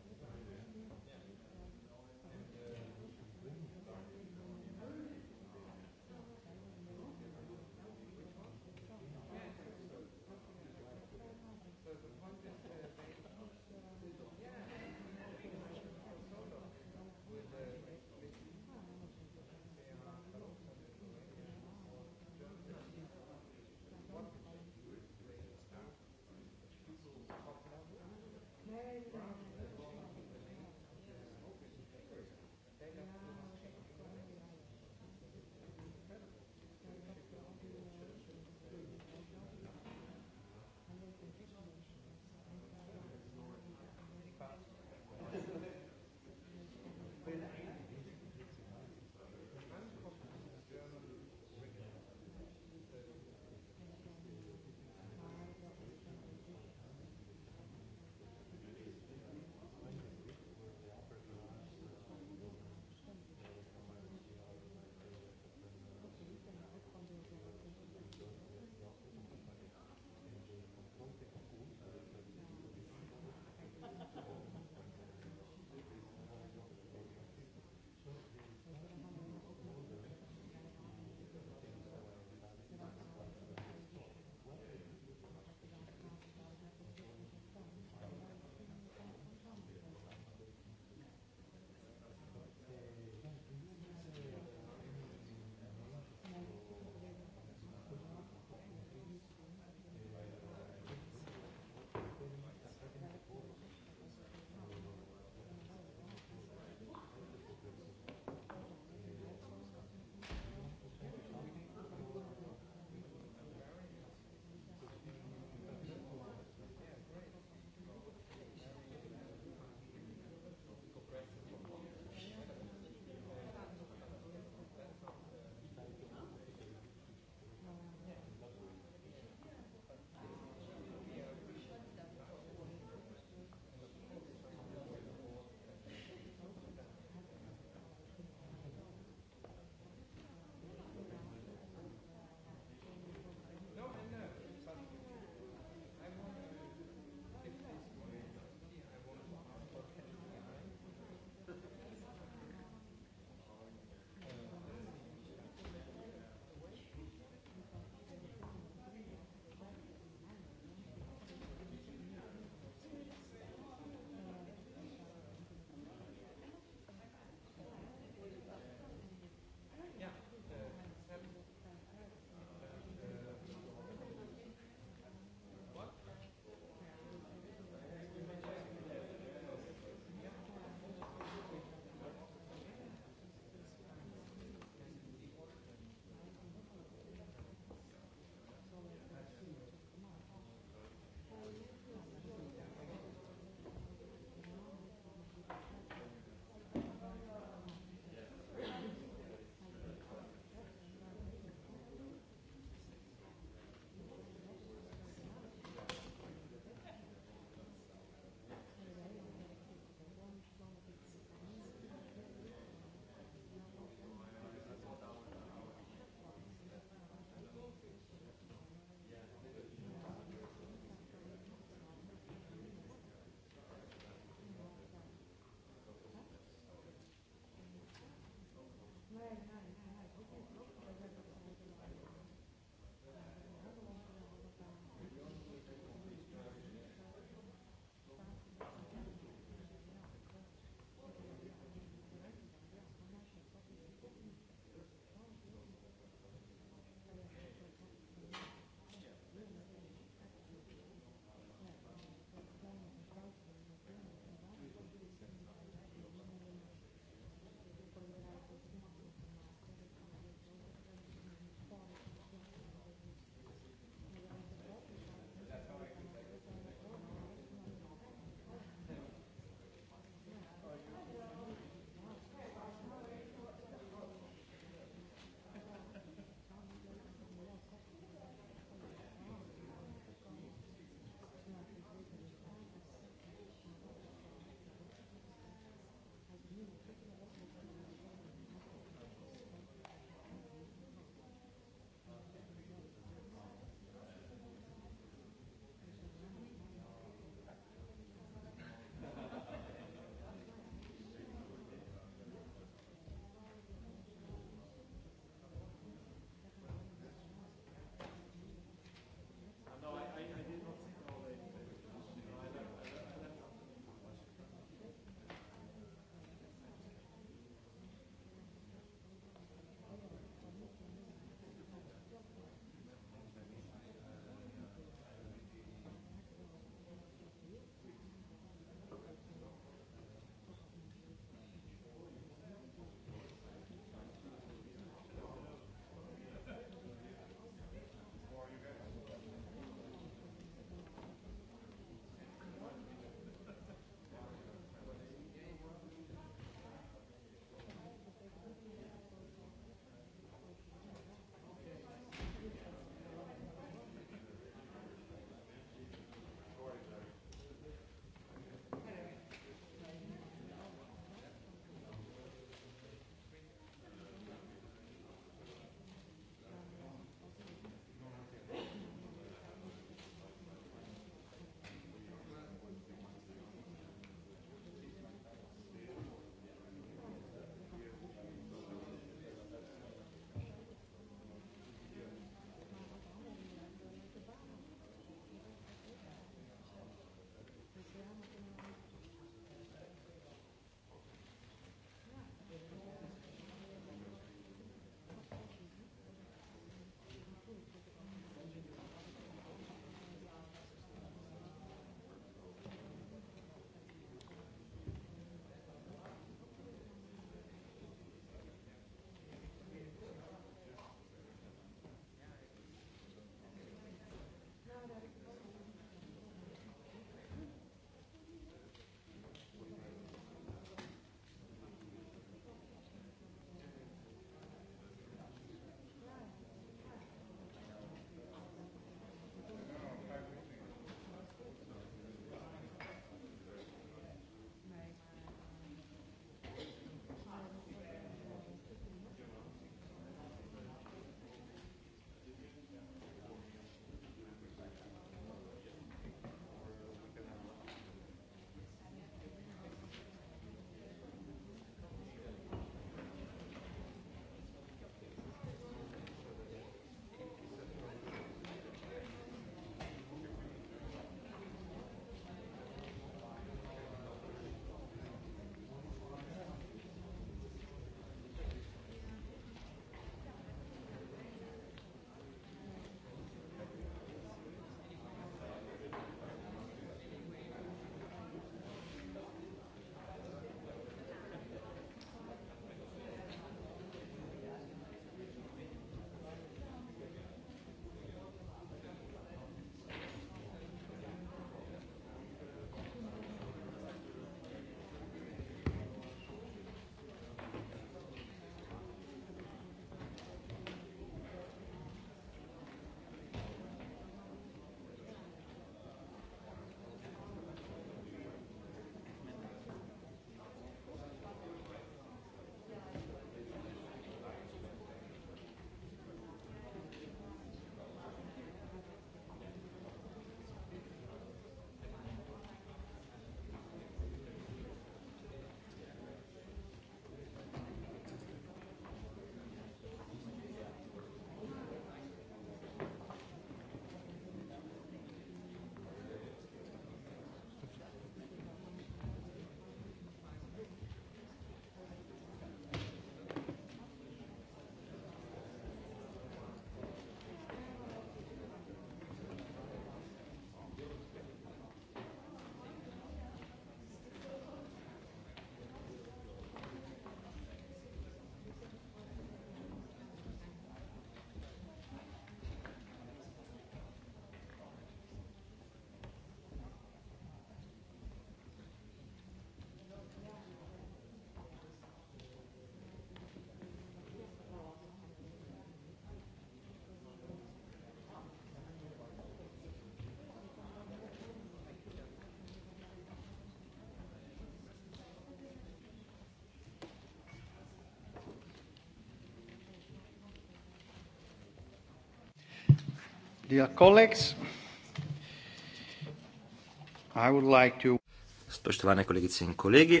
Spoštovane kolegice in kolegi,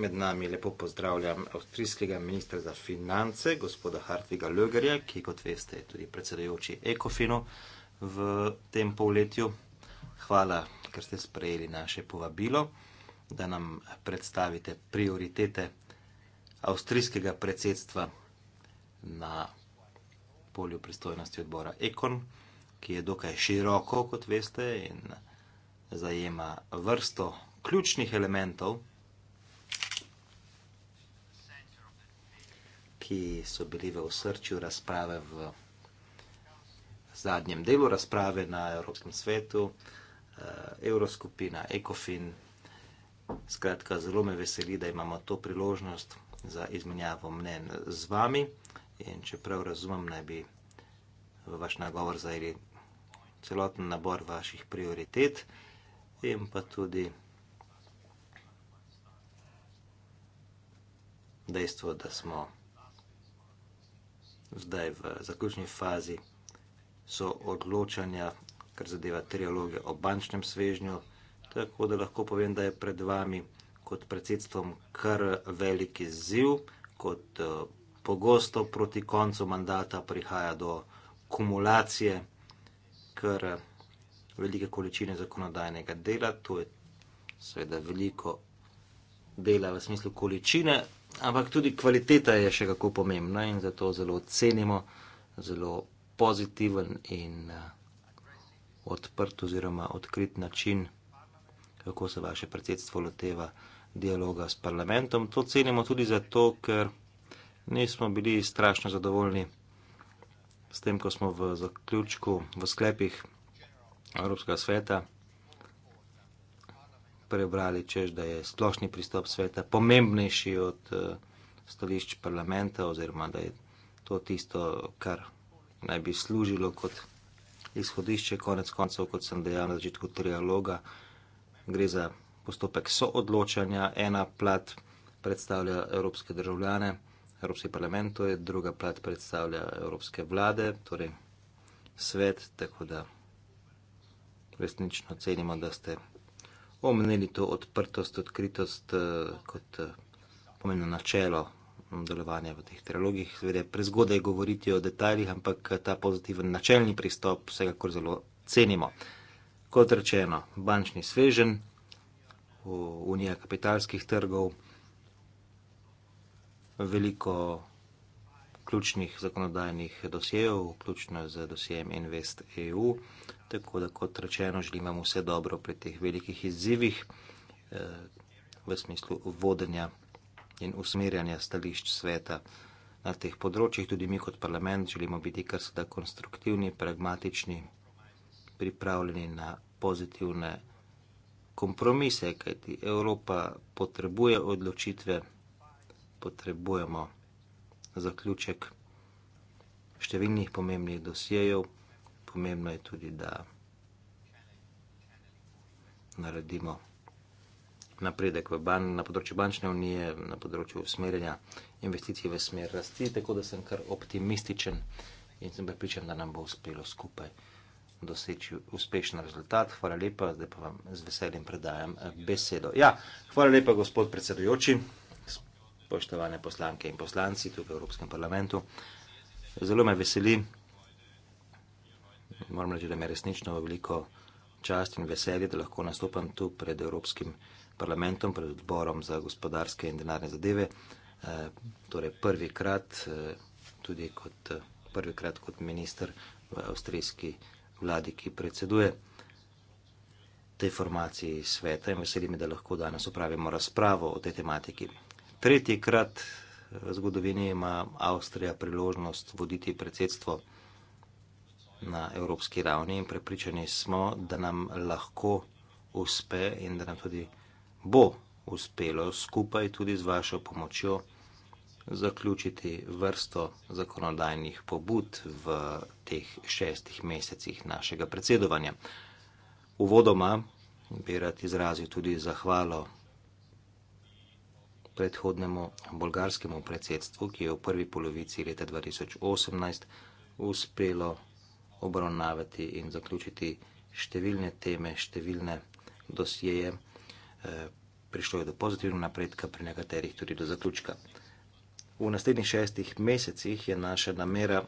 med nami lepo pozdravljam avstrijskega ministra za finance, gospoda Hartviga Lögerja, ki kot veste je tudi predsedajoči Ekofinu v tem polletju. Hvala, ker ste sprejeli naše povabilo, da nam predstavite prioritete avstrijskega predsedstva pristojnosti odbora Ekon, ki je dokaj široko, kot veste, in zajema vrsto ključnih elementov, ki so bili v srčju razprave v zadnjem delu razprave na Evropskem svetu, eh, Evroskupina, Ekofin. Skratka, zelo me veseli, da imamo to priložnost za izmenjavo mnen z vami. In čeprav razumem, naj bi v vaš nagovor, zdaj je celoten nabor vaših prioritet in pa tudi dejstvo, da smo zdaj v zaključni fazi so odločanja, kar zadeva trialoge o bančnem svežnju, tako da lahko povem, da je pred vami kot predsedstvom kar veliki ziv, kot eh, pogosto proti koncu mandata prihaja do odločanja, kumulacije kar eh, velike količine zakonodajnega dela. To je seveda veliko dela v smislu količine, ampak tudi kvaliteta je še kako pomembna in zato zelo cenimo, zelo pozitiven in eh, odprt oziroma odkrit način, kako se vaše predsedstvo loteva dialoga s parlamentom. To cenimo tudi zato, ker nismo bili strašno zadovoljni s tem, ko smo v zaključku, v sklepih Evropskega sveta prebrali, čež, da je splošni pristop sveta pomembnejši od uh, stališč parlamenta oziroma, da je to tisto, kar naj bi služilo kot izhodišče, konec koncev, kot sem dejal na začetku trialoga, gre za postopek soodločanja, ena plat predstavlja evropske državljane. Evropski parlament, to je druga plat predstavlja Evropske vlade, torej svet, tako da resnično cenimo, da ste omenili to odprtost, odkritost eh, kot eh, pomeno načelo delovanja v teh trilogih. Seveda je prezgodaj govoriti o detaljih, ampak eh, ta pozitiven načelni pristop vsekakor zelo cenimo. Kot rečeno, bančni svežen, Unija kapitalskih trgov, veliko ključnih zakonodajnih dosjejev, vključno z dosjejem Invest EU. Tako da, kot rečeno, želim vam vse dobro pri teh velikih izzivih eh, v smislu vodenja in usmerjanja stališč sveta na teh področjih. Tudi mi kot parlament želimo biti kar seveda konstruktivni, pragmatični, pripravljeni na pozitivne kompromise, kajti Evropa potrebuje odločitve potrebujemo. Zaključek številnih pomembnih dosjejev, pomembno je tudi, da naredimo napredek v ban, na področju bančne unije, na področju usmerjanja investicij v smer rasti, tako da sem kar optimističen in sem pripričan, da nam bo uspelo skupaj doseči uspešen rezultat. Hvala lepa, zdaj pa vam z veseljem predajam eh, besedo. Ja, hvala lepa, gospod predsedujoči spoštovane poslanke in poslanci tukaj v Evropskem parlamentu. Zelo me veseli, moram reči, da me resnično veliko čast in veselje, da lahko nastopam tu pred Evropskim parlamentom, pred odborom za gospodarske in denarne zadeve. E, torej prvi krat, eh, tudi kot, eh, prvi krat kot minister v avstrijski vladi, ki predseduje tej formaciji sveta in veseli me, da lahko danes upravimo razpravo o tej tematiki tretji krat eh, v zgodovini ima Avstrija priložnost voditi predsedstvo na evropski ravni in prepričani smo, da nam lahko uspe in da nam tudi bo uspelo skupaj tudi z vašo pomočjo zaključiti vrsto zakonodajnih pobud v teh šestih mesecih našega predsedovanja. Uvodoma bi rad izrazil tudi zahvalo predhodnemu bolgarskemu predsedstvu, ki je v prvi polovici leta 2018 uspelo obravnavati in zaključiti številne teme, številne dosjeje. Eh, prišlo je do pozitivnega napredka, pri nekaterih tudi do zaključka. V naslednjih šestih mesecih je naša namera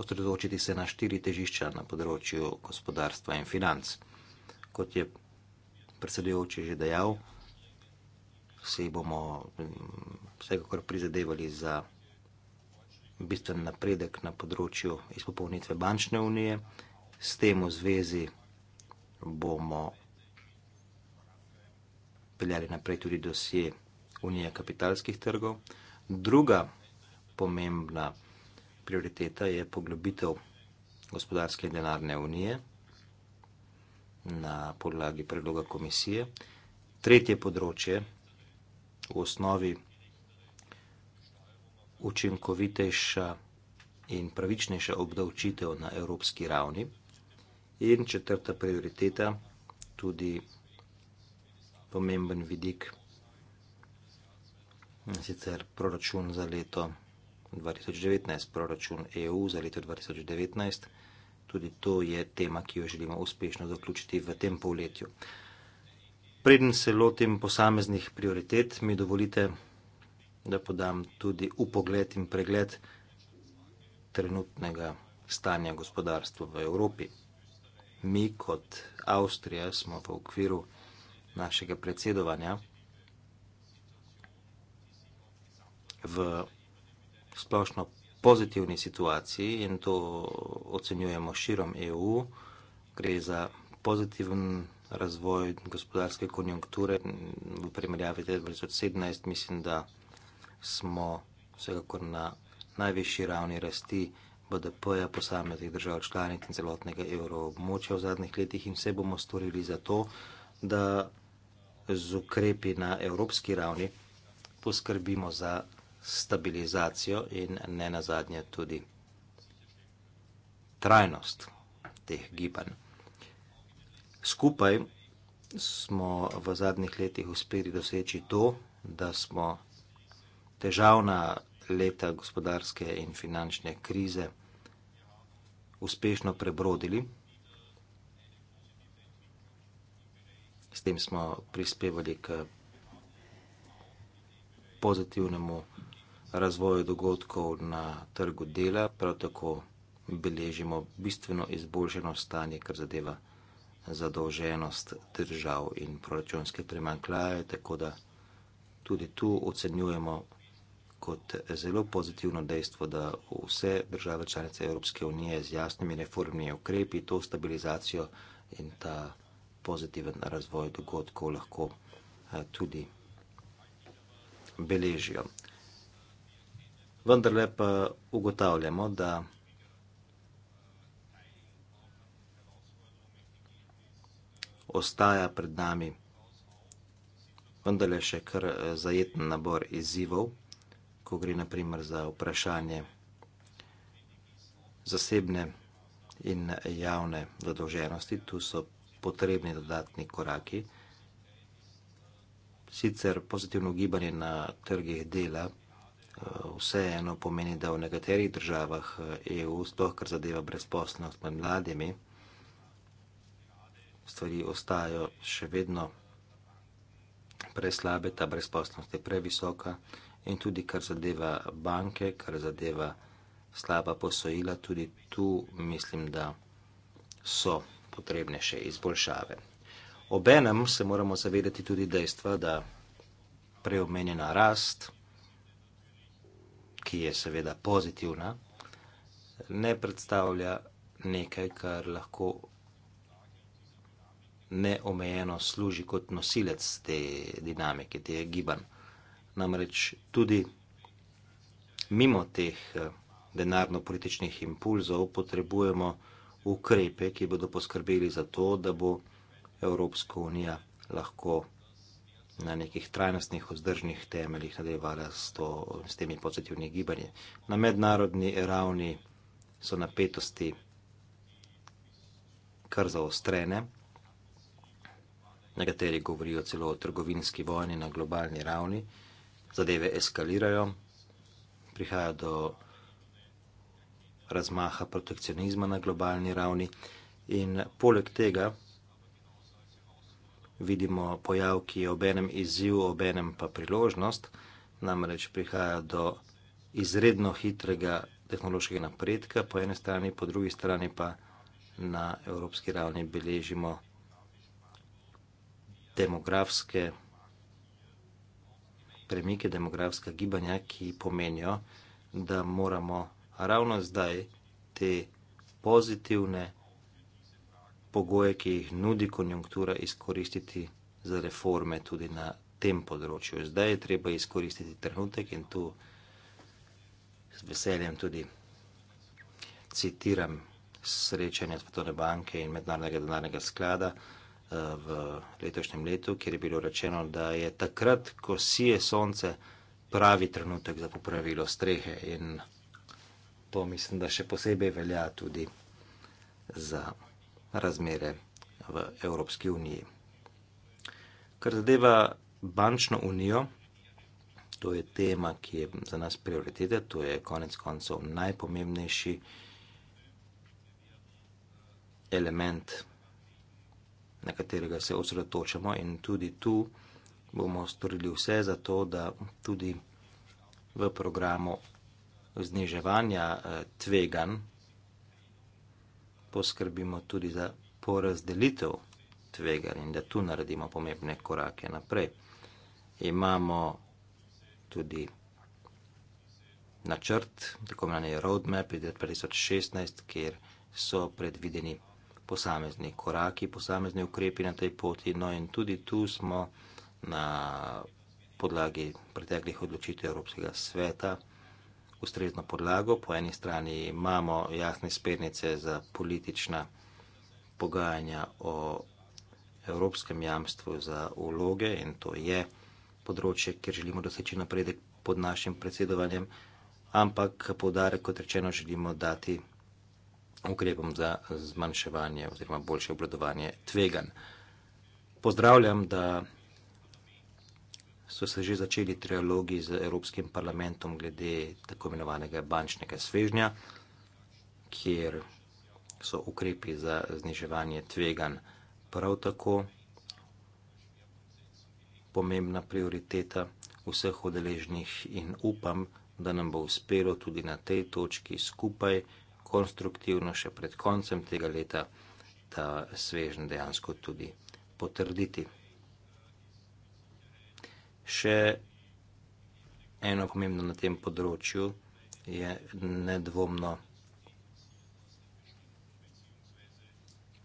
osredotočiti se na štiri težišča na področju gospodarstva in financ. Kot je predsedujoči že dejal, si bomo mm, vsekakor prizadevali za bistven napredek na področju izpopolnitve bančne unije. S tem v zvezi bomo peljali naprej tudi dosje Unije kapitalskih trgov. Druga pomembna prioriteta je poglobitev gospodarske in denarne unije na podlagi predloga komisije. Tretje področje v osnovi učinkovitejša in pravičnejša obdavčitev na evropski ravni. In četrta prioriteta, tudi pomemben vidik, sicer proračun za leto 2019, proračun EU za leto 2019, tudi to je tema, ki jo želimo uspešno zaključiti v tem polletju preden se lotim posameznih prioritet, mi dovolite, da podam tudi upogled in pregled trenutnega stanja gospodarstva v Evropi. Mi kot Avstrija smo v okviru našega predsedovanja v splošno pozitivni situaciji in to ocenjujemo širom EU. Gre za pozitiven razvoj gospodarske konjunkture v primerjavi z 2017, mislim, da smo vsekakor na najvišji ravni rasti BDP-ja posameznih držav članic in celotnega evroobmočja v zadnjih letih in vse bomo storili za to, da z ukrepi na evropski ravni poskrbimo za stabilizacijo in ne nazadnje tudi trajnost teh gibanj. Skupaj smo v zadnjih letih uspeli doseči to, da smo težavna leta gospodarske in finančne krize uspešno prebrodili. S tem smo prispevali k pozitivnemu razvoju dogodkov na trgu dela, prav tako beležimo bistveno izboljšeno stanje, kar zadeva zadolženost držav in proračunske premankljaje, tako da tudi tu ocenjujemo kot zelo pozitivno dejstvo, da vse države članice Evropske unije z jasnimi reformnimi ukrepi to stabilizacijo in ta pozitiven razvoj dogodkov lahko eh, tudi beležijo. Vendar lepa ugotavljamo, da ostaja pred nami. Vendar je še kar eh, zajeten nabor izzivov, ko gre naprimer za vprašanje zasebne in javne zadolženosti. Tu so potrebni dodatni koraki. Sicer pozitivno gibanje na trgih dela eh, vseeno pomeni, da v nekaterih državah EU, eh, e sploh kar zadeva brezposobnost med mladimi, stvari ostajajo še vedno preslabe, ta brezposlenost je previsoka in tudi kar zadeva banke, kar zadeva slaba posojila, tudi tu mislim, da so potrebne še izboljšave. Obenem se moramo zavedati tudi dejstva, da preomenjena rast, ki je seveda pozitivna, ne predstavlja nekaj, kar lahko neomejeno služi kot nosilec te dinamike, te gibanj. Namreč tudi mimo teh eh, denarno-političnih impulzov potrebujemo ukrepe, ki bodo poskrbeli za to, da bo Evropska unija lahko na nekih trajnostnih, vzdržnih temeljih nadaljevala s, s temi pozitivnimi gibanji. Na mednarodni ravni so napetosti kar zaostrene, nekateri govorijo celo o trgovinski vojni na globalni ravni, zadeve eskalirajo, prihaja do razmaha protekcionizma na globalni ravni in poleg tega vidimo pojav, ki je ob enem izziv, ob enem pa priložnost, namreč prihaja do izredno hitrega tehnološkega napredka po ene strani, po drugi strani pa na evropski ravni beležimo demografske premike, demografska gibanja, ki pomenijo, da moramo ravno zdaj te pozitivne pogoje, ki jih nudi konjunktura, izkoristiti za reforme tudi na tem področju. Zdaj je treba izkoristiti trenutek in tu z veseljem tudi citiram srečanje Svetovne banke in Mednarodnega denarnega sklada v letošnjem letu, kjer je bilo rečeno, da je takrat, ko sije sonce, pravi trenutek za popravilo strehe. In to mislim, da še posebej velja tudi za razmere v Evropski uniji. Kar zadeva bančno unijo, to je tema, ki je za nas prioriteta, to je konec koncev najpomembnejši element na katerega se osredotočamo in tudi tu bomo storili vse za to, da tudi v programu zniževanja eh, tvegan poskrbimo tudi za porazdelitev tvegan in da tu naredimo pomembne korake naprej. Imamo tudi načrt, tako imenovani roadmap iz 2016, kjer so predvideni posamezni koraki, posamezni ukrepi na tej poti. No in tudi tu smo na podlagi preteklih odločitev Evropskega sveta ustrezno podlago. Po eni strani imamo jasne spernice za politična pogajanja o evropskem jamstvu za vloge in to je področje, kjer želimo doseči napredek pod našim predsedovanjem, ampak podarek, kot rečeno, želimo dati ukrepom za zmanjševanje oziroma boljše obladovanje tveganj. Pozdravljam, da so se že začeli trialogi z Evropskim parlamentom glede tako imenovanega bančnega svežnja, kjer so ukrepi za zniževanje tveganj prav tako pomembna prioriteta vseh odeležnih in upam, da nam bo uspelo tudi na tej točki skupaj vsega, konstruktivno še pred koncem tega leta ta svežen dejansko tudi potrditi. Še eno pomembno na tem področju je nedvomno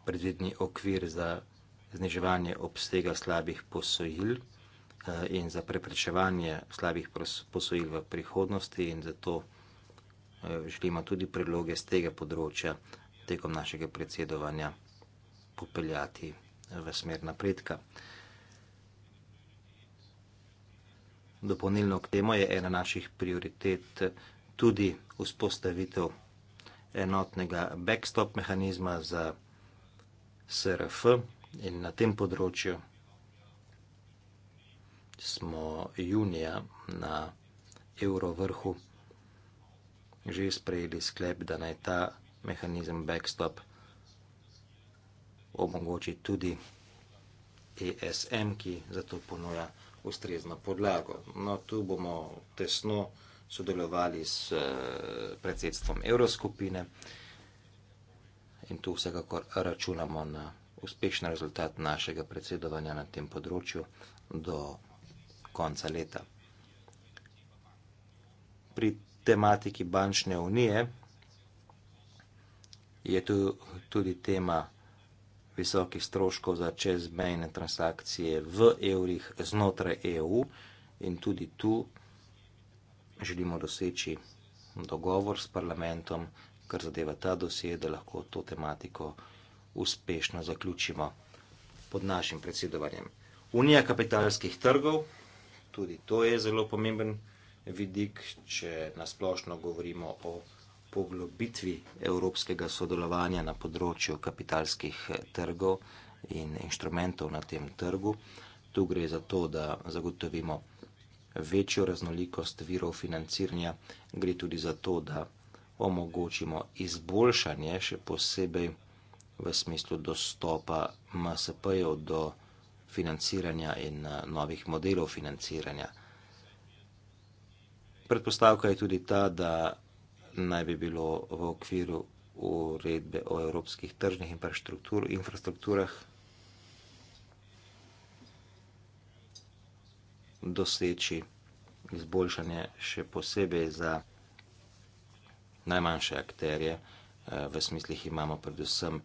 predvidni okvir za zniževanje obsega slabih posojil eh, in za preprečevanje slabih posojil v prihodnosti in zato želimo tudi predloge z tega področja tekom našega predsedovanja popeljati v smer napredka. Dopolnilno k temu je ena naših prioritet tudi vzpostavitev enotnega backstop mehanizma za SRF in na tem področju smo junija na Eurovrhu že sprejeli sklep, da naj ta mehanizem backstop omogoči tudi ESM, ki zato ponuja ustrezno podlago. No, tu bomo tesno sodelovali s eh, predsedstvom Evroskupine in tu vsekakor računamo na uspešen rezultat našega predsedovanja na tem področju do konca leta. Pri tematiki bančne unije je tu tudi tema visokih stroškov za čezmejne transakcije v evrih znotraj EU in tudi tu želimo doseči dogovor s parlamentom, kar zadeva ta dosje, da lahko to tematiko uspešno zaključimo pod našim predsedovanjem. Unija kapitalskih trgov, tudi to je zelo pomemben vidik, če nasplošno govorimo o poglobitvi evropskega sodelovanja na področju kapitalskih eh, trgov in inštrumentov na tem trgu. Tu gre za to, da zagotovimo večjo raznolikost virov financiranja, gre tudi za to, da omogočimo izboljšanje, še posebej v smislu dostopa MSP-jev do financiranja in eh, novih modelov financiranja. Predpostavka je tudi ta, da naj bi bilo v okviru uredbe o evropskih tržnih infrastruktur, infrastrukturah doseči izboljšanje še posebej za najmanjše akterje, eh, v smislih imamo predvsem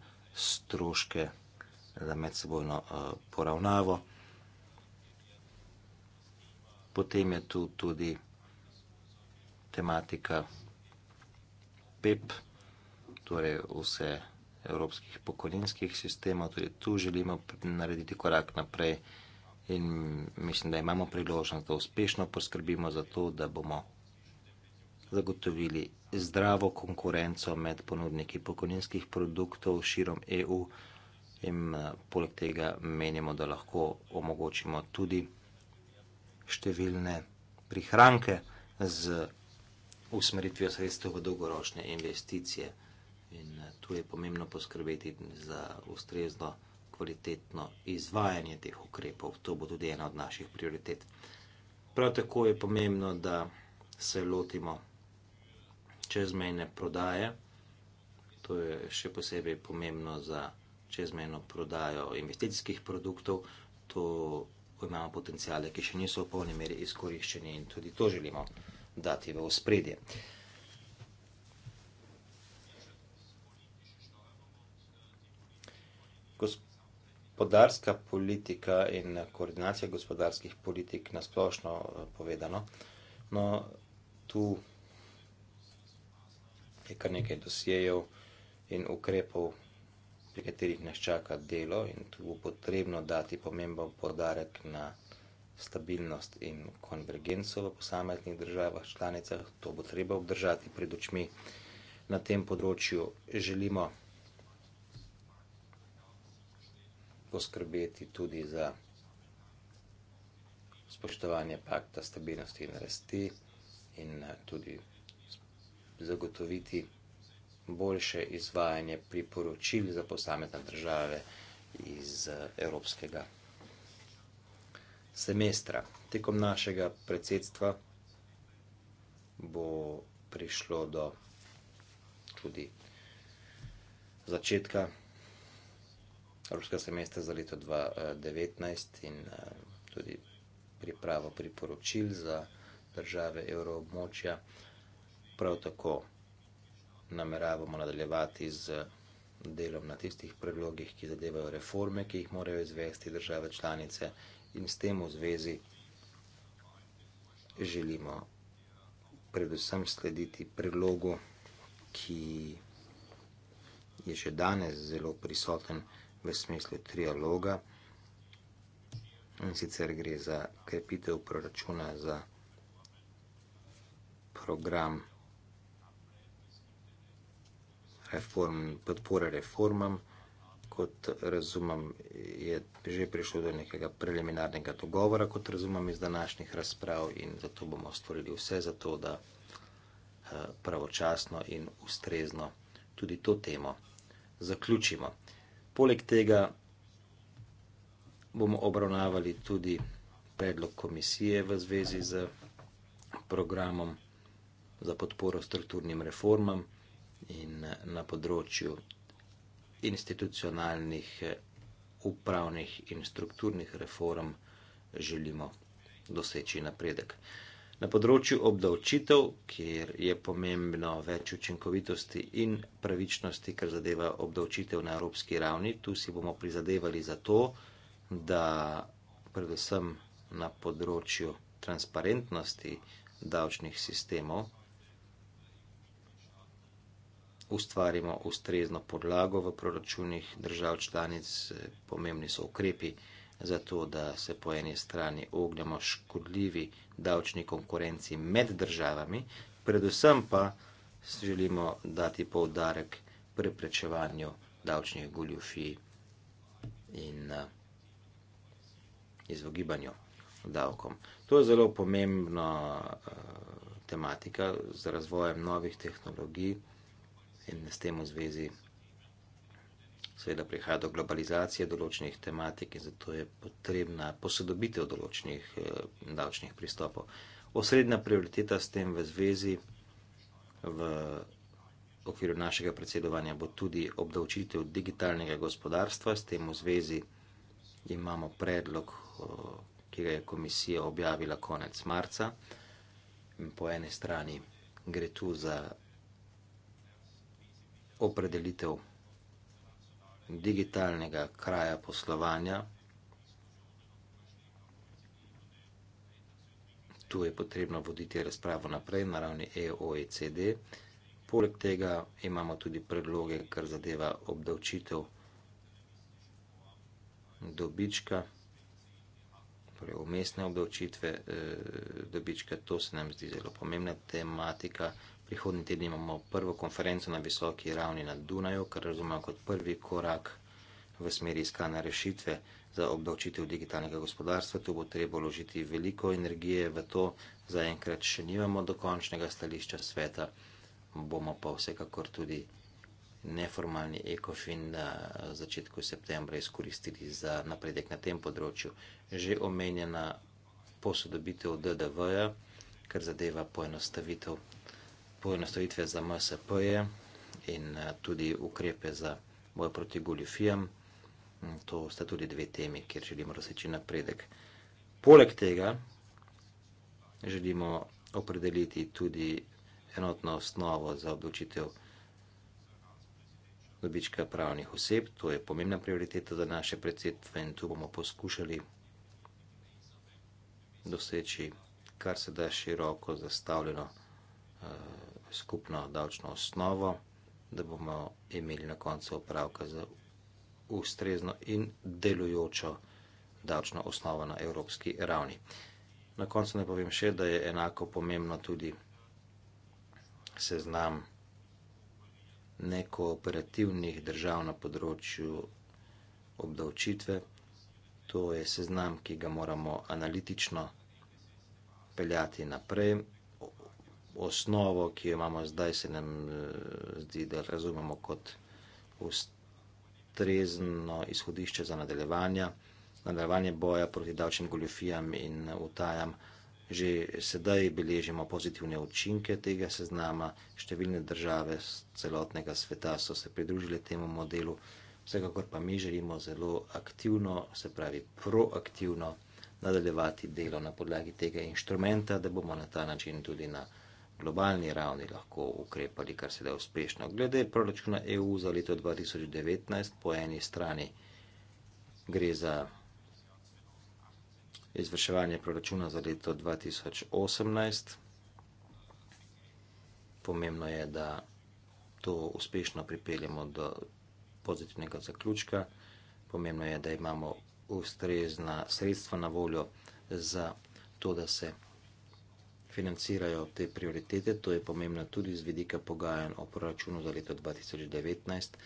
stroške za medsebojno eh, poravnavo. Potem je tu tudi tematika PEP, torej vse evropskih pokojninskih sistemov, tudi tu želimo narediti korak naprej in mislim, da imamo priložnost, da uspešno poskrbimo za to, da bomo zagotovili zdravo konkurenco med ponudniki pokojninskih produktov širom EU in eh, poleg tega menimo, da lahko omogočimo tudi številne prihranke z usmeritvijo sredstev v dolgoročne investicije. In eh, tu je pomembno poskrbeti za ustrezno, kvalitetno izvajanje teh ukrepov. To bo tudi ena od naših prioritet. Prav tako je pomembno, da se lotimo čezmejne prodaje. To je še posebej pomembno za čezmejno prodajo investicijskih produktov. To imamo potencijale, ki še niso v polni meri izkoriščeni in tudi to želimo dati v ospredje. Gospodarska politika in koordinacija gospodarskih politik nasplošno eh, povedano, no tu je kar nekaj dosjejev in ukrepov, pri katerih nas čaka delo in tu bo potrebno dati pomembno podarek na delo stabilnost in konvergenco v posameznih državah, članicah, to bo treba obdržati pred očmi. Na tem področju želimo poskrbeti tudi za spoštovanje pakta stabilnosti in rasti in eh, tudi zagotoviti boljše izvajanje priporočil za posamezne države iz eh, Evropskega semestra. Tekom našega predsedstva bo prišlo do tudi začetka evropskega semestra za leto 2019 in eh, tudi pripravo priporočil za države evroobmočja. Prav tako nameravamo nadaljevati z delom na tistih predlogih, ki zadevajo reforme, ki jih morajo izvesti države članice in s tem v zvezi želimo predvsem slediti predlogu, ki je še danes zelo prisoten v smislu trialoga in sicer gre za krepitev proračuna za program reform, podpore reformam kot razumem, je že prišlo do nekega preliminarnega dogovora, kot razumem iz današnjih razprav, in zato bomo stvorili vse za to, da eh, pravočasno in ustrezno tudi to temo zaključimo. Poleg tega bomo obravnavali tudi predlog komisije v zvezi z programom za podporo strukturnim reformam in eh, na področju institucionalnih, eh, upravnih in strukturnih reform želimo doseči napredek. Na področju obdavčitev, kjer je pomembno več učinkovitosti in pravičnosti, kar zadeva obdavčitev na evropski ravni, tu si bomo prizadevali za to, da predvsem na področju transparentnosti davčnih sistemov ustvarimo ustrezno podlago v proračunih držav članic, pomembni so ukrepi za to, da se po eni strani ognemo škodljivi davčni konkurenci med državami, predvsem pa želimo dati povdarek preprečevanju davčnih goljufij in eh, izogibanju davkom. To je zelo pomembna eh, tematika za razvojem novih tehnologij in s tem v zvezi seveda prihaja do globalizacije določenih tematik in zato je potrebna posodobitev določenih eh, davčnih pristopov. Osrednja prioriteta s tem v zvezi v okviru našega predsedovanja bo tudi obdavčitev digitalnega gospodarstva. S tem v zvezi imamo predlog, eh, ki ga je komisija objavila konec marca. Po eni strani gre tu za opredelitev digitalnega kraja poslovanja. Tu je potrebno voditi razpravo naprej na ravni EOECD. Poleg tega imamo tudi predloge, kar zadeva obdavčitev dobička, torej umestne obdavčitve eh, dobička. To se nam zdi zelo pomembna tematika, Prihodni teden imamo prvo konferenco na visoki ravni na Dunaju, kar razumemo kot prvi korak v smeri iskanja rešitve za obdavčitev digitalnega gospodarstva. Tu bo treba vložiti veliko energije v to, zaenkrat še nimamo dokončnega stališča sveta, bomo pa vsekakor tudi neformalni ekofin na začetku septembra izkoristili za napredek na tem področju. Že omenjena posodobitev DDV-ja, kar zadeva poenostavitev poenostavitve za MSP-je in eh, tudi ukrepe za boj proti goljufijam. Mm, to sta tudi dve temi, kjer želimo razseči napredek. Poleg tega želimo opredeliti tudi enotno osnovo za obdavčitev dobička pravnih oseb. To je pomembna prioriteta za naše predsedstvo in tu bomo poskušali doseči kar se da široko zastavljeno uh, skupno davčno osnovo, da bomo imeli na koncu opravka z ustrezno in delujočo davčno osnovo na evropski ravni. Na koncu ne povem še, da je enako pomembno tudi seznam nekooperativnih držav na področju obdavčitve. To je seznam, ki ga moramo analitično peljati naprej osnovo, ki jo imamo zdaj, se nam eh, zdi, da razumemo kot ustrezno izhodišče za nadaljevanje, nadaljevanje boja proti davčnim goljofijam in utajam. Že sedaj beležimo pozitivne učinke tega seznama, številne države z celotnega sveta so se pridružile temu modelu, vsekakor pa mi želimo zelo aktivno, se pravi proaktivno nadaljevati delo na podlagi tega inštrumenta, da bomo na ta način tudi na globalni ravni lahko ukrepali kar se da uspešno. Glede proračuna EU za leto 2019, po eni strani gre za izvrševanje proračuna za leto 2018. Pomembno je, da to uspešno pripeljemo do pozitivnega zaključka. Pomembno je, da imamo ustrezna sredstva na voljo za to, da se financirajo te prioritete. To je pomembno tudi z vidika pogajanj o proračunu za leto 2019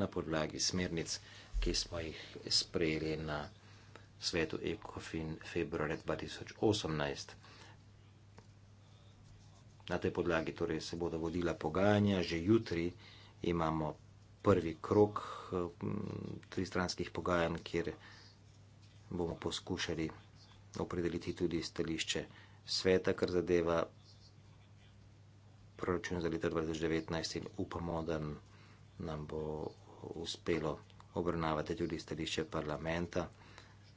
na podlagi smernic, ki smo jih sprejeli na svetu ECOFIN februarja 2018. Na tej podlagi torej se bodo vodila pogajanja, že jutri imamo prvi krok hm, tristranskih pogajanj, kjer bomo poskušali opredeliti tudi stališče sveta, kar zadeva proračun za leto 2019 in upamo, da nam bo uspelo obrnavati tudi stališče parlamenta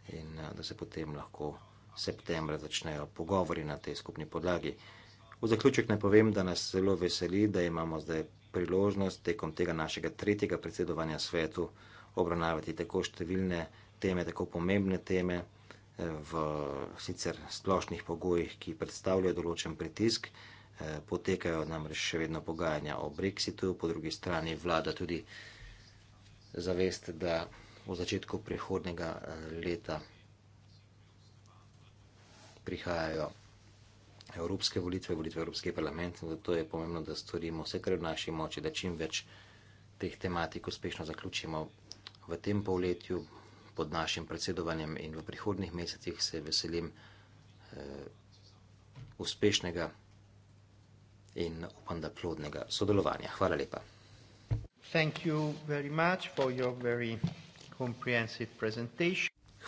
in eh, da se potem lahko septembra začnejo pogovori na tej skupni podlagi. V zaključek ne povem, da nas zelo veseli, da imamo zdaj priložnost tekom tega našega tretjega predsedovanja svetu obravnavati tako številne teme, tako pomembne teme v sicer splošnih pogojih, ki predstavljajo določen pritisk, eh, potekajo namreč še vedno pogajanja o brexitu, po drugi strani vlada tudi zavest, da v začetku prihodnega eh, leta prihajajo evropske volitve, volitve Evropski parlament, zato je pomembno, da storimo vse, kar je v naši moči, da čim več teh tematik uspešno zaključimo v tem polletju, pod našim predsedovanjem in v prihodnih mesecih se veselim eh, uspešnega in upam, da plodnega sodelovanja. Hvala lepa.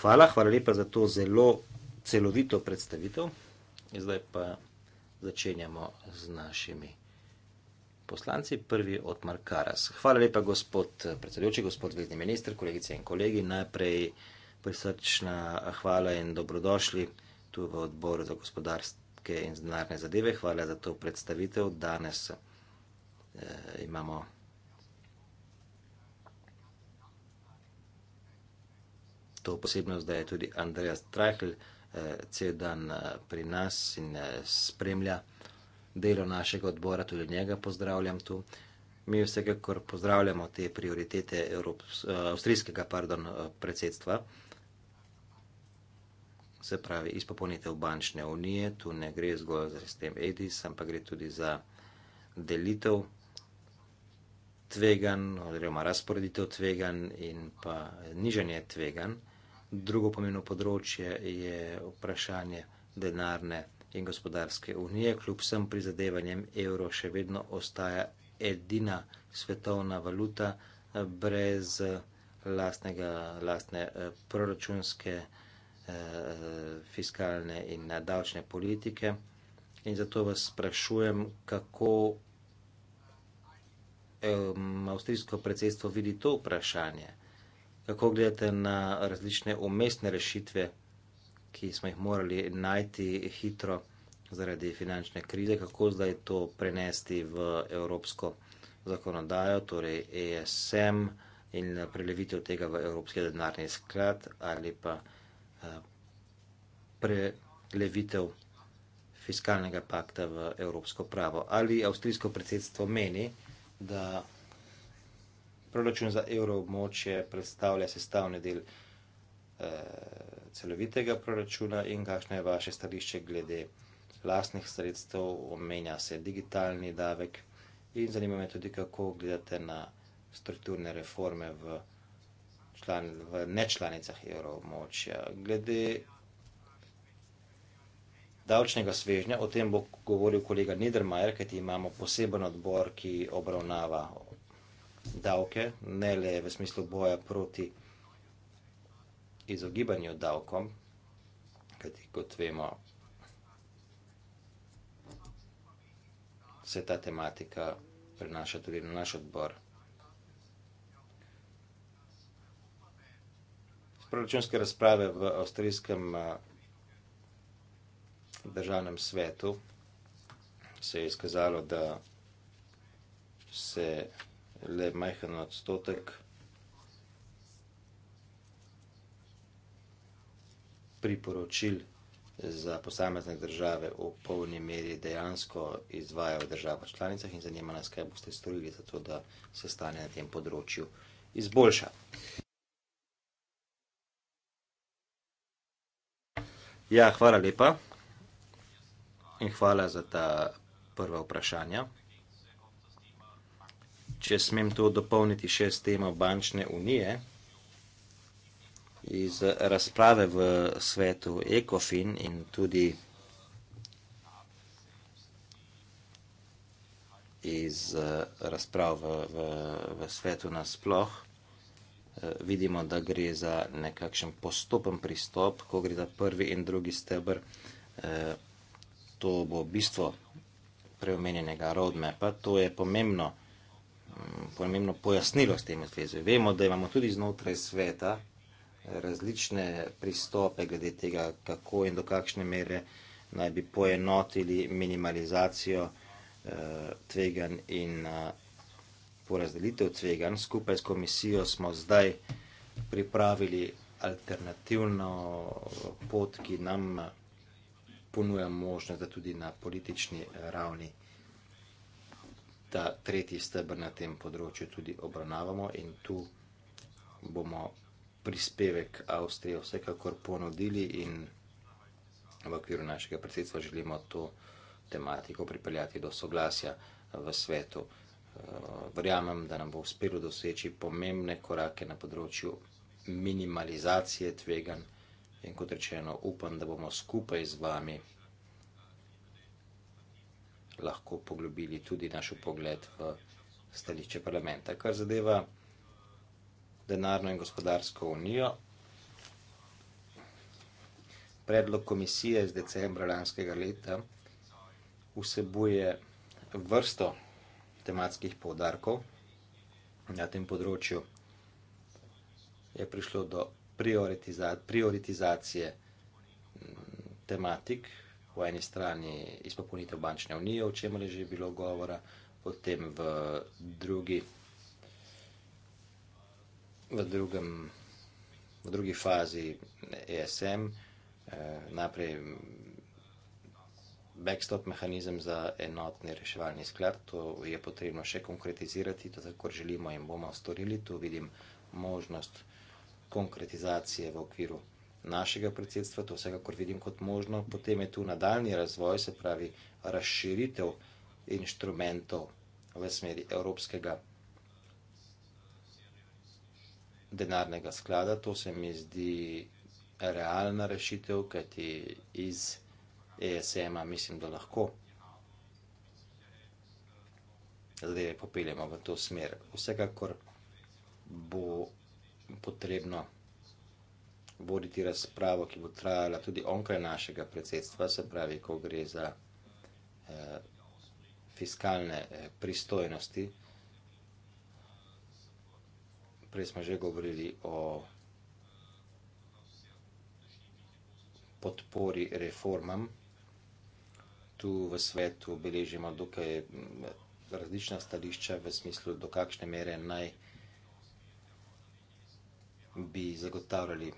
Hvala, hvala lepa za to zelo celovito predstavitev. Zdaj pa začenjamo z našimi poslanci, prvi od Markaras. Hvala lepa, gospod predsedujoči, gospod vezni minister, kolegice in kolegi. Najprej prisrčna hvala in dobrodošli tu v odboru za gospodarske in znarne zadeve. Hvala za to predstavitev. Danes eh, imamo. To posebno zdaj je tudi Andreas Trajhl, eh, cel dan eh, pri nas in eh, spremlja eh, delo našega odbora, tudi njega pozdravljam tu. Mi vsekakor pozdravljamo te prioritete Evrops, eh, avstrijskega pardon, eh, predsedstva, se pravi izpopolnitev bančne unije, tu ne gre zgolj za sistem EDIS, ampak gre tudi za delitev tvegan, oziroma razporeditev tvegan in pa nižanje tvegan. Drugo pomembno področje je vprašanje denarne in gospodarske unije, kljub vsem prizadevanjem, evro še vedno ostaja edina svetovna valuta eh, brez eh, lastnega, lastne eh, proračunske, fiskalne in davčne politike. In zato vas sprašujem, kako avstrijsko predsedstvo vidi to vprašanje, kako gledate na različne umestne rešitve ki smo jih morali najti hitro zaradi finančne krize, kako zdaj to prenesti v evropsko zakonodajo, torej ESM in prelevitev tega v Evropski denarni sklad ali pa eh, prelevitev fiskalnega pakta v evropsko pravo. Ali avstrijsko predsedstvo meni, da proračun za evroobmočje predstavlja sestavni del evropske? Eh, celovitega proračuna in kakšno je vaše stališče glede lastnih sredstev, omenja se digitalni davek in zanima me tudi, kako gledate na strukturne reforme v, član, v nečlanicah evroobmočja. Glede davčnega svežnja, o tem bo govoril kolega Niedermayer, kajti imamo poseben odbor, ki obravnava davke, ne le v smislu boja proti izogibanju davkom, kajti kot vemo, se ta tematika prenaša tudi na naš odbor. Proračunske razprave v avstrijskem državnem svetu se je izkazalo, da se le majhen odstotek priporočil za posamezne države v polni meri dejansko izvaja v državah članicah in zanima nas, kaj boste storili za to, da se stanje na tem področju izboljša. Ja, hvala lepa in hvala za ta prva vprašanja. Če smem to dopolniti še s temo bančne unije, iz razprave v svetu ECOFIN in tudi iz eh, razprav v, v svetu nasploh, eh, vidimo, da gre za nekakšen postopen pristop, ko gre za prvi in drugi stebr. Eh, to bo bistvo preomenjenega roadmapa, to je pomembno, mm, pomembno pojasnilo s tem zvezi. Vemo, da imamo tudi znotraj sveta, različne pristope glede tega, kako in do kakšne mere naj bi poenotili minimalizacijo eh, tvegan in eh, porazdelitev tvegan. Skupaj s komisijo smo zdaj pripravili alternativno pot, ki nam eh, ponuja možnost, da tudi na politični eh, ravni ta tretji stebr na tem področju tudi obravnavamo in tu bomo prispevek Avstrije vsekakor ponudili in v okviru našega predsedstva želimo to tematiko pripeljati do soglasja v svetu. Eh, verjamem, da nam bo uspelo doseči pomembne korake na področju minimalizacije tvegan in kot rečeno upam, da bomo skupaj z vami lahko poglobili tudi našo pogled v stališče parlamenta. Kar zadeva denarno in gospodarsko unijo, predlog komisije iz decembra lanskega leta vsebuje vrsto tematskih povdarkov. Na tem področju je prišlo do prioritizacije mm, tematik, po eni strani izpopolnitev bančne unije, o čem je že bilo govora, potem v drugi tematik, v, drugem, v drugi fazi ESM, eh, najprej backstop mehanizem za enotni reševalni sklad, to je potrebno še konkretizirati, to tako želimo in bomo storili. Tu vidim možnost konkretizacije v okviru našega predsedstva, to vsekakor vidim kot možno. Potem je tu nadaljni razvoj, se pravi razširitev inštrumentov v smeri evropskega predsedstva denarnega sklada. To se mi zdi realna rešitev, kajti iz ESM-a mislim, da lahko zadeve popeljemo v to smer. Vsekakor bo potrebno voditi razpravo, ki bo trajala tudi onkraj našega predsedstva, se pravi, ko gre za eh, fiskalne eh, pristojnosti prej smo že govorili o podpori reformam. Tu v svetu beležimo dokaj mm, različna stališča v smislu, do kakšne mere naj bi zagotavljali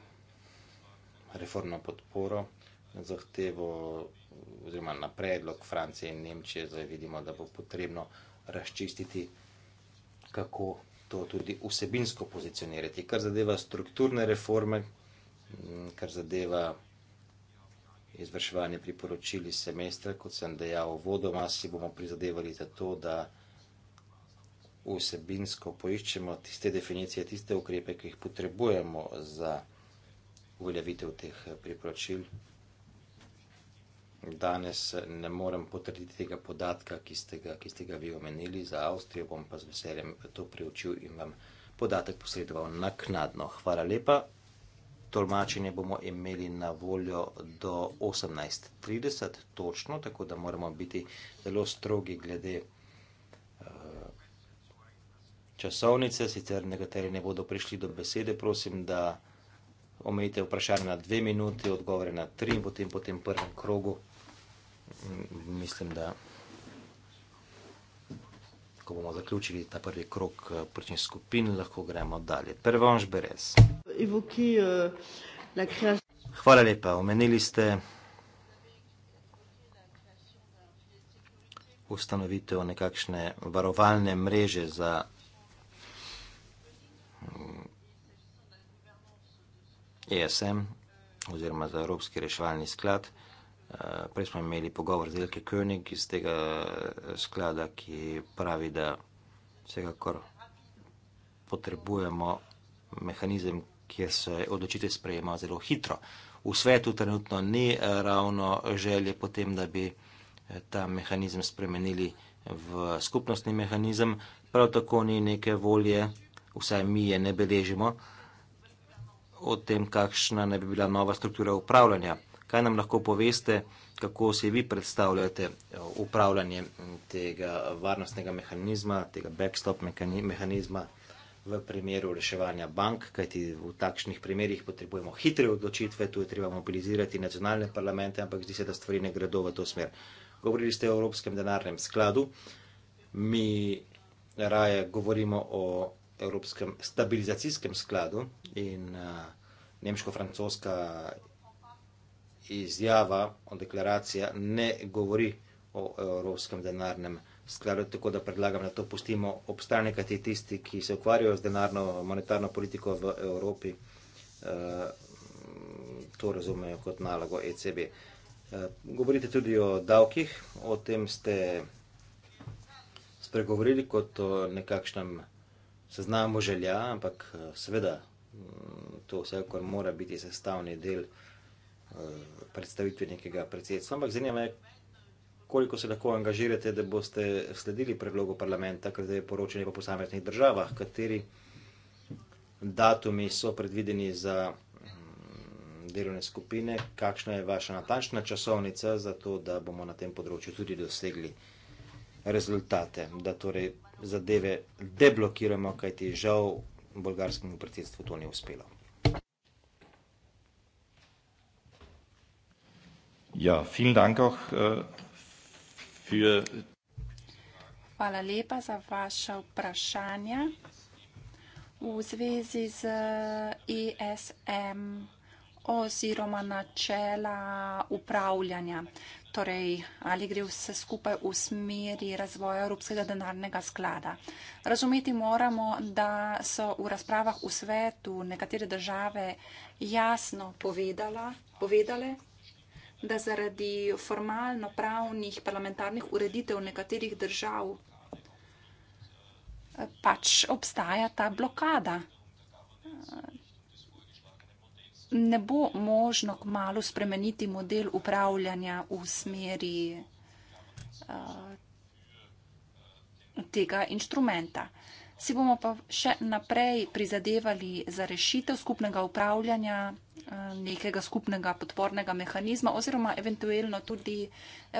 reformno podporo zahtevo oziroma na predlog Francije in Nemčije, zdaj vidimo, da bo potrebno razčistiti, kako to tudi vsebinsko pozicionirati, kar zadeva strukturne reforme, kar zadeva izvrševanje priporočili semestra, kot sem dejal, vodoma si bomo prizadevali za to, da vsebinsko poiščemo tiste definicije, tiste ukrepe, ki jih potrebujemo za uveljavitev teh priporočil. Danes ne morem potrditi tega podatka, ki ste ga, ki ste ga vi omenili za Avstrijo, bom pa z veseljem to preučil in vam podatek posredoval naknadno. Hvala lepa. Tolmačenje bomo imeli na voljo do 18.30 točno, tako da moramo biti zelo strogi glede eh, časovnice, sicer nekateri ne bodo prišli do besede, prosim, da omejite vprašanje na dve minuti, odgovore na tri in potem, potem prvem krogu mislim, da ko bomo zaključili ta prvi krok eh, prčnih skupin, lahko gremo dalje. Prvonž Berez. Eh, Hvala lepa. Omenili ste ustanovitev nekakšne varovalne mreže za ESM mm, e oziroma za Evropski reševalni sklad. Eh, prej smo imeli pogovor z Elke König iz tega eh, sklada, ki pravi, da vsekakor potrebujemo mehanizem, kjer se odločitev sprejema zelo hitro. V svetu trenutno ni eh, ravno želje potem, da bi ta mehanizem spremenili v skupnostni mehanizem. Prav tako ni neke volje, vsaj mi je ne beležimo, o tem, kakšna ne bi bila nova struktura upravljanja. Kaj nam lahko poveste, kako si vi predstavljate eh, upravljanje mm, tega varnostnega mehanizma, tega backstop mehanizma v primeru reševanja bank, kajti v takšnih primerjih potrebujemo hitre odločitve, tu je treba mobilizirati nacionalne parlamente, ampak zdi se, da stvari ne gredo v to smer. Govorili ste o Evropskem denarnem skladu, mi raje govorimo o Evropskem stabilizacijskem skladu in uh, nemško-francoska izjava, o deklaracija ne govori o evropskem denarnem skladu, tako da predlagam, da to pustimo ob strani, kajti tisti, ki se ukvarjajo z denarno monetarno politiko v Evropi, eh, to razumejo kot nalogo ECB. Eh, govorite tudi o davkih, o tem ste spregovorili kot o nekakšnem seznamu želja, ampak eh, seveda mm, to vsekakor mora biti sestavni del. Eh, predstavitvi nekega predsedstva. Ampak zanima me, koliko se lahko angažirate, da boste sledili predlogu parlamenta, ker je poročanje po posameznih državah, kateri datumi so predvideni za mm, delovne skupine, kakšna je vaša natančna časovnica za to, da bomo na tem področju tudi dosegli rezultate, da torej zadeve deblokiramo, kajti žal bolgarskemu predsedstvu to ni uspelo. Ja, vielen Dank auch äh, für Hvala lepa za vaše vprašanje. V zvezi z ESM oziroma načela upravljanja, torej ali gre vse skupaj v smeri razvoja Evropskega denarnega sklada. Razumeti moramo, da so v razpravah v svetu nekatere države jasno povedala, povedale, da zaradi formalno-pravnih parlamentarnih ureditev nekaterih držav eh, pač obstaja ta blokada. Eh, ne bo možno k malu spremeniti model upravljanja v smeri eh, tega inštrumenta si bomo pa še naprej prizadevali za rešitev skupnega upravljanja, eh, nekega skupnega podpornega mehanizma oziroma eventuelno tudi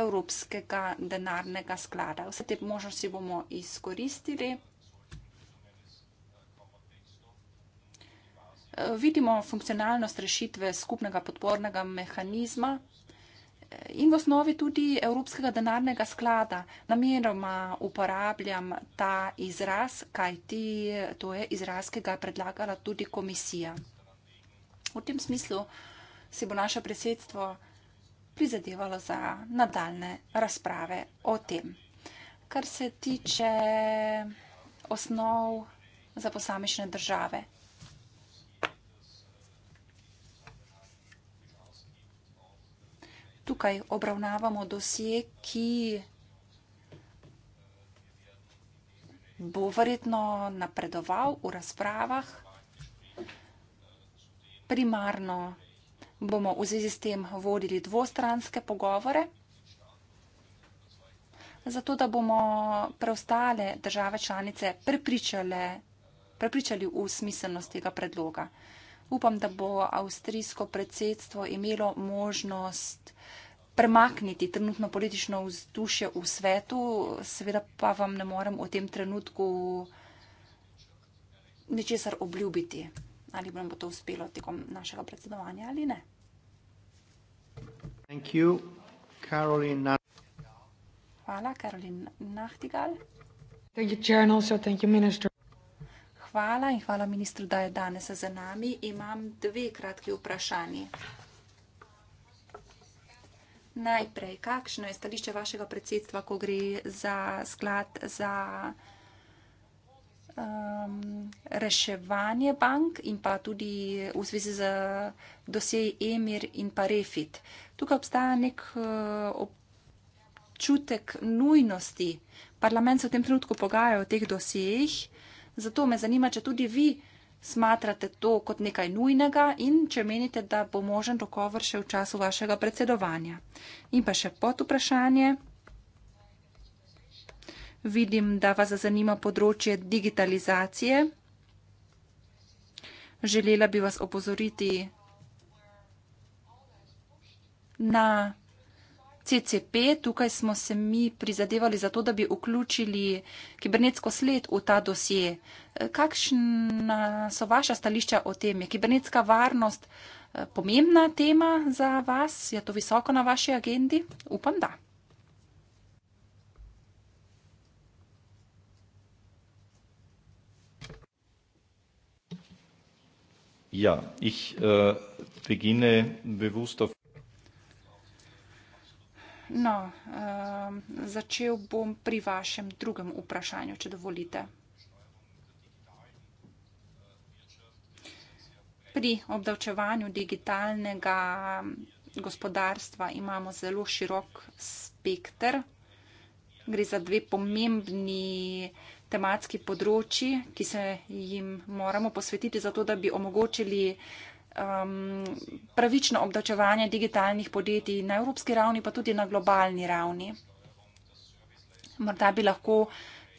Evropskega denarnega sklada. Vse te možnosti bomo izkoristili. Eh, vidimo funkcionalnost rešitve skupnega podpornega mehanizma in v osnovi tudi Evropskega denarnega sklada. Namenoma uporabljam ta izraz, kajti to je izraz, ki ga je predlagala tudi komisija. V tem smislu se bo naše predsedstvo prizadevalo za nadaljne razprave o tem. Kar se tiče osnov za posamične države. Tukaj obravnavamo dosje, ki bo verjetno napredoval v razpravah. Primarno bomo v zvezi s tem vodili dvostranske pogovore, zato da bomo preostale države članice prepričali v smiselnost tega predloga. Upam, da bo avstrijsko predsedstvo imelo možnost premakniti trenutno politično vzdušje v svetu, seveda pa vam ne morem v tem trenutku ničesar obljubiti, ali vam bo to uspelo tekom našega predsedovanja ali ne. Hvala, Karolin Nahtigal. Thank you, Chair, and also thank you, Minister hvala in hvala ministru, da je danes za nami. Imam dve kratki vprašanji. Najprej, kakšno je stališče vašega predsedstva, ko gre za sklad za um, reševanje bank in pa tudi v zvezi z dosej Emir in pa Refit? Tukaj obstaja nek uh, občutek nujnosti. Parlament se v tem trenutku pogaja o teh dosejih. Zato me zanima, če tudi vi smatrate to kot nekaj nujnega in če menite, da bo možen dogovor še v času vašega predsedovanja. In pa še pod vprašanje. Vidim, da vas zanima področje digitalizacije. Želela bi vas opozoriti na CCP, tukaj smo se mi prizadevali za to, da bi vključili kibernetsko sled v ta dosje. Kakšna so vaša stališča o tem? Je kibernetska varnost eh, pomembna tema za vas? Je to visoko na vaši agendi? Upam, da. Ja, ich äh, beginne bewusst auf. No, uh, začel bom pri vašem drugem vprašanju, če dovolite. Pri obdavčevanju digitalnega gospodarstva imamo zelo širok spekter. Gre za dve pomembni tematski področji, ki se jim moramo posvetiti, zato da bi omogočili uh, um, pravično obdačevanje digitalnih podjetij na evropski ravni, pa tudi na globalni ravni. Morda bi lahko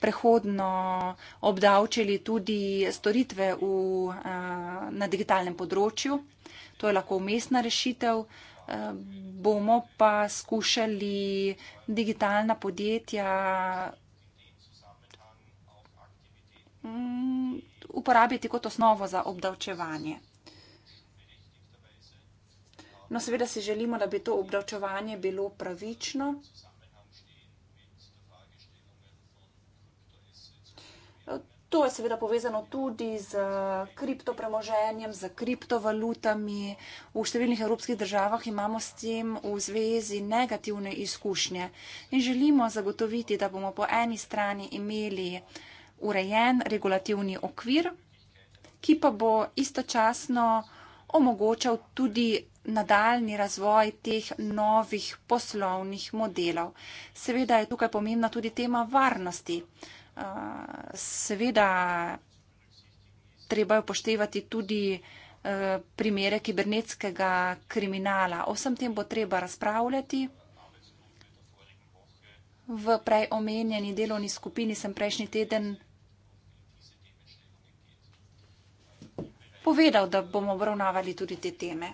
prehodno obdavčili tudi storitve v, uh, na digitalnem področju. To je lahko umestna rešitev. Uh, bomo pa skušali digitalna podjetja mm, uporabiti kot osnovo za obdavčevanje. No, seveda si želimo, da bi to obdavčevanje bilo pravično. To je seveda povezano tudi z kriptopremoženjem, z kriptovalutami. V številnih evropskih državah imamo s tem v zvezi negativne izkušnje in želimo zagotoviti, da bomo po eni strani imeli urejen regulativni okvir, ki pa bo istočasno vsega, omogočal tudi nadaljni razvoj teh novih poslovnih modelov. Seveda je tukaj pomembna tudi tema varnosti. Eh, seveda treba je upoštevati tudi eh, primere kibernetskega kriminala. O vsem tem bo treba razpravljati. V prej omenjeni delovni skupini sem prejšnji teden razpravljal povedal, da bomo obravnavali tudi te teme.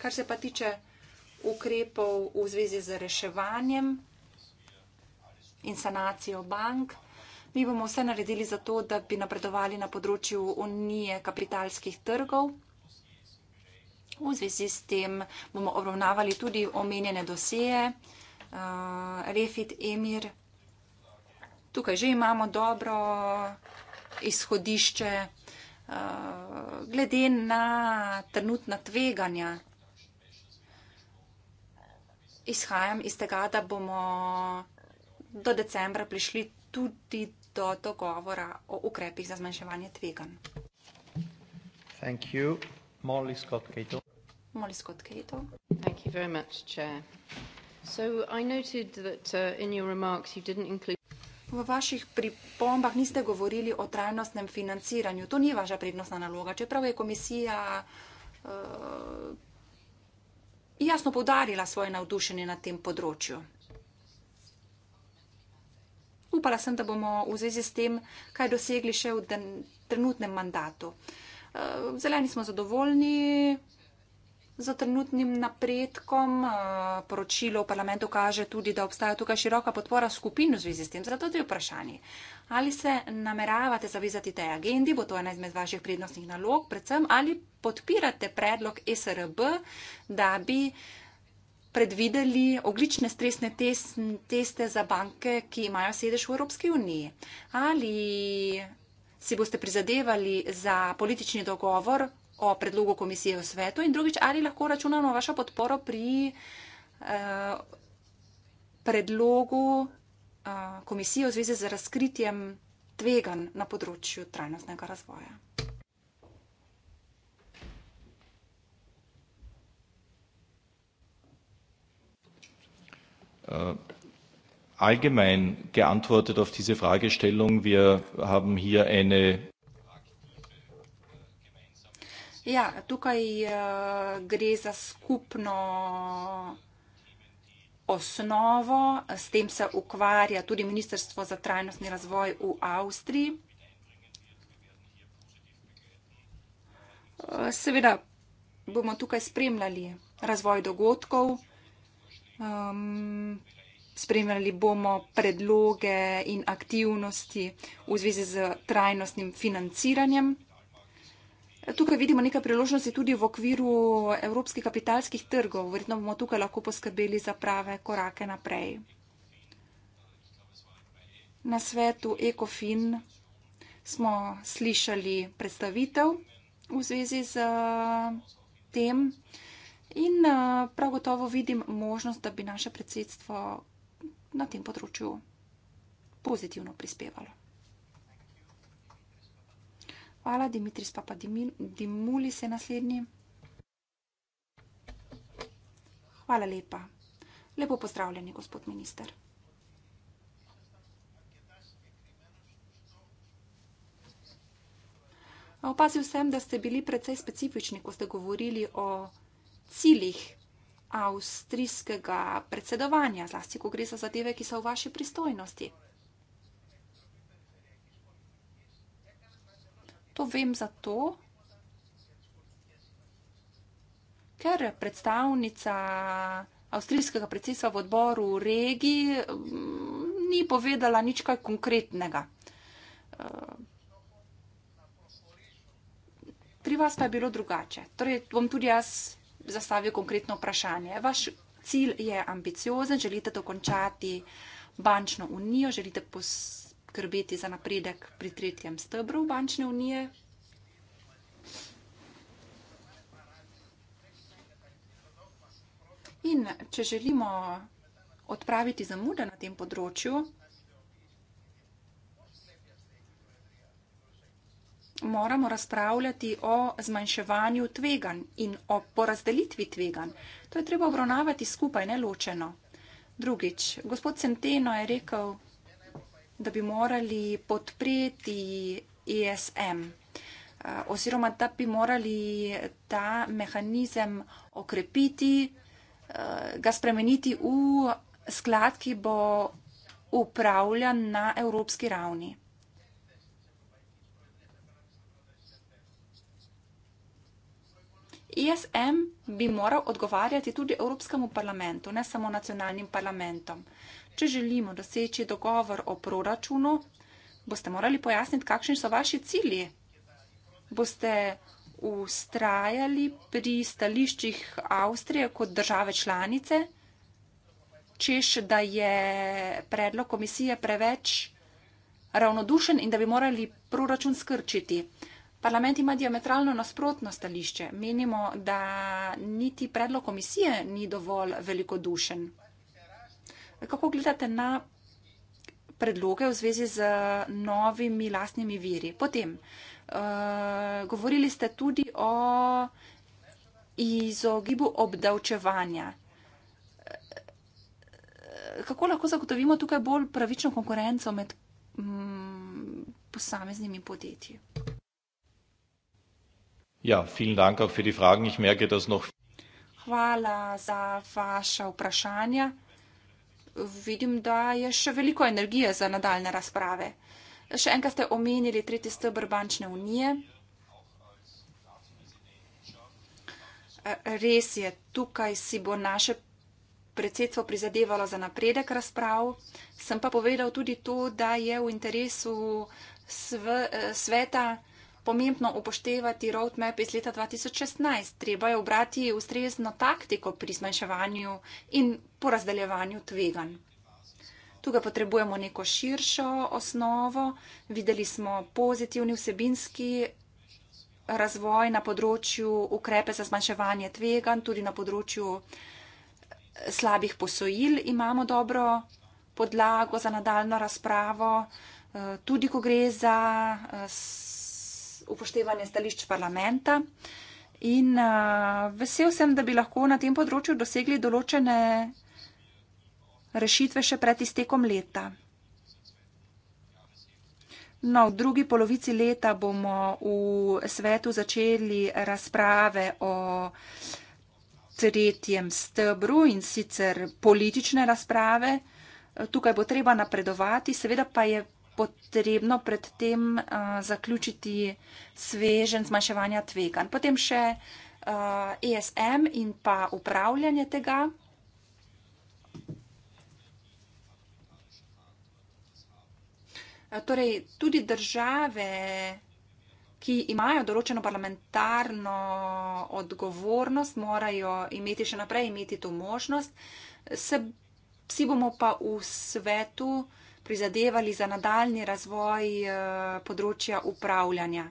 Kar se pa tiče ukrepov v zvezi z reševanjem in sanacijo bank, mi bomo vse naredili za to, da bi napredovali na področju unije kapitalskih trgov. V zvezi s tem bomo obravnavali tudi omenjene doseje, uh, eh, Refit, Emir. Tukaj že imamo dobro izhodišče eh, glede na trenutna tveganja. Izhajam iz tega, da bomo do decembra prišli tudi do dogovora o ukrepih za zmanjševanje tveganj. Thank you. Molly Scott Cato. Molly Scott Cato. Thank you very much, Chair. So I noted that uh, in your remarks you didn't include V vaših pripombah niste govorili o trajnostnem financiranju. To ni vaša prednostna naloga. Čeprav je komisija uh, jasno podarila svoje navdušenje na tem področju. Upala sem, da bomo v zvezi s tem kaj dosegli še v den, trenutnem mandatu. Uh, zeleni smo zadovoljni, za trenutnim napredkom. Eh, poročilo v parlamentu kaže tudi, da obstaja tukaj široka podpora skupin v zvezi s tem. Zato tudi vprašanje. Ali se nameravate zavezati tej agendi, bo to ena izmed vaših prednostnih nalog, predvsem ali podpirate predlog SRB, da bi predvideli oglične stresne teste za banke, ki imajo sedež v Evropski uniji. Ali si boste prizadevali za politični dogovor o predlogu komisije v svetu in drugič, ali lahko računamo vašo podporo pri eh, predlogu eh, komisije v zvezi z razkritjem tvegan na področju trajnostnega razvoja. Äh, allgemein geantwortet auf diese Fragestellung. Wir haben hier eine Ja, tukaj uh, gre za skupno osnovo, s tem se ukvarja tudi Ministrstvo za trajnostni razvoj v Avstriji. Uh, seveda bomo tukaj spremljali razvoj dogodkov, um, spremljali bomo predloge in aktivnosti v zvezi z trajnostnim financiranjem. Tukaj vidimo nekaj priložnosti tudi v okviru evropskih kapitalskih trgov. Verjetno bomo tukaj lahko poskrbeli za prave korake naprej. Na svetu ECOFIN smo slišali predstavitev v zvezi z eh, tem in eh, prav gotovo vidim možnost, da bi naše predsedstvo na tem področju pozitivno prispevalo. Hvala, Dimitris Papadimulis je naslednji. Hvala lepa. Lepo pozdravljeni, gospod minister. Opazil sem, da ste bili precej specifični, ko ste govorili o ciljih avstrijskega predsedovanja, zlasti, ko gre za zadeve, ki so v vaši pristojnosti. To vem zato, ker predstavnica avstrijskega predsedstva v odboru v regiji mm, ni povedala nič kaj konkretnega. Eh, pri vas pa je bilo drugače. Torej bom tudi jaz zastavil konkretno vprašanje. Vaš cilj je ambiciozen, želite dokončati bančno unijo, želite posebej poskrbeti za napredek pri tretjem stebru bančne unije. In če želimo odpraviti zamude na tem področju, moramo razpravljati o zmanjševanju tvegan in o porazdelitvi tvegan. To je treba obravnavati skupaj, ne ločeno. Drugič, gospod Centeno je rekel, da da bi morali podpreti ESM eh, oziroma da bi morali ta mehanizem okrepiti, eh, ga spremeniti v sklad, ki bo upravljan na evropski ravni. ESM bi moral odgovarjati tudi Evropskemu parlamentu, ne samo nacionalnim parlamentom. Če želimo doseči dogovor o proračunu, boste morali pojasniti, kakšni so vaši cilji. Boste ustrajali pri stališčih Avstrije kot države članice, češ, da je predlog komisije preveč ravnodušen in da bi morali proračun skrčiti. Parlament ima diametralno nasprotno stališče. Menimo, da niti predlog komisije ni dovolj velikodušen kako gledate na predloge v zvezi z novimi lastnimi viri. Potem, eh, govorili ste tudi o izogibu obdavčevanja. Eh, kako lahko zagotovimo tukaj bolj pravično konkurenco med mm, posameznimi podjetji? Ja, vielen Dank auch für die Fragen. Ich merke, dass noch. Hvala za vaša vprašanja vidim, da je še veliko energije za nadaljne razprave. Še enkrat ste omenili tretji stebr bančne unije. Res je, tukaj si bo naše predsedstvo prizadevalo za napredek razprav. Sem pa povedal tudi to, da je v interesu eh, sveta, pomembno upoštevati roadmap iz leta 2016. Treba je obrati ustrezno taktiko pri zmanjševanju in porazdeljevanju tvegan. Tukaj potrebujemo neko širšo osnovo. Videli smo pozitivni vsebinski razvoj na področju ukrepe za zmanjševanje tvegan, tudi na področju eh, slabih posojil imamo dobro podlago za nadaljno razpravo, eh, tudi ko gre za eh, upoštevanje stališč parlamenta. In uh, vesel sem, da bi lahko na tem področju dosegli določene rešitve še pred iztekom leta. No, v drugi polovici leta bomo v svetu začeli razprave o tretjem stebru in sicer politične razprave. Tukaj bo treba napredovati, seveda pa je potrebno predtem uh, eh, zaključiti svežen zmanjševanja tvegan. Potem še uh, eh, ESM in pa upravljanje tega. Eh, torej, tudi države, ki imajo določeno parlamentarno odgovornost, morajo imeti še naprej imeti to možnost. Se, vsi bomo pa v svetu uh, prizadevali za nadaljni razvoj eh, področja upravljanja.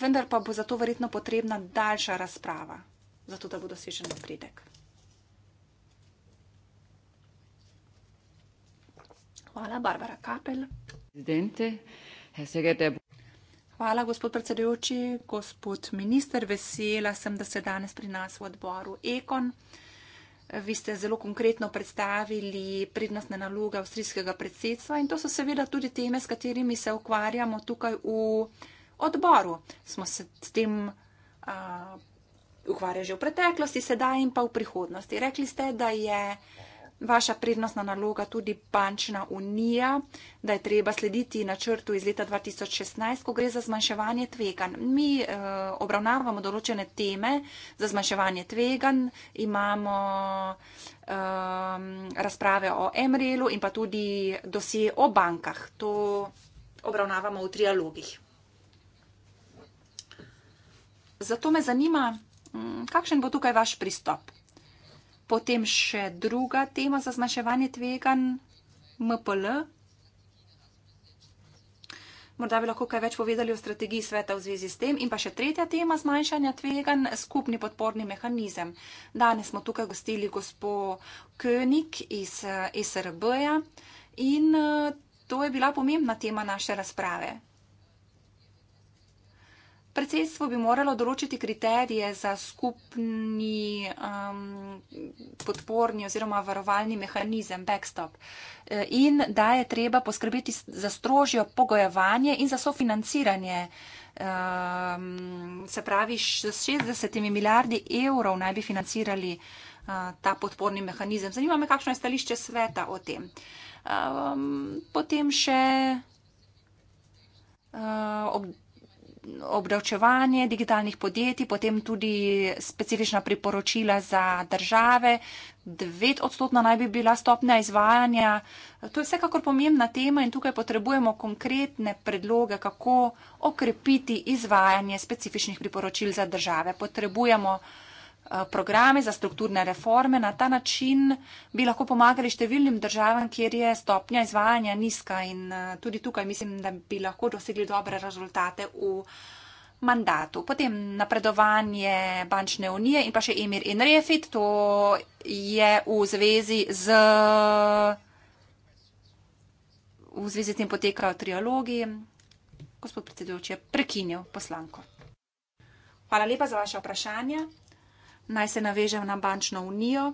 Vendar pa bo zato verjetno potrebna daljša razprava, zato da bo dosežen napredek. Hvala, Barbara Kapel. Eh, Hvala, gospod predsedujoči, gospod minister. Vesela sem, da se danes pri nas v odboru Ekon. Vi ste zelo konkretno predstavili prednostne naloge avstrijskega predsedstva in to so seveda tudi teme, s katerimi se ukvarjamo tukaj v odboru. Smo se s tem uh, ukvarjali že v preteklosti, sedaj in pa v prihodnosti. Rekli ste, da je uh, vaša prednostna naloga tudi bančna unija, da je treba slediti načrtu iz leta 2016, ko gre za zmanjševanje tvegan. Mi uh, obravnavamo določene teme za zmanjševanje tvegan, imamo um, razprave o MRL-u in pa tudi dosje o bankah. To obravnavamo v trialogih. Zato me zanima, mm, kakšen bo tukaj vaš pristop. Potem še druga tema za zmanjševanje tvegan, MPL. Morda bi lahko kaj več povedali o strategiji sveta v zvezi s tem. In pa še tretja tema zmanjšanja tvegan, skupni podporni mehanizem. Danes smo tukaj gostili gospo König iz eh, SRB-ja in eh, to je bila pomembna tema naše razprave. Predsedstvo bi moralo določiti kriterije za skupni um, podporni oziroma varovalni mehanizem, backstop, e, in da je treba poskrbeti za strožjo pogojevanje in za sofinanciranje. Um, se pravi, s 60 milijardi evrov naj bi financirali uh, ta podporni mehanizem. Zanima me, kakšno je stališče sveta o tem. Um, potem še uh, ob obdavčevanje digitalnih podjetij, potem tudi specifična priporočila za države. 9 odstotna naj bi bila stopnja izvajanja. To je vsekakor pomembna tema in tukaj potrebujemo konkretne predloge, kako okrepiti izvajanje specifičnih priporočil za države. Potrebujemo Eh, programe, za strukturne reforme. Na ta način bi lahko pomagali številnim državam, kjer je stopnja izvajanja nizka in eh, tudi tukaj mislim, da bi lahko dosegli dobre rezultate v mandatu. Potem napredovanje bančne unije in pa še Emir in Refit, to je v zvezi z. V zvezi s tem potekajo trialogi. Gospod predsedujoč je prekinil poslanko. Hvala lepa za vaše vprašanje naj se navežem na bančno unijo.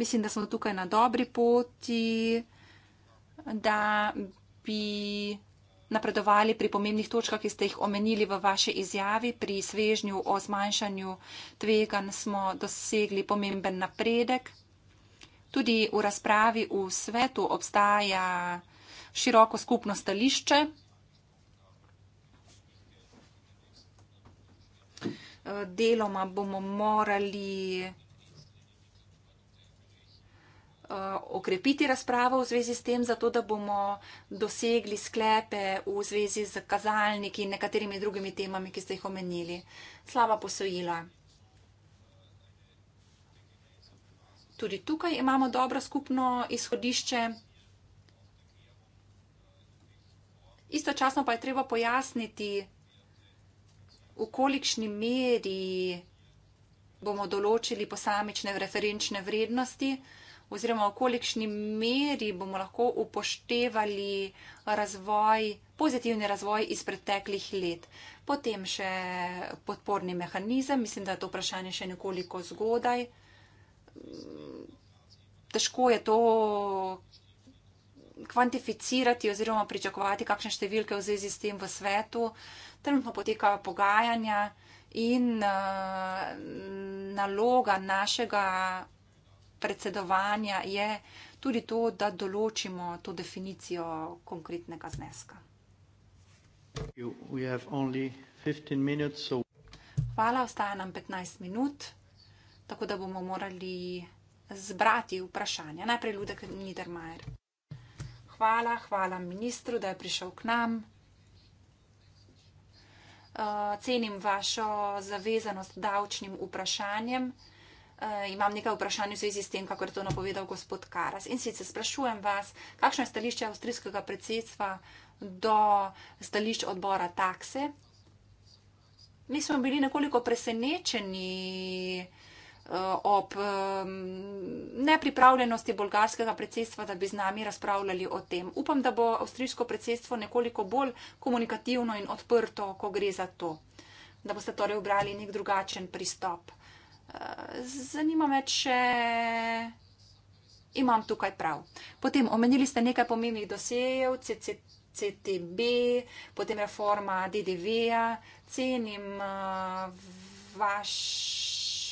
Mislim, da smo tukaj na dobri poti, da bi napredovali pri pomembnih točkah, ki ste jih omenili v vaši izjavi. Pri svežnju o zmanjšanju tvegan smo dosegli pomemben napredek. Tudi v razpravi v svetu obstaja široko skupno stališče, Eh, deloma bomo morali eh, okrepiti razpravo v zvezi s tem, zato da bomo dosegli sklepe v zvezi z kazalniki in nekaterimi drugimi temami, ki ste jih omenili. Slaba posojila. Tudi tukaj imamo dobro skupno izhodišče. Istočasno pa je treba pojasniti, da je treba pojasniti, v kolikšni meri bomo določili posamične referenčne vrednosti oziroma v kolikšni meri bomo lahko upoštevali razvoj, pozitivni razvoj iz preteklih let. Potem še podporni mehanizem, mislim, da je to vprašanje še nekoliko zgodaj. Težko je to kvantificirati oziroma pričakovati kakšne številke v zvezi s tem v svetu. Trenutno potekajo pogajanja in uh, naloga našega predsedovanja je tudi to, da določimo to definicijo konkretnega zneska. Minut, so... Hvala, ostaja nam 15 minut, tako da bomo morali zbrati vprašanja. Najprej Ludek Niedermayer hvala, hvala ministru, da je prišel k nam. Eh, cenim vašo zavezanost davčnim vprašanjem. Eh, imam nekaj vprašanj v zvezi s tem, kako je to napovedal gospod Karas. In sicer sprašujem vas, kakšno je stališče avstrijskega predsedstva do stališč odbora takse. Mi smo bili nekoliko presenečeni, Eh, ob nepripravljenosti bolgarskega predsedstva, da bi z nami razpravljali o tem. Upam, da bo avstrijsko predsedstvo nekoliko bolj komunikativno in odprto, ko gre za to, da boste torej obrali nek drugačen pristop. Eh, zanima me, če imam tukaj prav. Potem omenili ste nekaj pomembnih dosejev, CCTB, potem reforma DDV-ja. Cenim eh, vaš.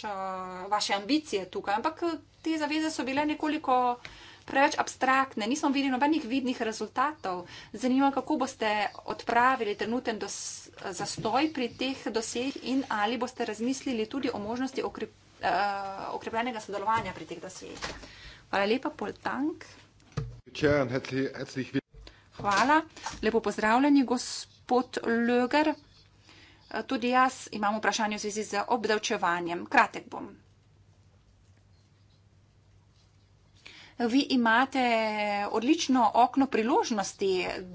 Eh, vaše ambicije tukaj, ampak eh, te zaveze so bile nekoliko preveč abstraktne, nismo videli nobenih vidnih rezultatov. Zanima me, kako boste odpravili trenuten dos, zastoj pri teh dosjeh in ali boste razmislili tudi o možnosti okrep, uh, okrepljenega sodelovanja pri teh dosjeh. Hvala lepa, Poltank. Hvala, lepo pozdravljeni, gospod Löger. Eh, tudi jaz imam vprašanje v zvezi z obdavčevanjem. Kratek bom. Vi imate odlično okno priložnosti,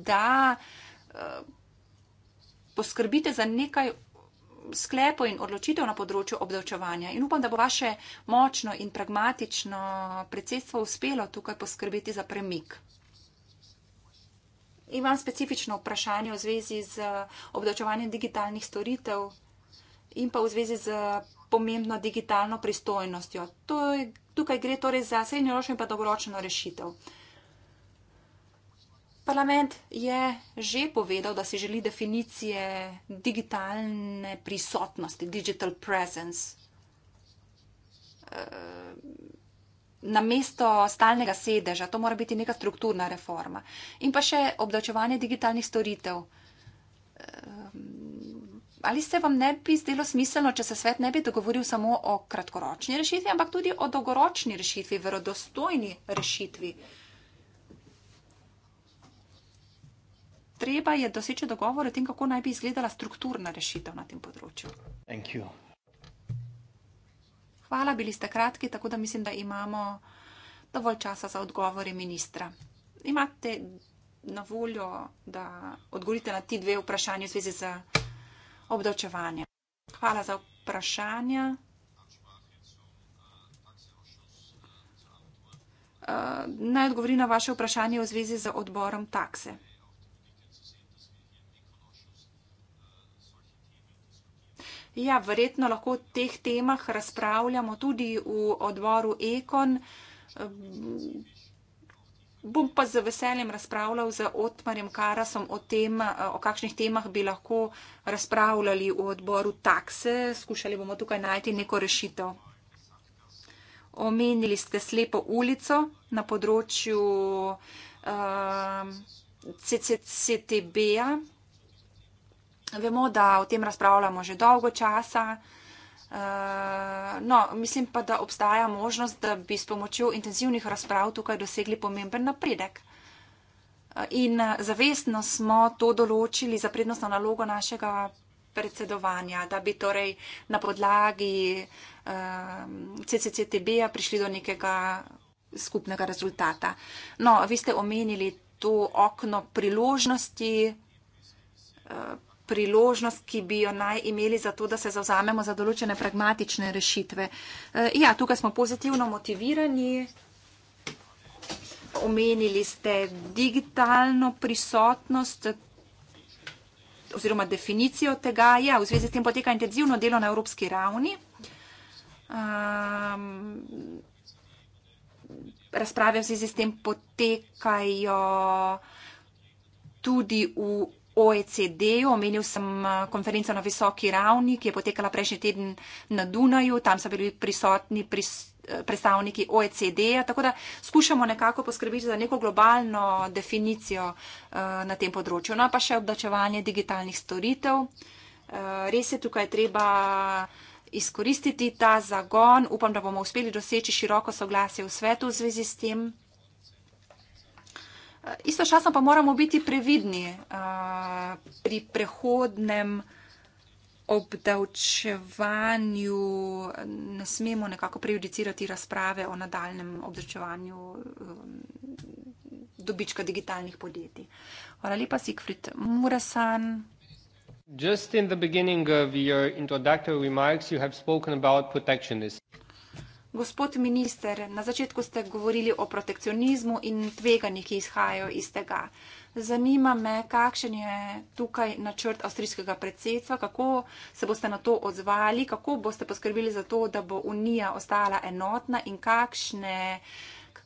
da eh, poskrbite za nekaj sklepov in odločitev na področju obdavčevanja. In upam, da bo vaše močno in pragmatično predsedstvo uspelo tukaj poskrbiti za premik imam specifično vprašanje v zvezi z eh, obdavčevanjem digitalnih storitev in pa v zvezi z pomembno digitalno pristojnostjo. Je, tukaj gre torej za srednjeročno in pa dolgoročno rešitev. Parlament je že povedal, da si želi definicije digitalne prisotnosti, digital presence. Uh, na mesto stalnega sedeža. To mora biti neka strukturna reforma. In pa še obdavčevanje digitalnih storitev. Ehm, ali se vam ne bi zdelo smiselno, če se svet ne bi dogovoril samo o kratkoročni rešitvi, ampak tudi o dolgoročni rešitvi, verodostojni rešitvi? Treba je doseči dogovor o tem, kako naj bi izgledala strukturna rešitev na tem področju. Hvala hvala, bili ste kratki, tako da mislim, da imamo dovolj časa za odgovore ministra. Imate na voljo, da odgovorite na ti dve vprašanje v zvezi z obdavčevanjem. Hvala za vprašanja. Uh, naj odgovori na vaše vprašanje v zvezi z odborom takse. Ja, verjetno lahko o teh temah razpravljamo tudi v odboru Ekon. Ehm, bom pa z veseljem razpravljal z Otmarjem Karasom o tem, o kakšnih temah bi lahko razpravljali v odboru takse. Skušali bomo tukaj najti neko rešitev. Omenili ste slepo ulico na področju uh, ehm, CCTB-a. -CC Vemo, da o tem razpravljamo že dolgo časa. Eh, no, mislim pa, da obstaja možnost, da bi s pomočjo intenzivnih razprav tukaj dosegli pomemben napredek. Eh, in eh, zavestno smo to določili za prednostno nalogo našega predsedovanja, da bi torej na podlagi CCCTB-a prišli do nekega skupnega rezultata. No, vi ste omenili to okno priložnosti, priložnost, ki bi jo naj imeli za to, da se zauzamemo za določene pragmatične rešitve. E, ja, tukaj smo pozitivno motivirani. Omenili ste digitalno prisotnost oziroma definicijo tega. Ja, v zvezi s tem poteka intenzivno delo na evropski ravni. Um, razprave v zvezi s tem potekajo tudi v OECD, omenil sem eh, konferenco na visoki ravni, ki je potekala prejšnji teden na Dunaju, tam so bili prisotni pris, eh, predstavniki OECD-ja, tako da skušamo nekako poskrbiti za neko globalno definicijo uh, na tem področju. No pa še obdačevanje digitalnih storitev. Uh, res je tukaj treba izkoristiti ta zagon. Upam, da bomo uspeli doseči široko soglasje v svetu v zvezi s tem. Eh, istočasno pa moramo biti previdni eh, pri prehodnem obdavčevanju. Ne smemo nekako prejudicirati razprave o nadaljem obdavčevanju eh, dobička digitalnih podjetij. Hvala lepa, Sigfrid Murasan. Just in the beginning of your introductory remarks, you have spoken about protectionism. Gospod minister, na začetku ste govorili o protekcionizmu in tveganjih, ki izhajajo iz tega. Zanima me, kakšen je tukaj načrt avstrijskega predsedstva, kako se boste na to odzvali, kako boste poskrbeli za to, da bo Unija ostala enotna in kakšne uh,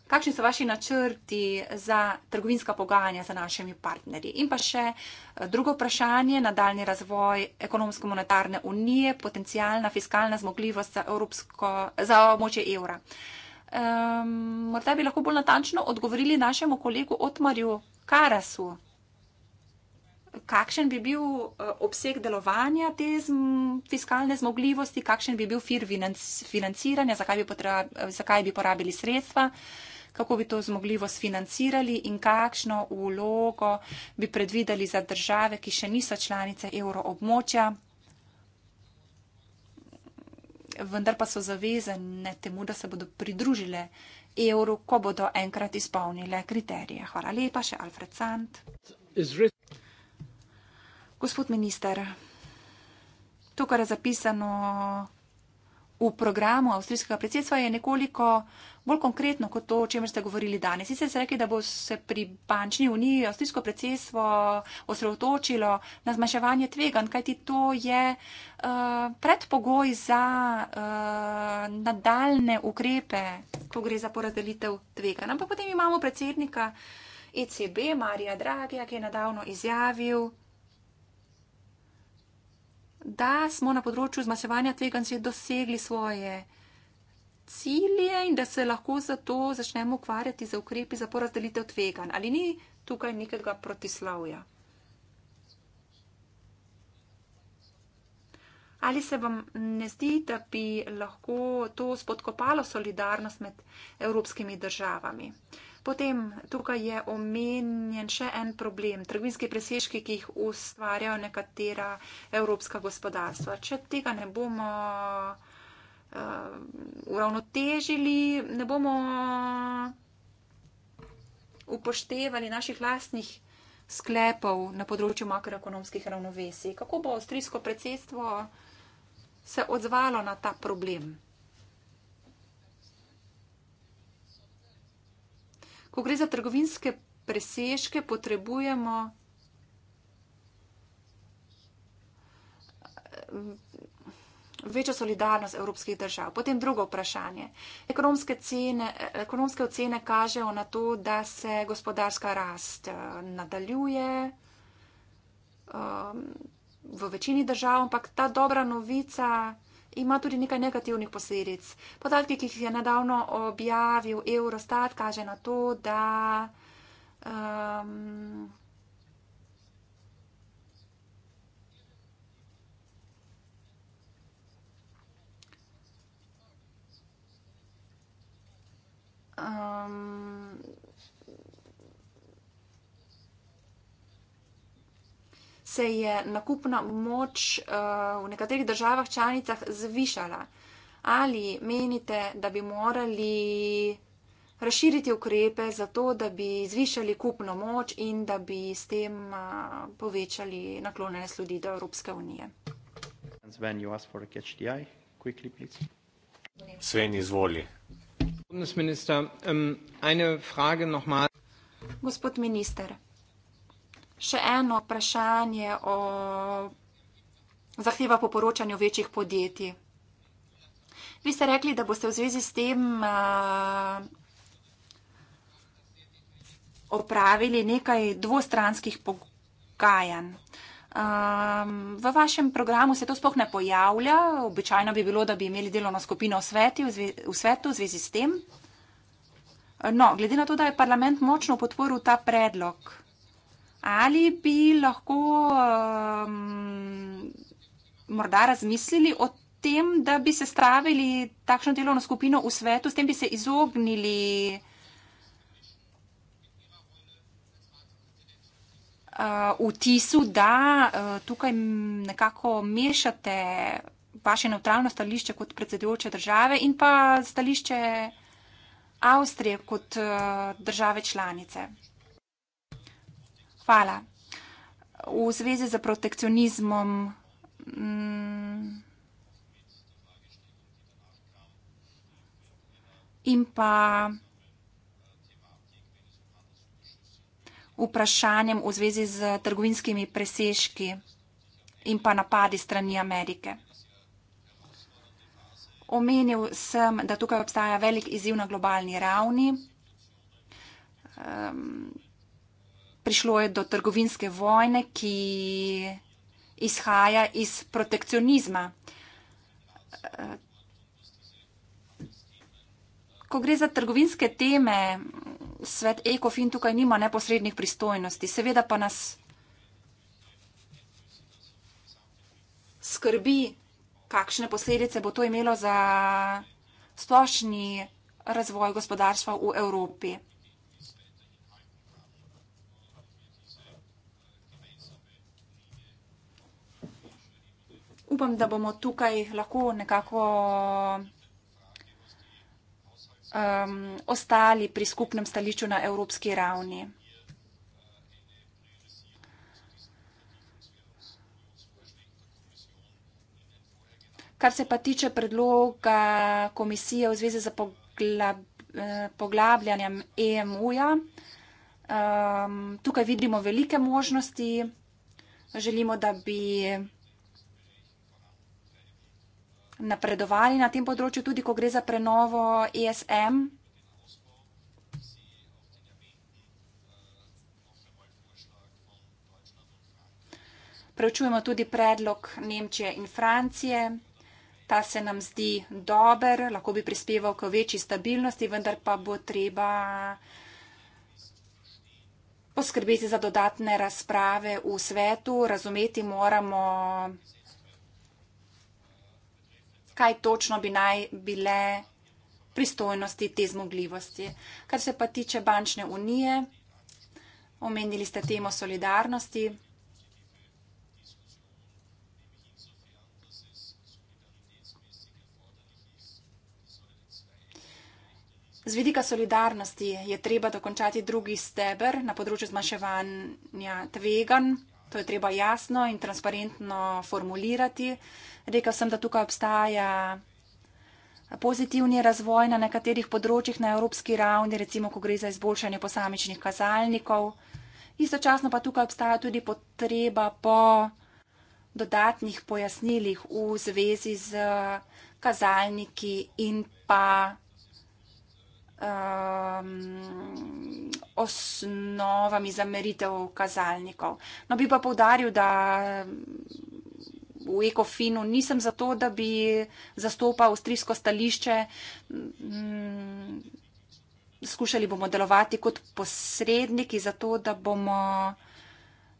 kakšni so vaši načrti za trgovinska pogajanja z našimi partnerji. In pa še eh, drugo vprašanje, nadaljni razvoj ekonomsko-monetarne unije, potencijalna fiskalna zmogljivost za, evropsko, za območje evra. Um, morda bi lahko bolj natančno odgovorili našemu kolegu Otmarju Karasu. Kakšen bi bil eh, obseg delovanja te zm, fiskalne zmogljivosti, kakšen bi bil fir financ, financiranja, zakaj bi, potreba, zakaj bi porabili sredstva? Uh, kako bi to zmogljivost financirali in kakšno vlogo bi predvideli za države, ki še niso članice evroobmočja, vendar pa so zavezane temu, da se bodo pridružile evru, ko bodo enkrat izpolnile kriterije. Hvala lepa, še Alfred Sand. Gospod minister, to, kar je zapisano v programu avstrijskega predsedstva, je nekoliko bolj konkretno kot to, o čem ste govorili danes. Sicer ste rekli, da bo se pri bančni uniji avstrijsko predsedstvo osredotočilo na zmanjševanje tveganj, kajti to je uh, predpogoj za uh, eh, nadaljne ukrepe, ko gre za porazdelitev tveganj. Ampak potem imamo predsednika ECB, Marija Dragija, ki je nedavno izjavil. Da smo na področju zmanjševanja tveganj dosegli svoje uh, cilje in da se lahko zato začnemo ukvarjati za ukrepi za porazdelitev tvegan. Ali ni tukaj nekega protislavja? Ali se vam ne zdi, da bi lahko to spodkopalo solidarnost med evropskimi državami? Potem tukaj je omenjen še en problem, trgovinski presežki, ki jih ustvarjajo nekatera evropska gospodarstva. Če tega ne bomo uh, uh, uravnotežili, ne bomo upoštevali naših lastnih sklepov na področju makroekonomskih ravnovesij. Kako bo avstrijsko predsedstvo se odzvalo na ta problem? Ko gre za trgovinske presežke, potrebujemo večjo solidarnost evropskih držav. Potem drugo vprašanje. Ekonomske, cene, ekonomske ocene kažejo na to, da se gospodarska rast eh, nadaljuje um, v večini držav, ampak ta dobra novica ima tudi nekaj negativnih posledic. Podatki, ki jih je nedavno objavil Eurostat, kaže na to, da. Um, Um, se je nakupna moč uh, v nekaterih državah članicah zvišala? Ali menite, da bi morali razširiti ukrepe za to, da bi zvišali kupno moč in da bi s tem uh, povečali naklonjenost ljudi do Evropske unije? Sven, izvoli. Ähm, Gospod minister, še eno vprašanje o zahteva po poročanju večjih podjetij. Vi ste rekli, da boste v zvezi s tem eh, opravili nekaj dvostranskih pogajanj. Um, v vašem programu se to sploh ne pojavlja. Običajno bi bilo, da bi imeli delovno skupino v, sveti, v, zve, v svetu v zvezi s tem. No, glede na to, da je parlament močno podporil ta predlog, ali bi lahko um, morda razmislili o tem, da bi sestavili takšno delovno skupino v svetu, s tem bi se izognili. Eh, vtisu, da eh, tukaj nekako mešate vaše neutralno stališče kot predsedujoče države in pa stališče Avstrije kot eh, države članice. Hvala. V zvezi z protekcionizmom. Mm, in pa. vprašanjem v zvezi z trgovinskimi presežki in pa napadi strani Amerike. Omenil sem, da tukaj obstaja velik izziv na globalni ravni. Um, prišlo je do trgovinske vojne, ki izhaja iz protekcionizma. Ko gre za trgovinske teme, svet ECOFIN tukaj nima neposrednih pristojnosti. Seveda pa nas skrbi, kakšne posledice bo to imelo za splošni razvoj gospodarstva v Evropi. Upam, da bomo tukaj lahko nekako um, ostali pri skupnem stališču na evropski ravni. Kar se pa tiče predloga komisije v zvezi za eh, poglabljanjem EMU-ja, um, tukaj vidimo velike možnosti. Želimo, da bi napredovali na tem področju, tudi ko gre za prenovo ESM. Preučujemo tudi predlog Nemčije in Francije. Ta se nam zdi dober, lahko bi prispeval k večji stabilnosti, vendar pa bo treba poskrbeti za dodatne razprave v svetu. Razumeti moramo kaj točno bi naj bile pristojnosti te zmogljivosti. Kar se pa tiče bančne unije, omenili ste temo solidarnosti. Z vidika solidarnosti je treba dokončati drugi steber na področju zmaševanja tvegan. To je treba jasno in transparentno formulirati. Rekel sem, da tukaj obstaja pozitivni razvoj na nekaterih področjih na evropski ravni, recimo, ko gre za izboljšanje posamičnih kazalnikov. Istočasno pa tukaj obstaja tudi potreba po dodatnih pojasnilih v zvezi z kazalniki in pa um, osnovami za meritev kazalnikov. No, bi pa povdaril, da v ekofinu nisem zato, da bi zastopal avstrijsko stališče. Mm, skušali bomo delovati kot posredniki za to, da bomo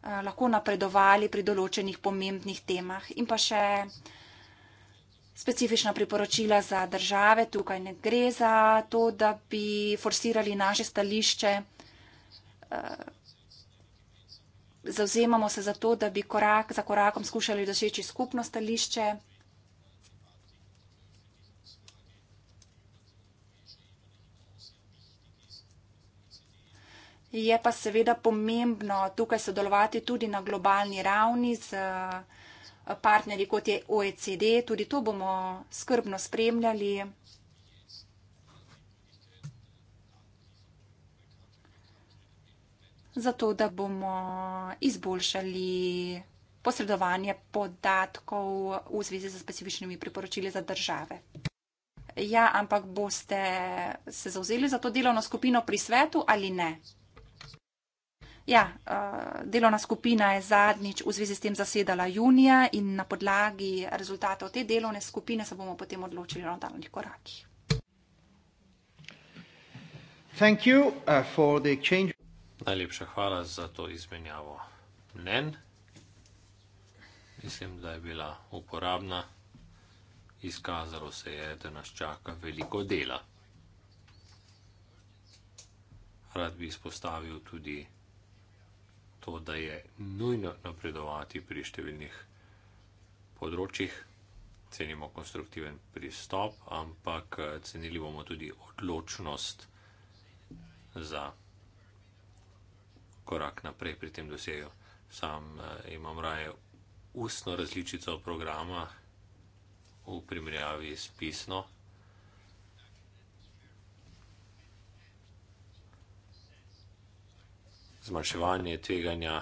eh, lahko napredovali pri določenih pomembnih temah in pa še specifična priporočila za države. Tukaj ne gre za to, da bi forsirali naše stališče. Eh, zauzemamo se za to, da bi korak za korakom skušali doseči skupno stališče. Je pa seveda pomembno tukaj sodelovati tudi na globalni ravni z eh, partnerji kot je OECD. Tudi to bomo skrbno spremljali. zato da bomo izboljšali posredovanje podatkov v zvezi z specifičnimi priporočili za države. Ja, ampak boste se zauzeli za to delovno skupino pri svetu ali ne? Ja, eh, delovna skupina je zadnjič v zvezi s tem zasedala junija in na podlagi rezultatov te delovne skupine se bomo potem odločili na nadaljnih korakih. Thank you eh, for the exchange. Najlepša hvala za to izmenjavo mnen. Mislim, da je bila uporabna. Izkazalo se je, da nas čaka veliko dela. Rad bi izpostavil tudi to, da je nujno napredovati pri številnih področjih. Cenimo konstruktiven pristop, ampak cenili bomo tudi odločnost za korak naprej pri tem dosegu. Sam uh, imam raje ustno različico programa v primerjavi s pisno. Zmanjševanje tveganja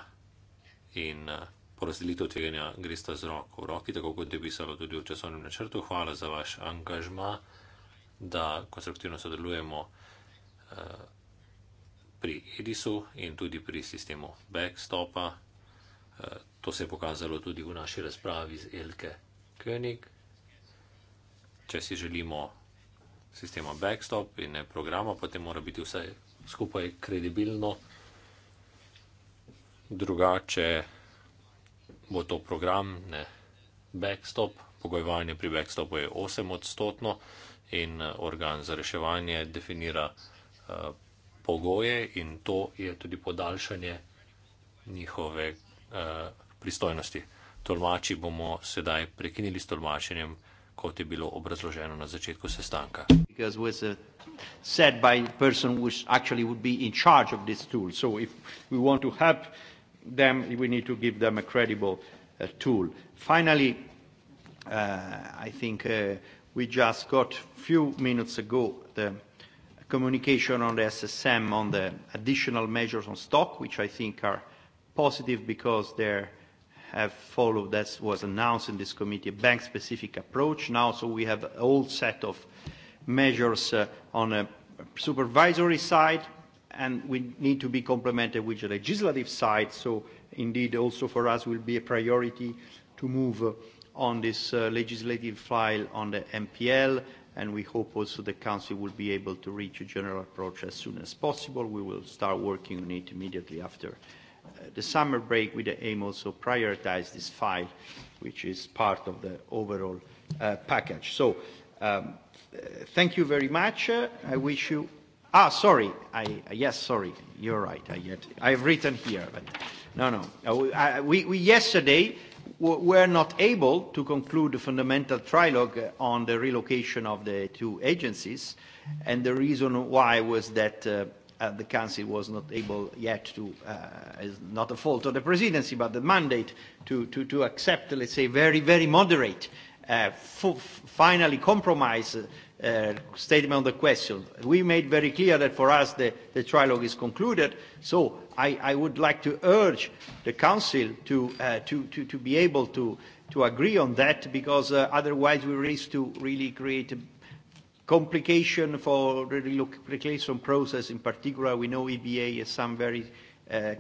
in eh, porazdelitev tveganja gre sta z roko v roki, tako kot je pisalo tudi v časovnem načrtu. Hvala za vaš angažma, da konstruktivno sodelujemo. Uh, pri Edisu in tudi pri sistemu backstopa. Eh, to se je pokazalo tudi v naši razpravi z Elke König. Če si želimo sistema backstop in ne programa, potem mora biti vse skupaj kredibilno. Drugače bo to program, ne backstop. Pogojevanje pri backstopu je 8 odstotno in eh, organ za reševanje definira eh, pogoje in to je tudi podaljšanje njihove eh, pristojnosti. Tolmači bomo sedaj prekinili s tolmačenjem, kot je bilo obrazloženo na začetku sestanka. Them, we need to give them a credible uh, tool. Finally, uh, I think uh, we just got a few minutes ago the communication on the SSM on the additional measures on stock, which I think are positive because they have followed, as was announced in this committee, a bank-specific approach now. So we have a whole set of measures uh, on a supervisory side, and we need to be complemented with the legislative side. So indeed, also for us will be a priority to move uh, on this uh, legislative file on the MPL and we hope also the council will be able to reach a general approach as soon as possible. We will start working on it immediately after uh, the summer break with the aim also prioritize this file, which is part of the overall uh, package. So, um, uh, thank you very much. Uh, I wish you... Ah, sorry. I, uh, yes, sorry. You're right. I, yet, I have written here, but... No, no. Uh, we, I, we, we yesterday, were not able to conclude the fundamental trilogue uh, on the relocation of the two agencies. And the reason why was that uh, uh, the Council was not able yet to, uh, is not a fault of the presidency, but the mandate to, to, to accept, let's say, very, very moderate, uh, f- finally compromise. Uh, Uh, statement of the question. We made very clear that for us the, the trilogue is concluded, so I, I would like to urge the Council to, uh, to, to, to be able to, to agree on that, because uh, otherwise we risk to really create a complication for the relocation process. In particular, we know EBA has some very uh, uh,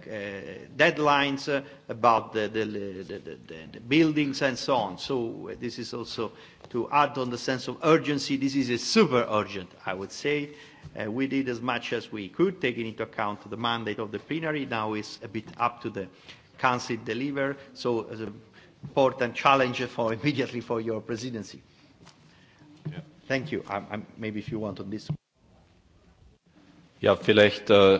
deadlines uh, about the, the, the, the, the buildings and so on, so uh, this is also... Uh, to add on the sense of urgency, this is a super urgent, I would say. Uh, we did as much as we could, taking into account the mandate of the plenary. Now it's a bit up to the council to deliver. So it's an important challenge for immediately for your presidency. Yeah. Thank you. I'm, I'm, maybe if you want on this. Ja, vielleicht, uh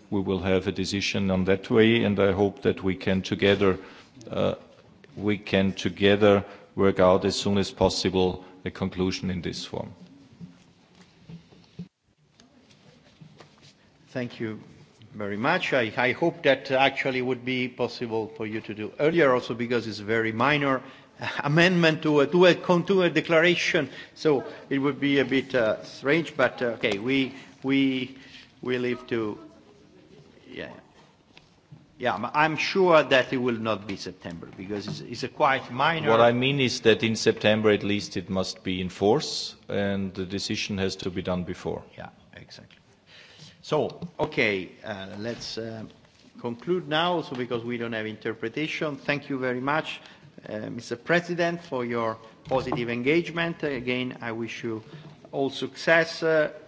we will have a decision on that way and i hope that we can together uh, we can together work out as soon as possible a conclusion in this form thank you very much i, I hope that actually would be possible for you to do earlier also because it's very minor amendment to a, to, a, to a declaration so it would be a bit uh, strange but uh, okay we we we live to Yeah. Yeah, I'm sure that it will not be September because it's a quite minor. What I mean is that in September at least it must be in force, and the decision has to be done before. Yeah, exactly. Okay, uh, let's uh, conclude now also because we don't have interpretation. Thank you very much, uh, Mr. President, for your positive engagement. Again, I wish you all success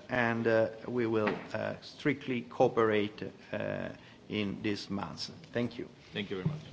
and uh, we will uh, strictly cooperate uh, in this month. Thank you. Thank you very much.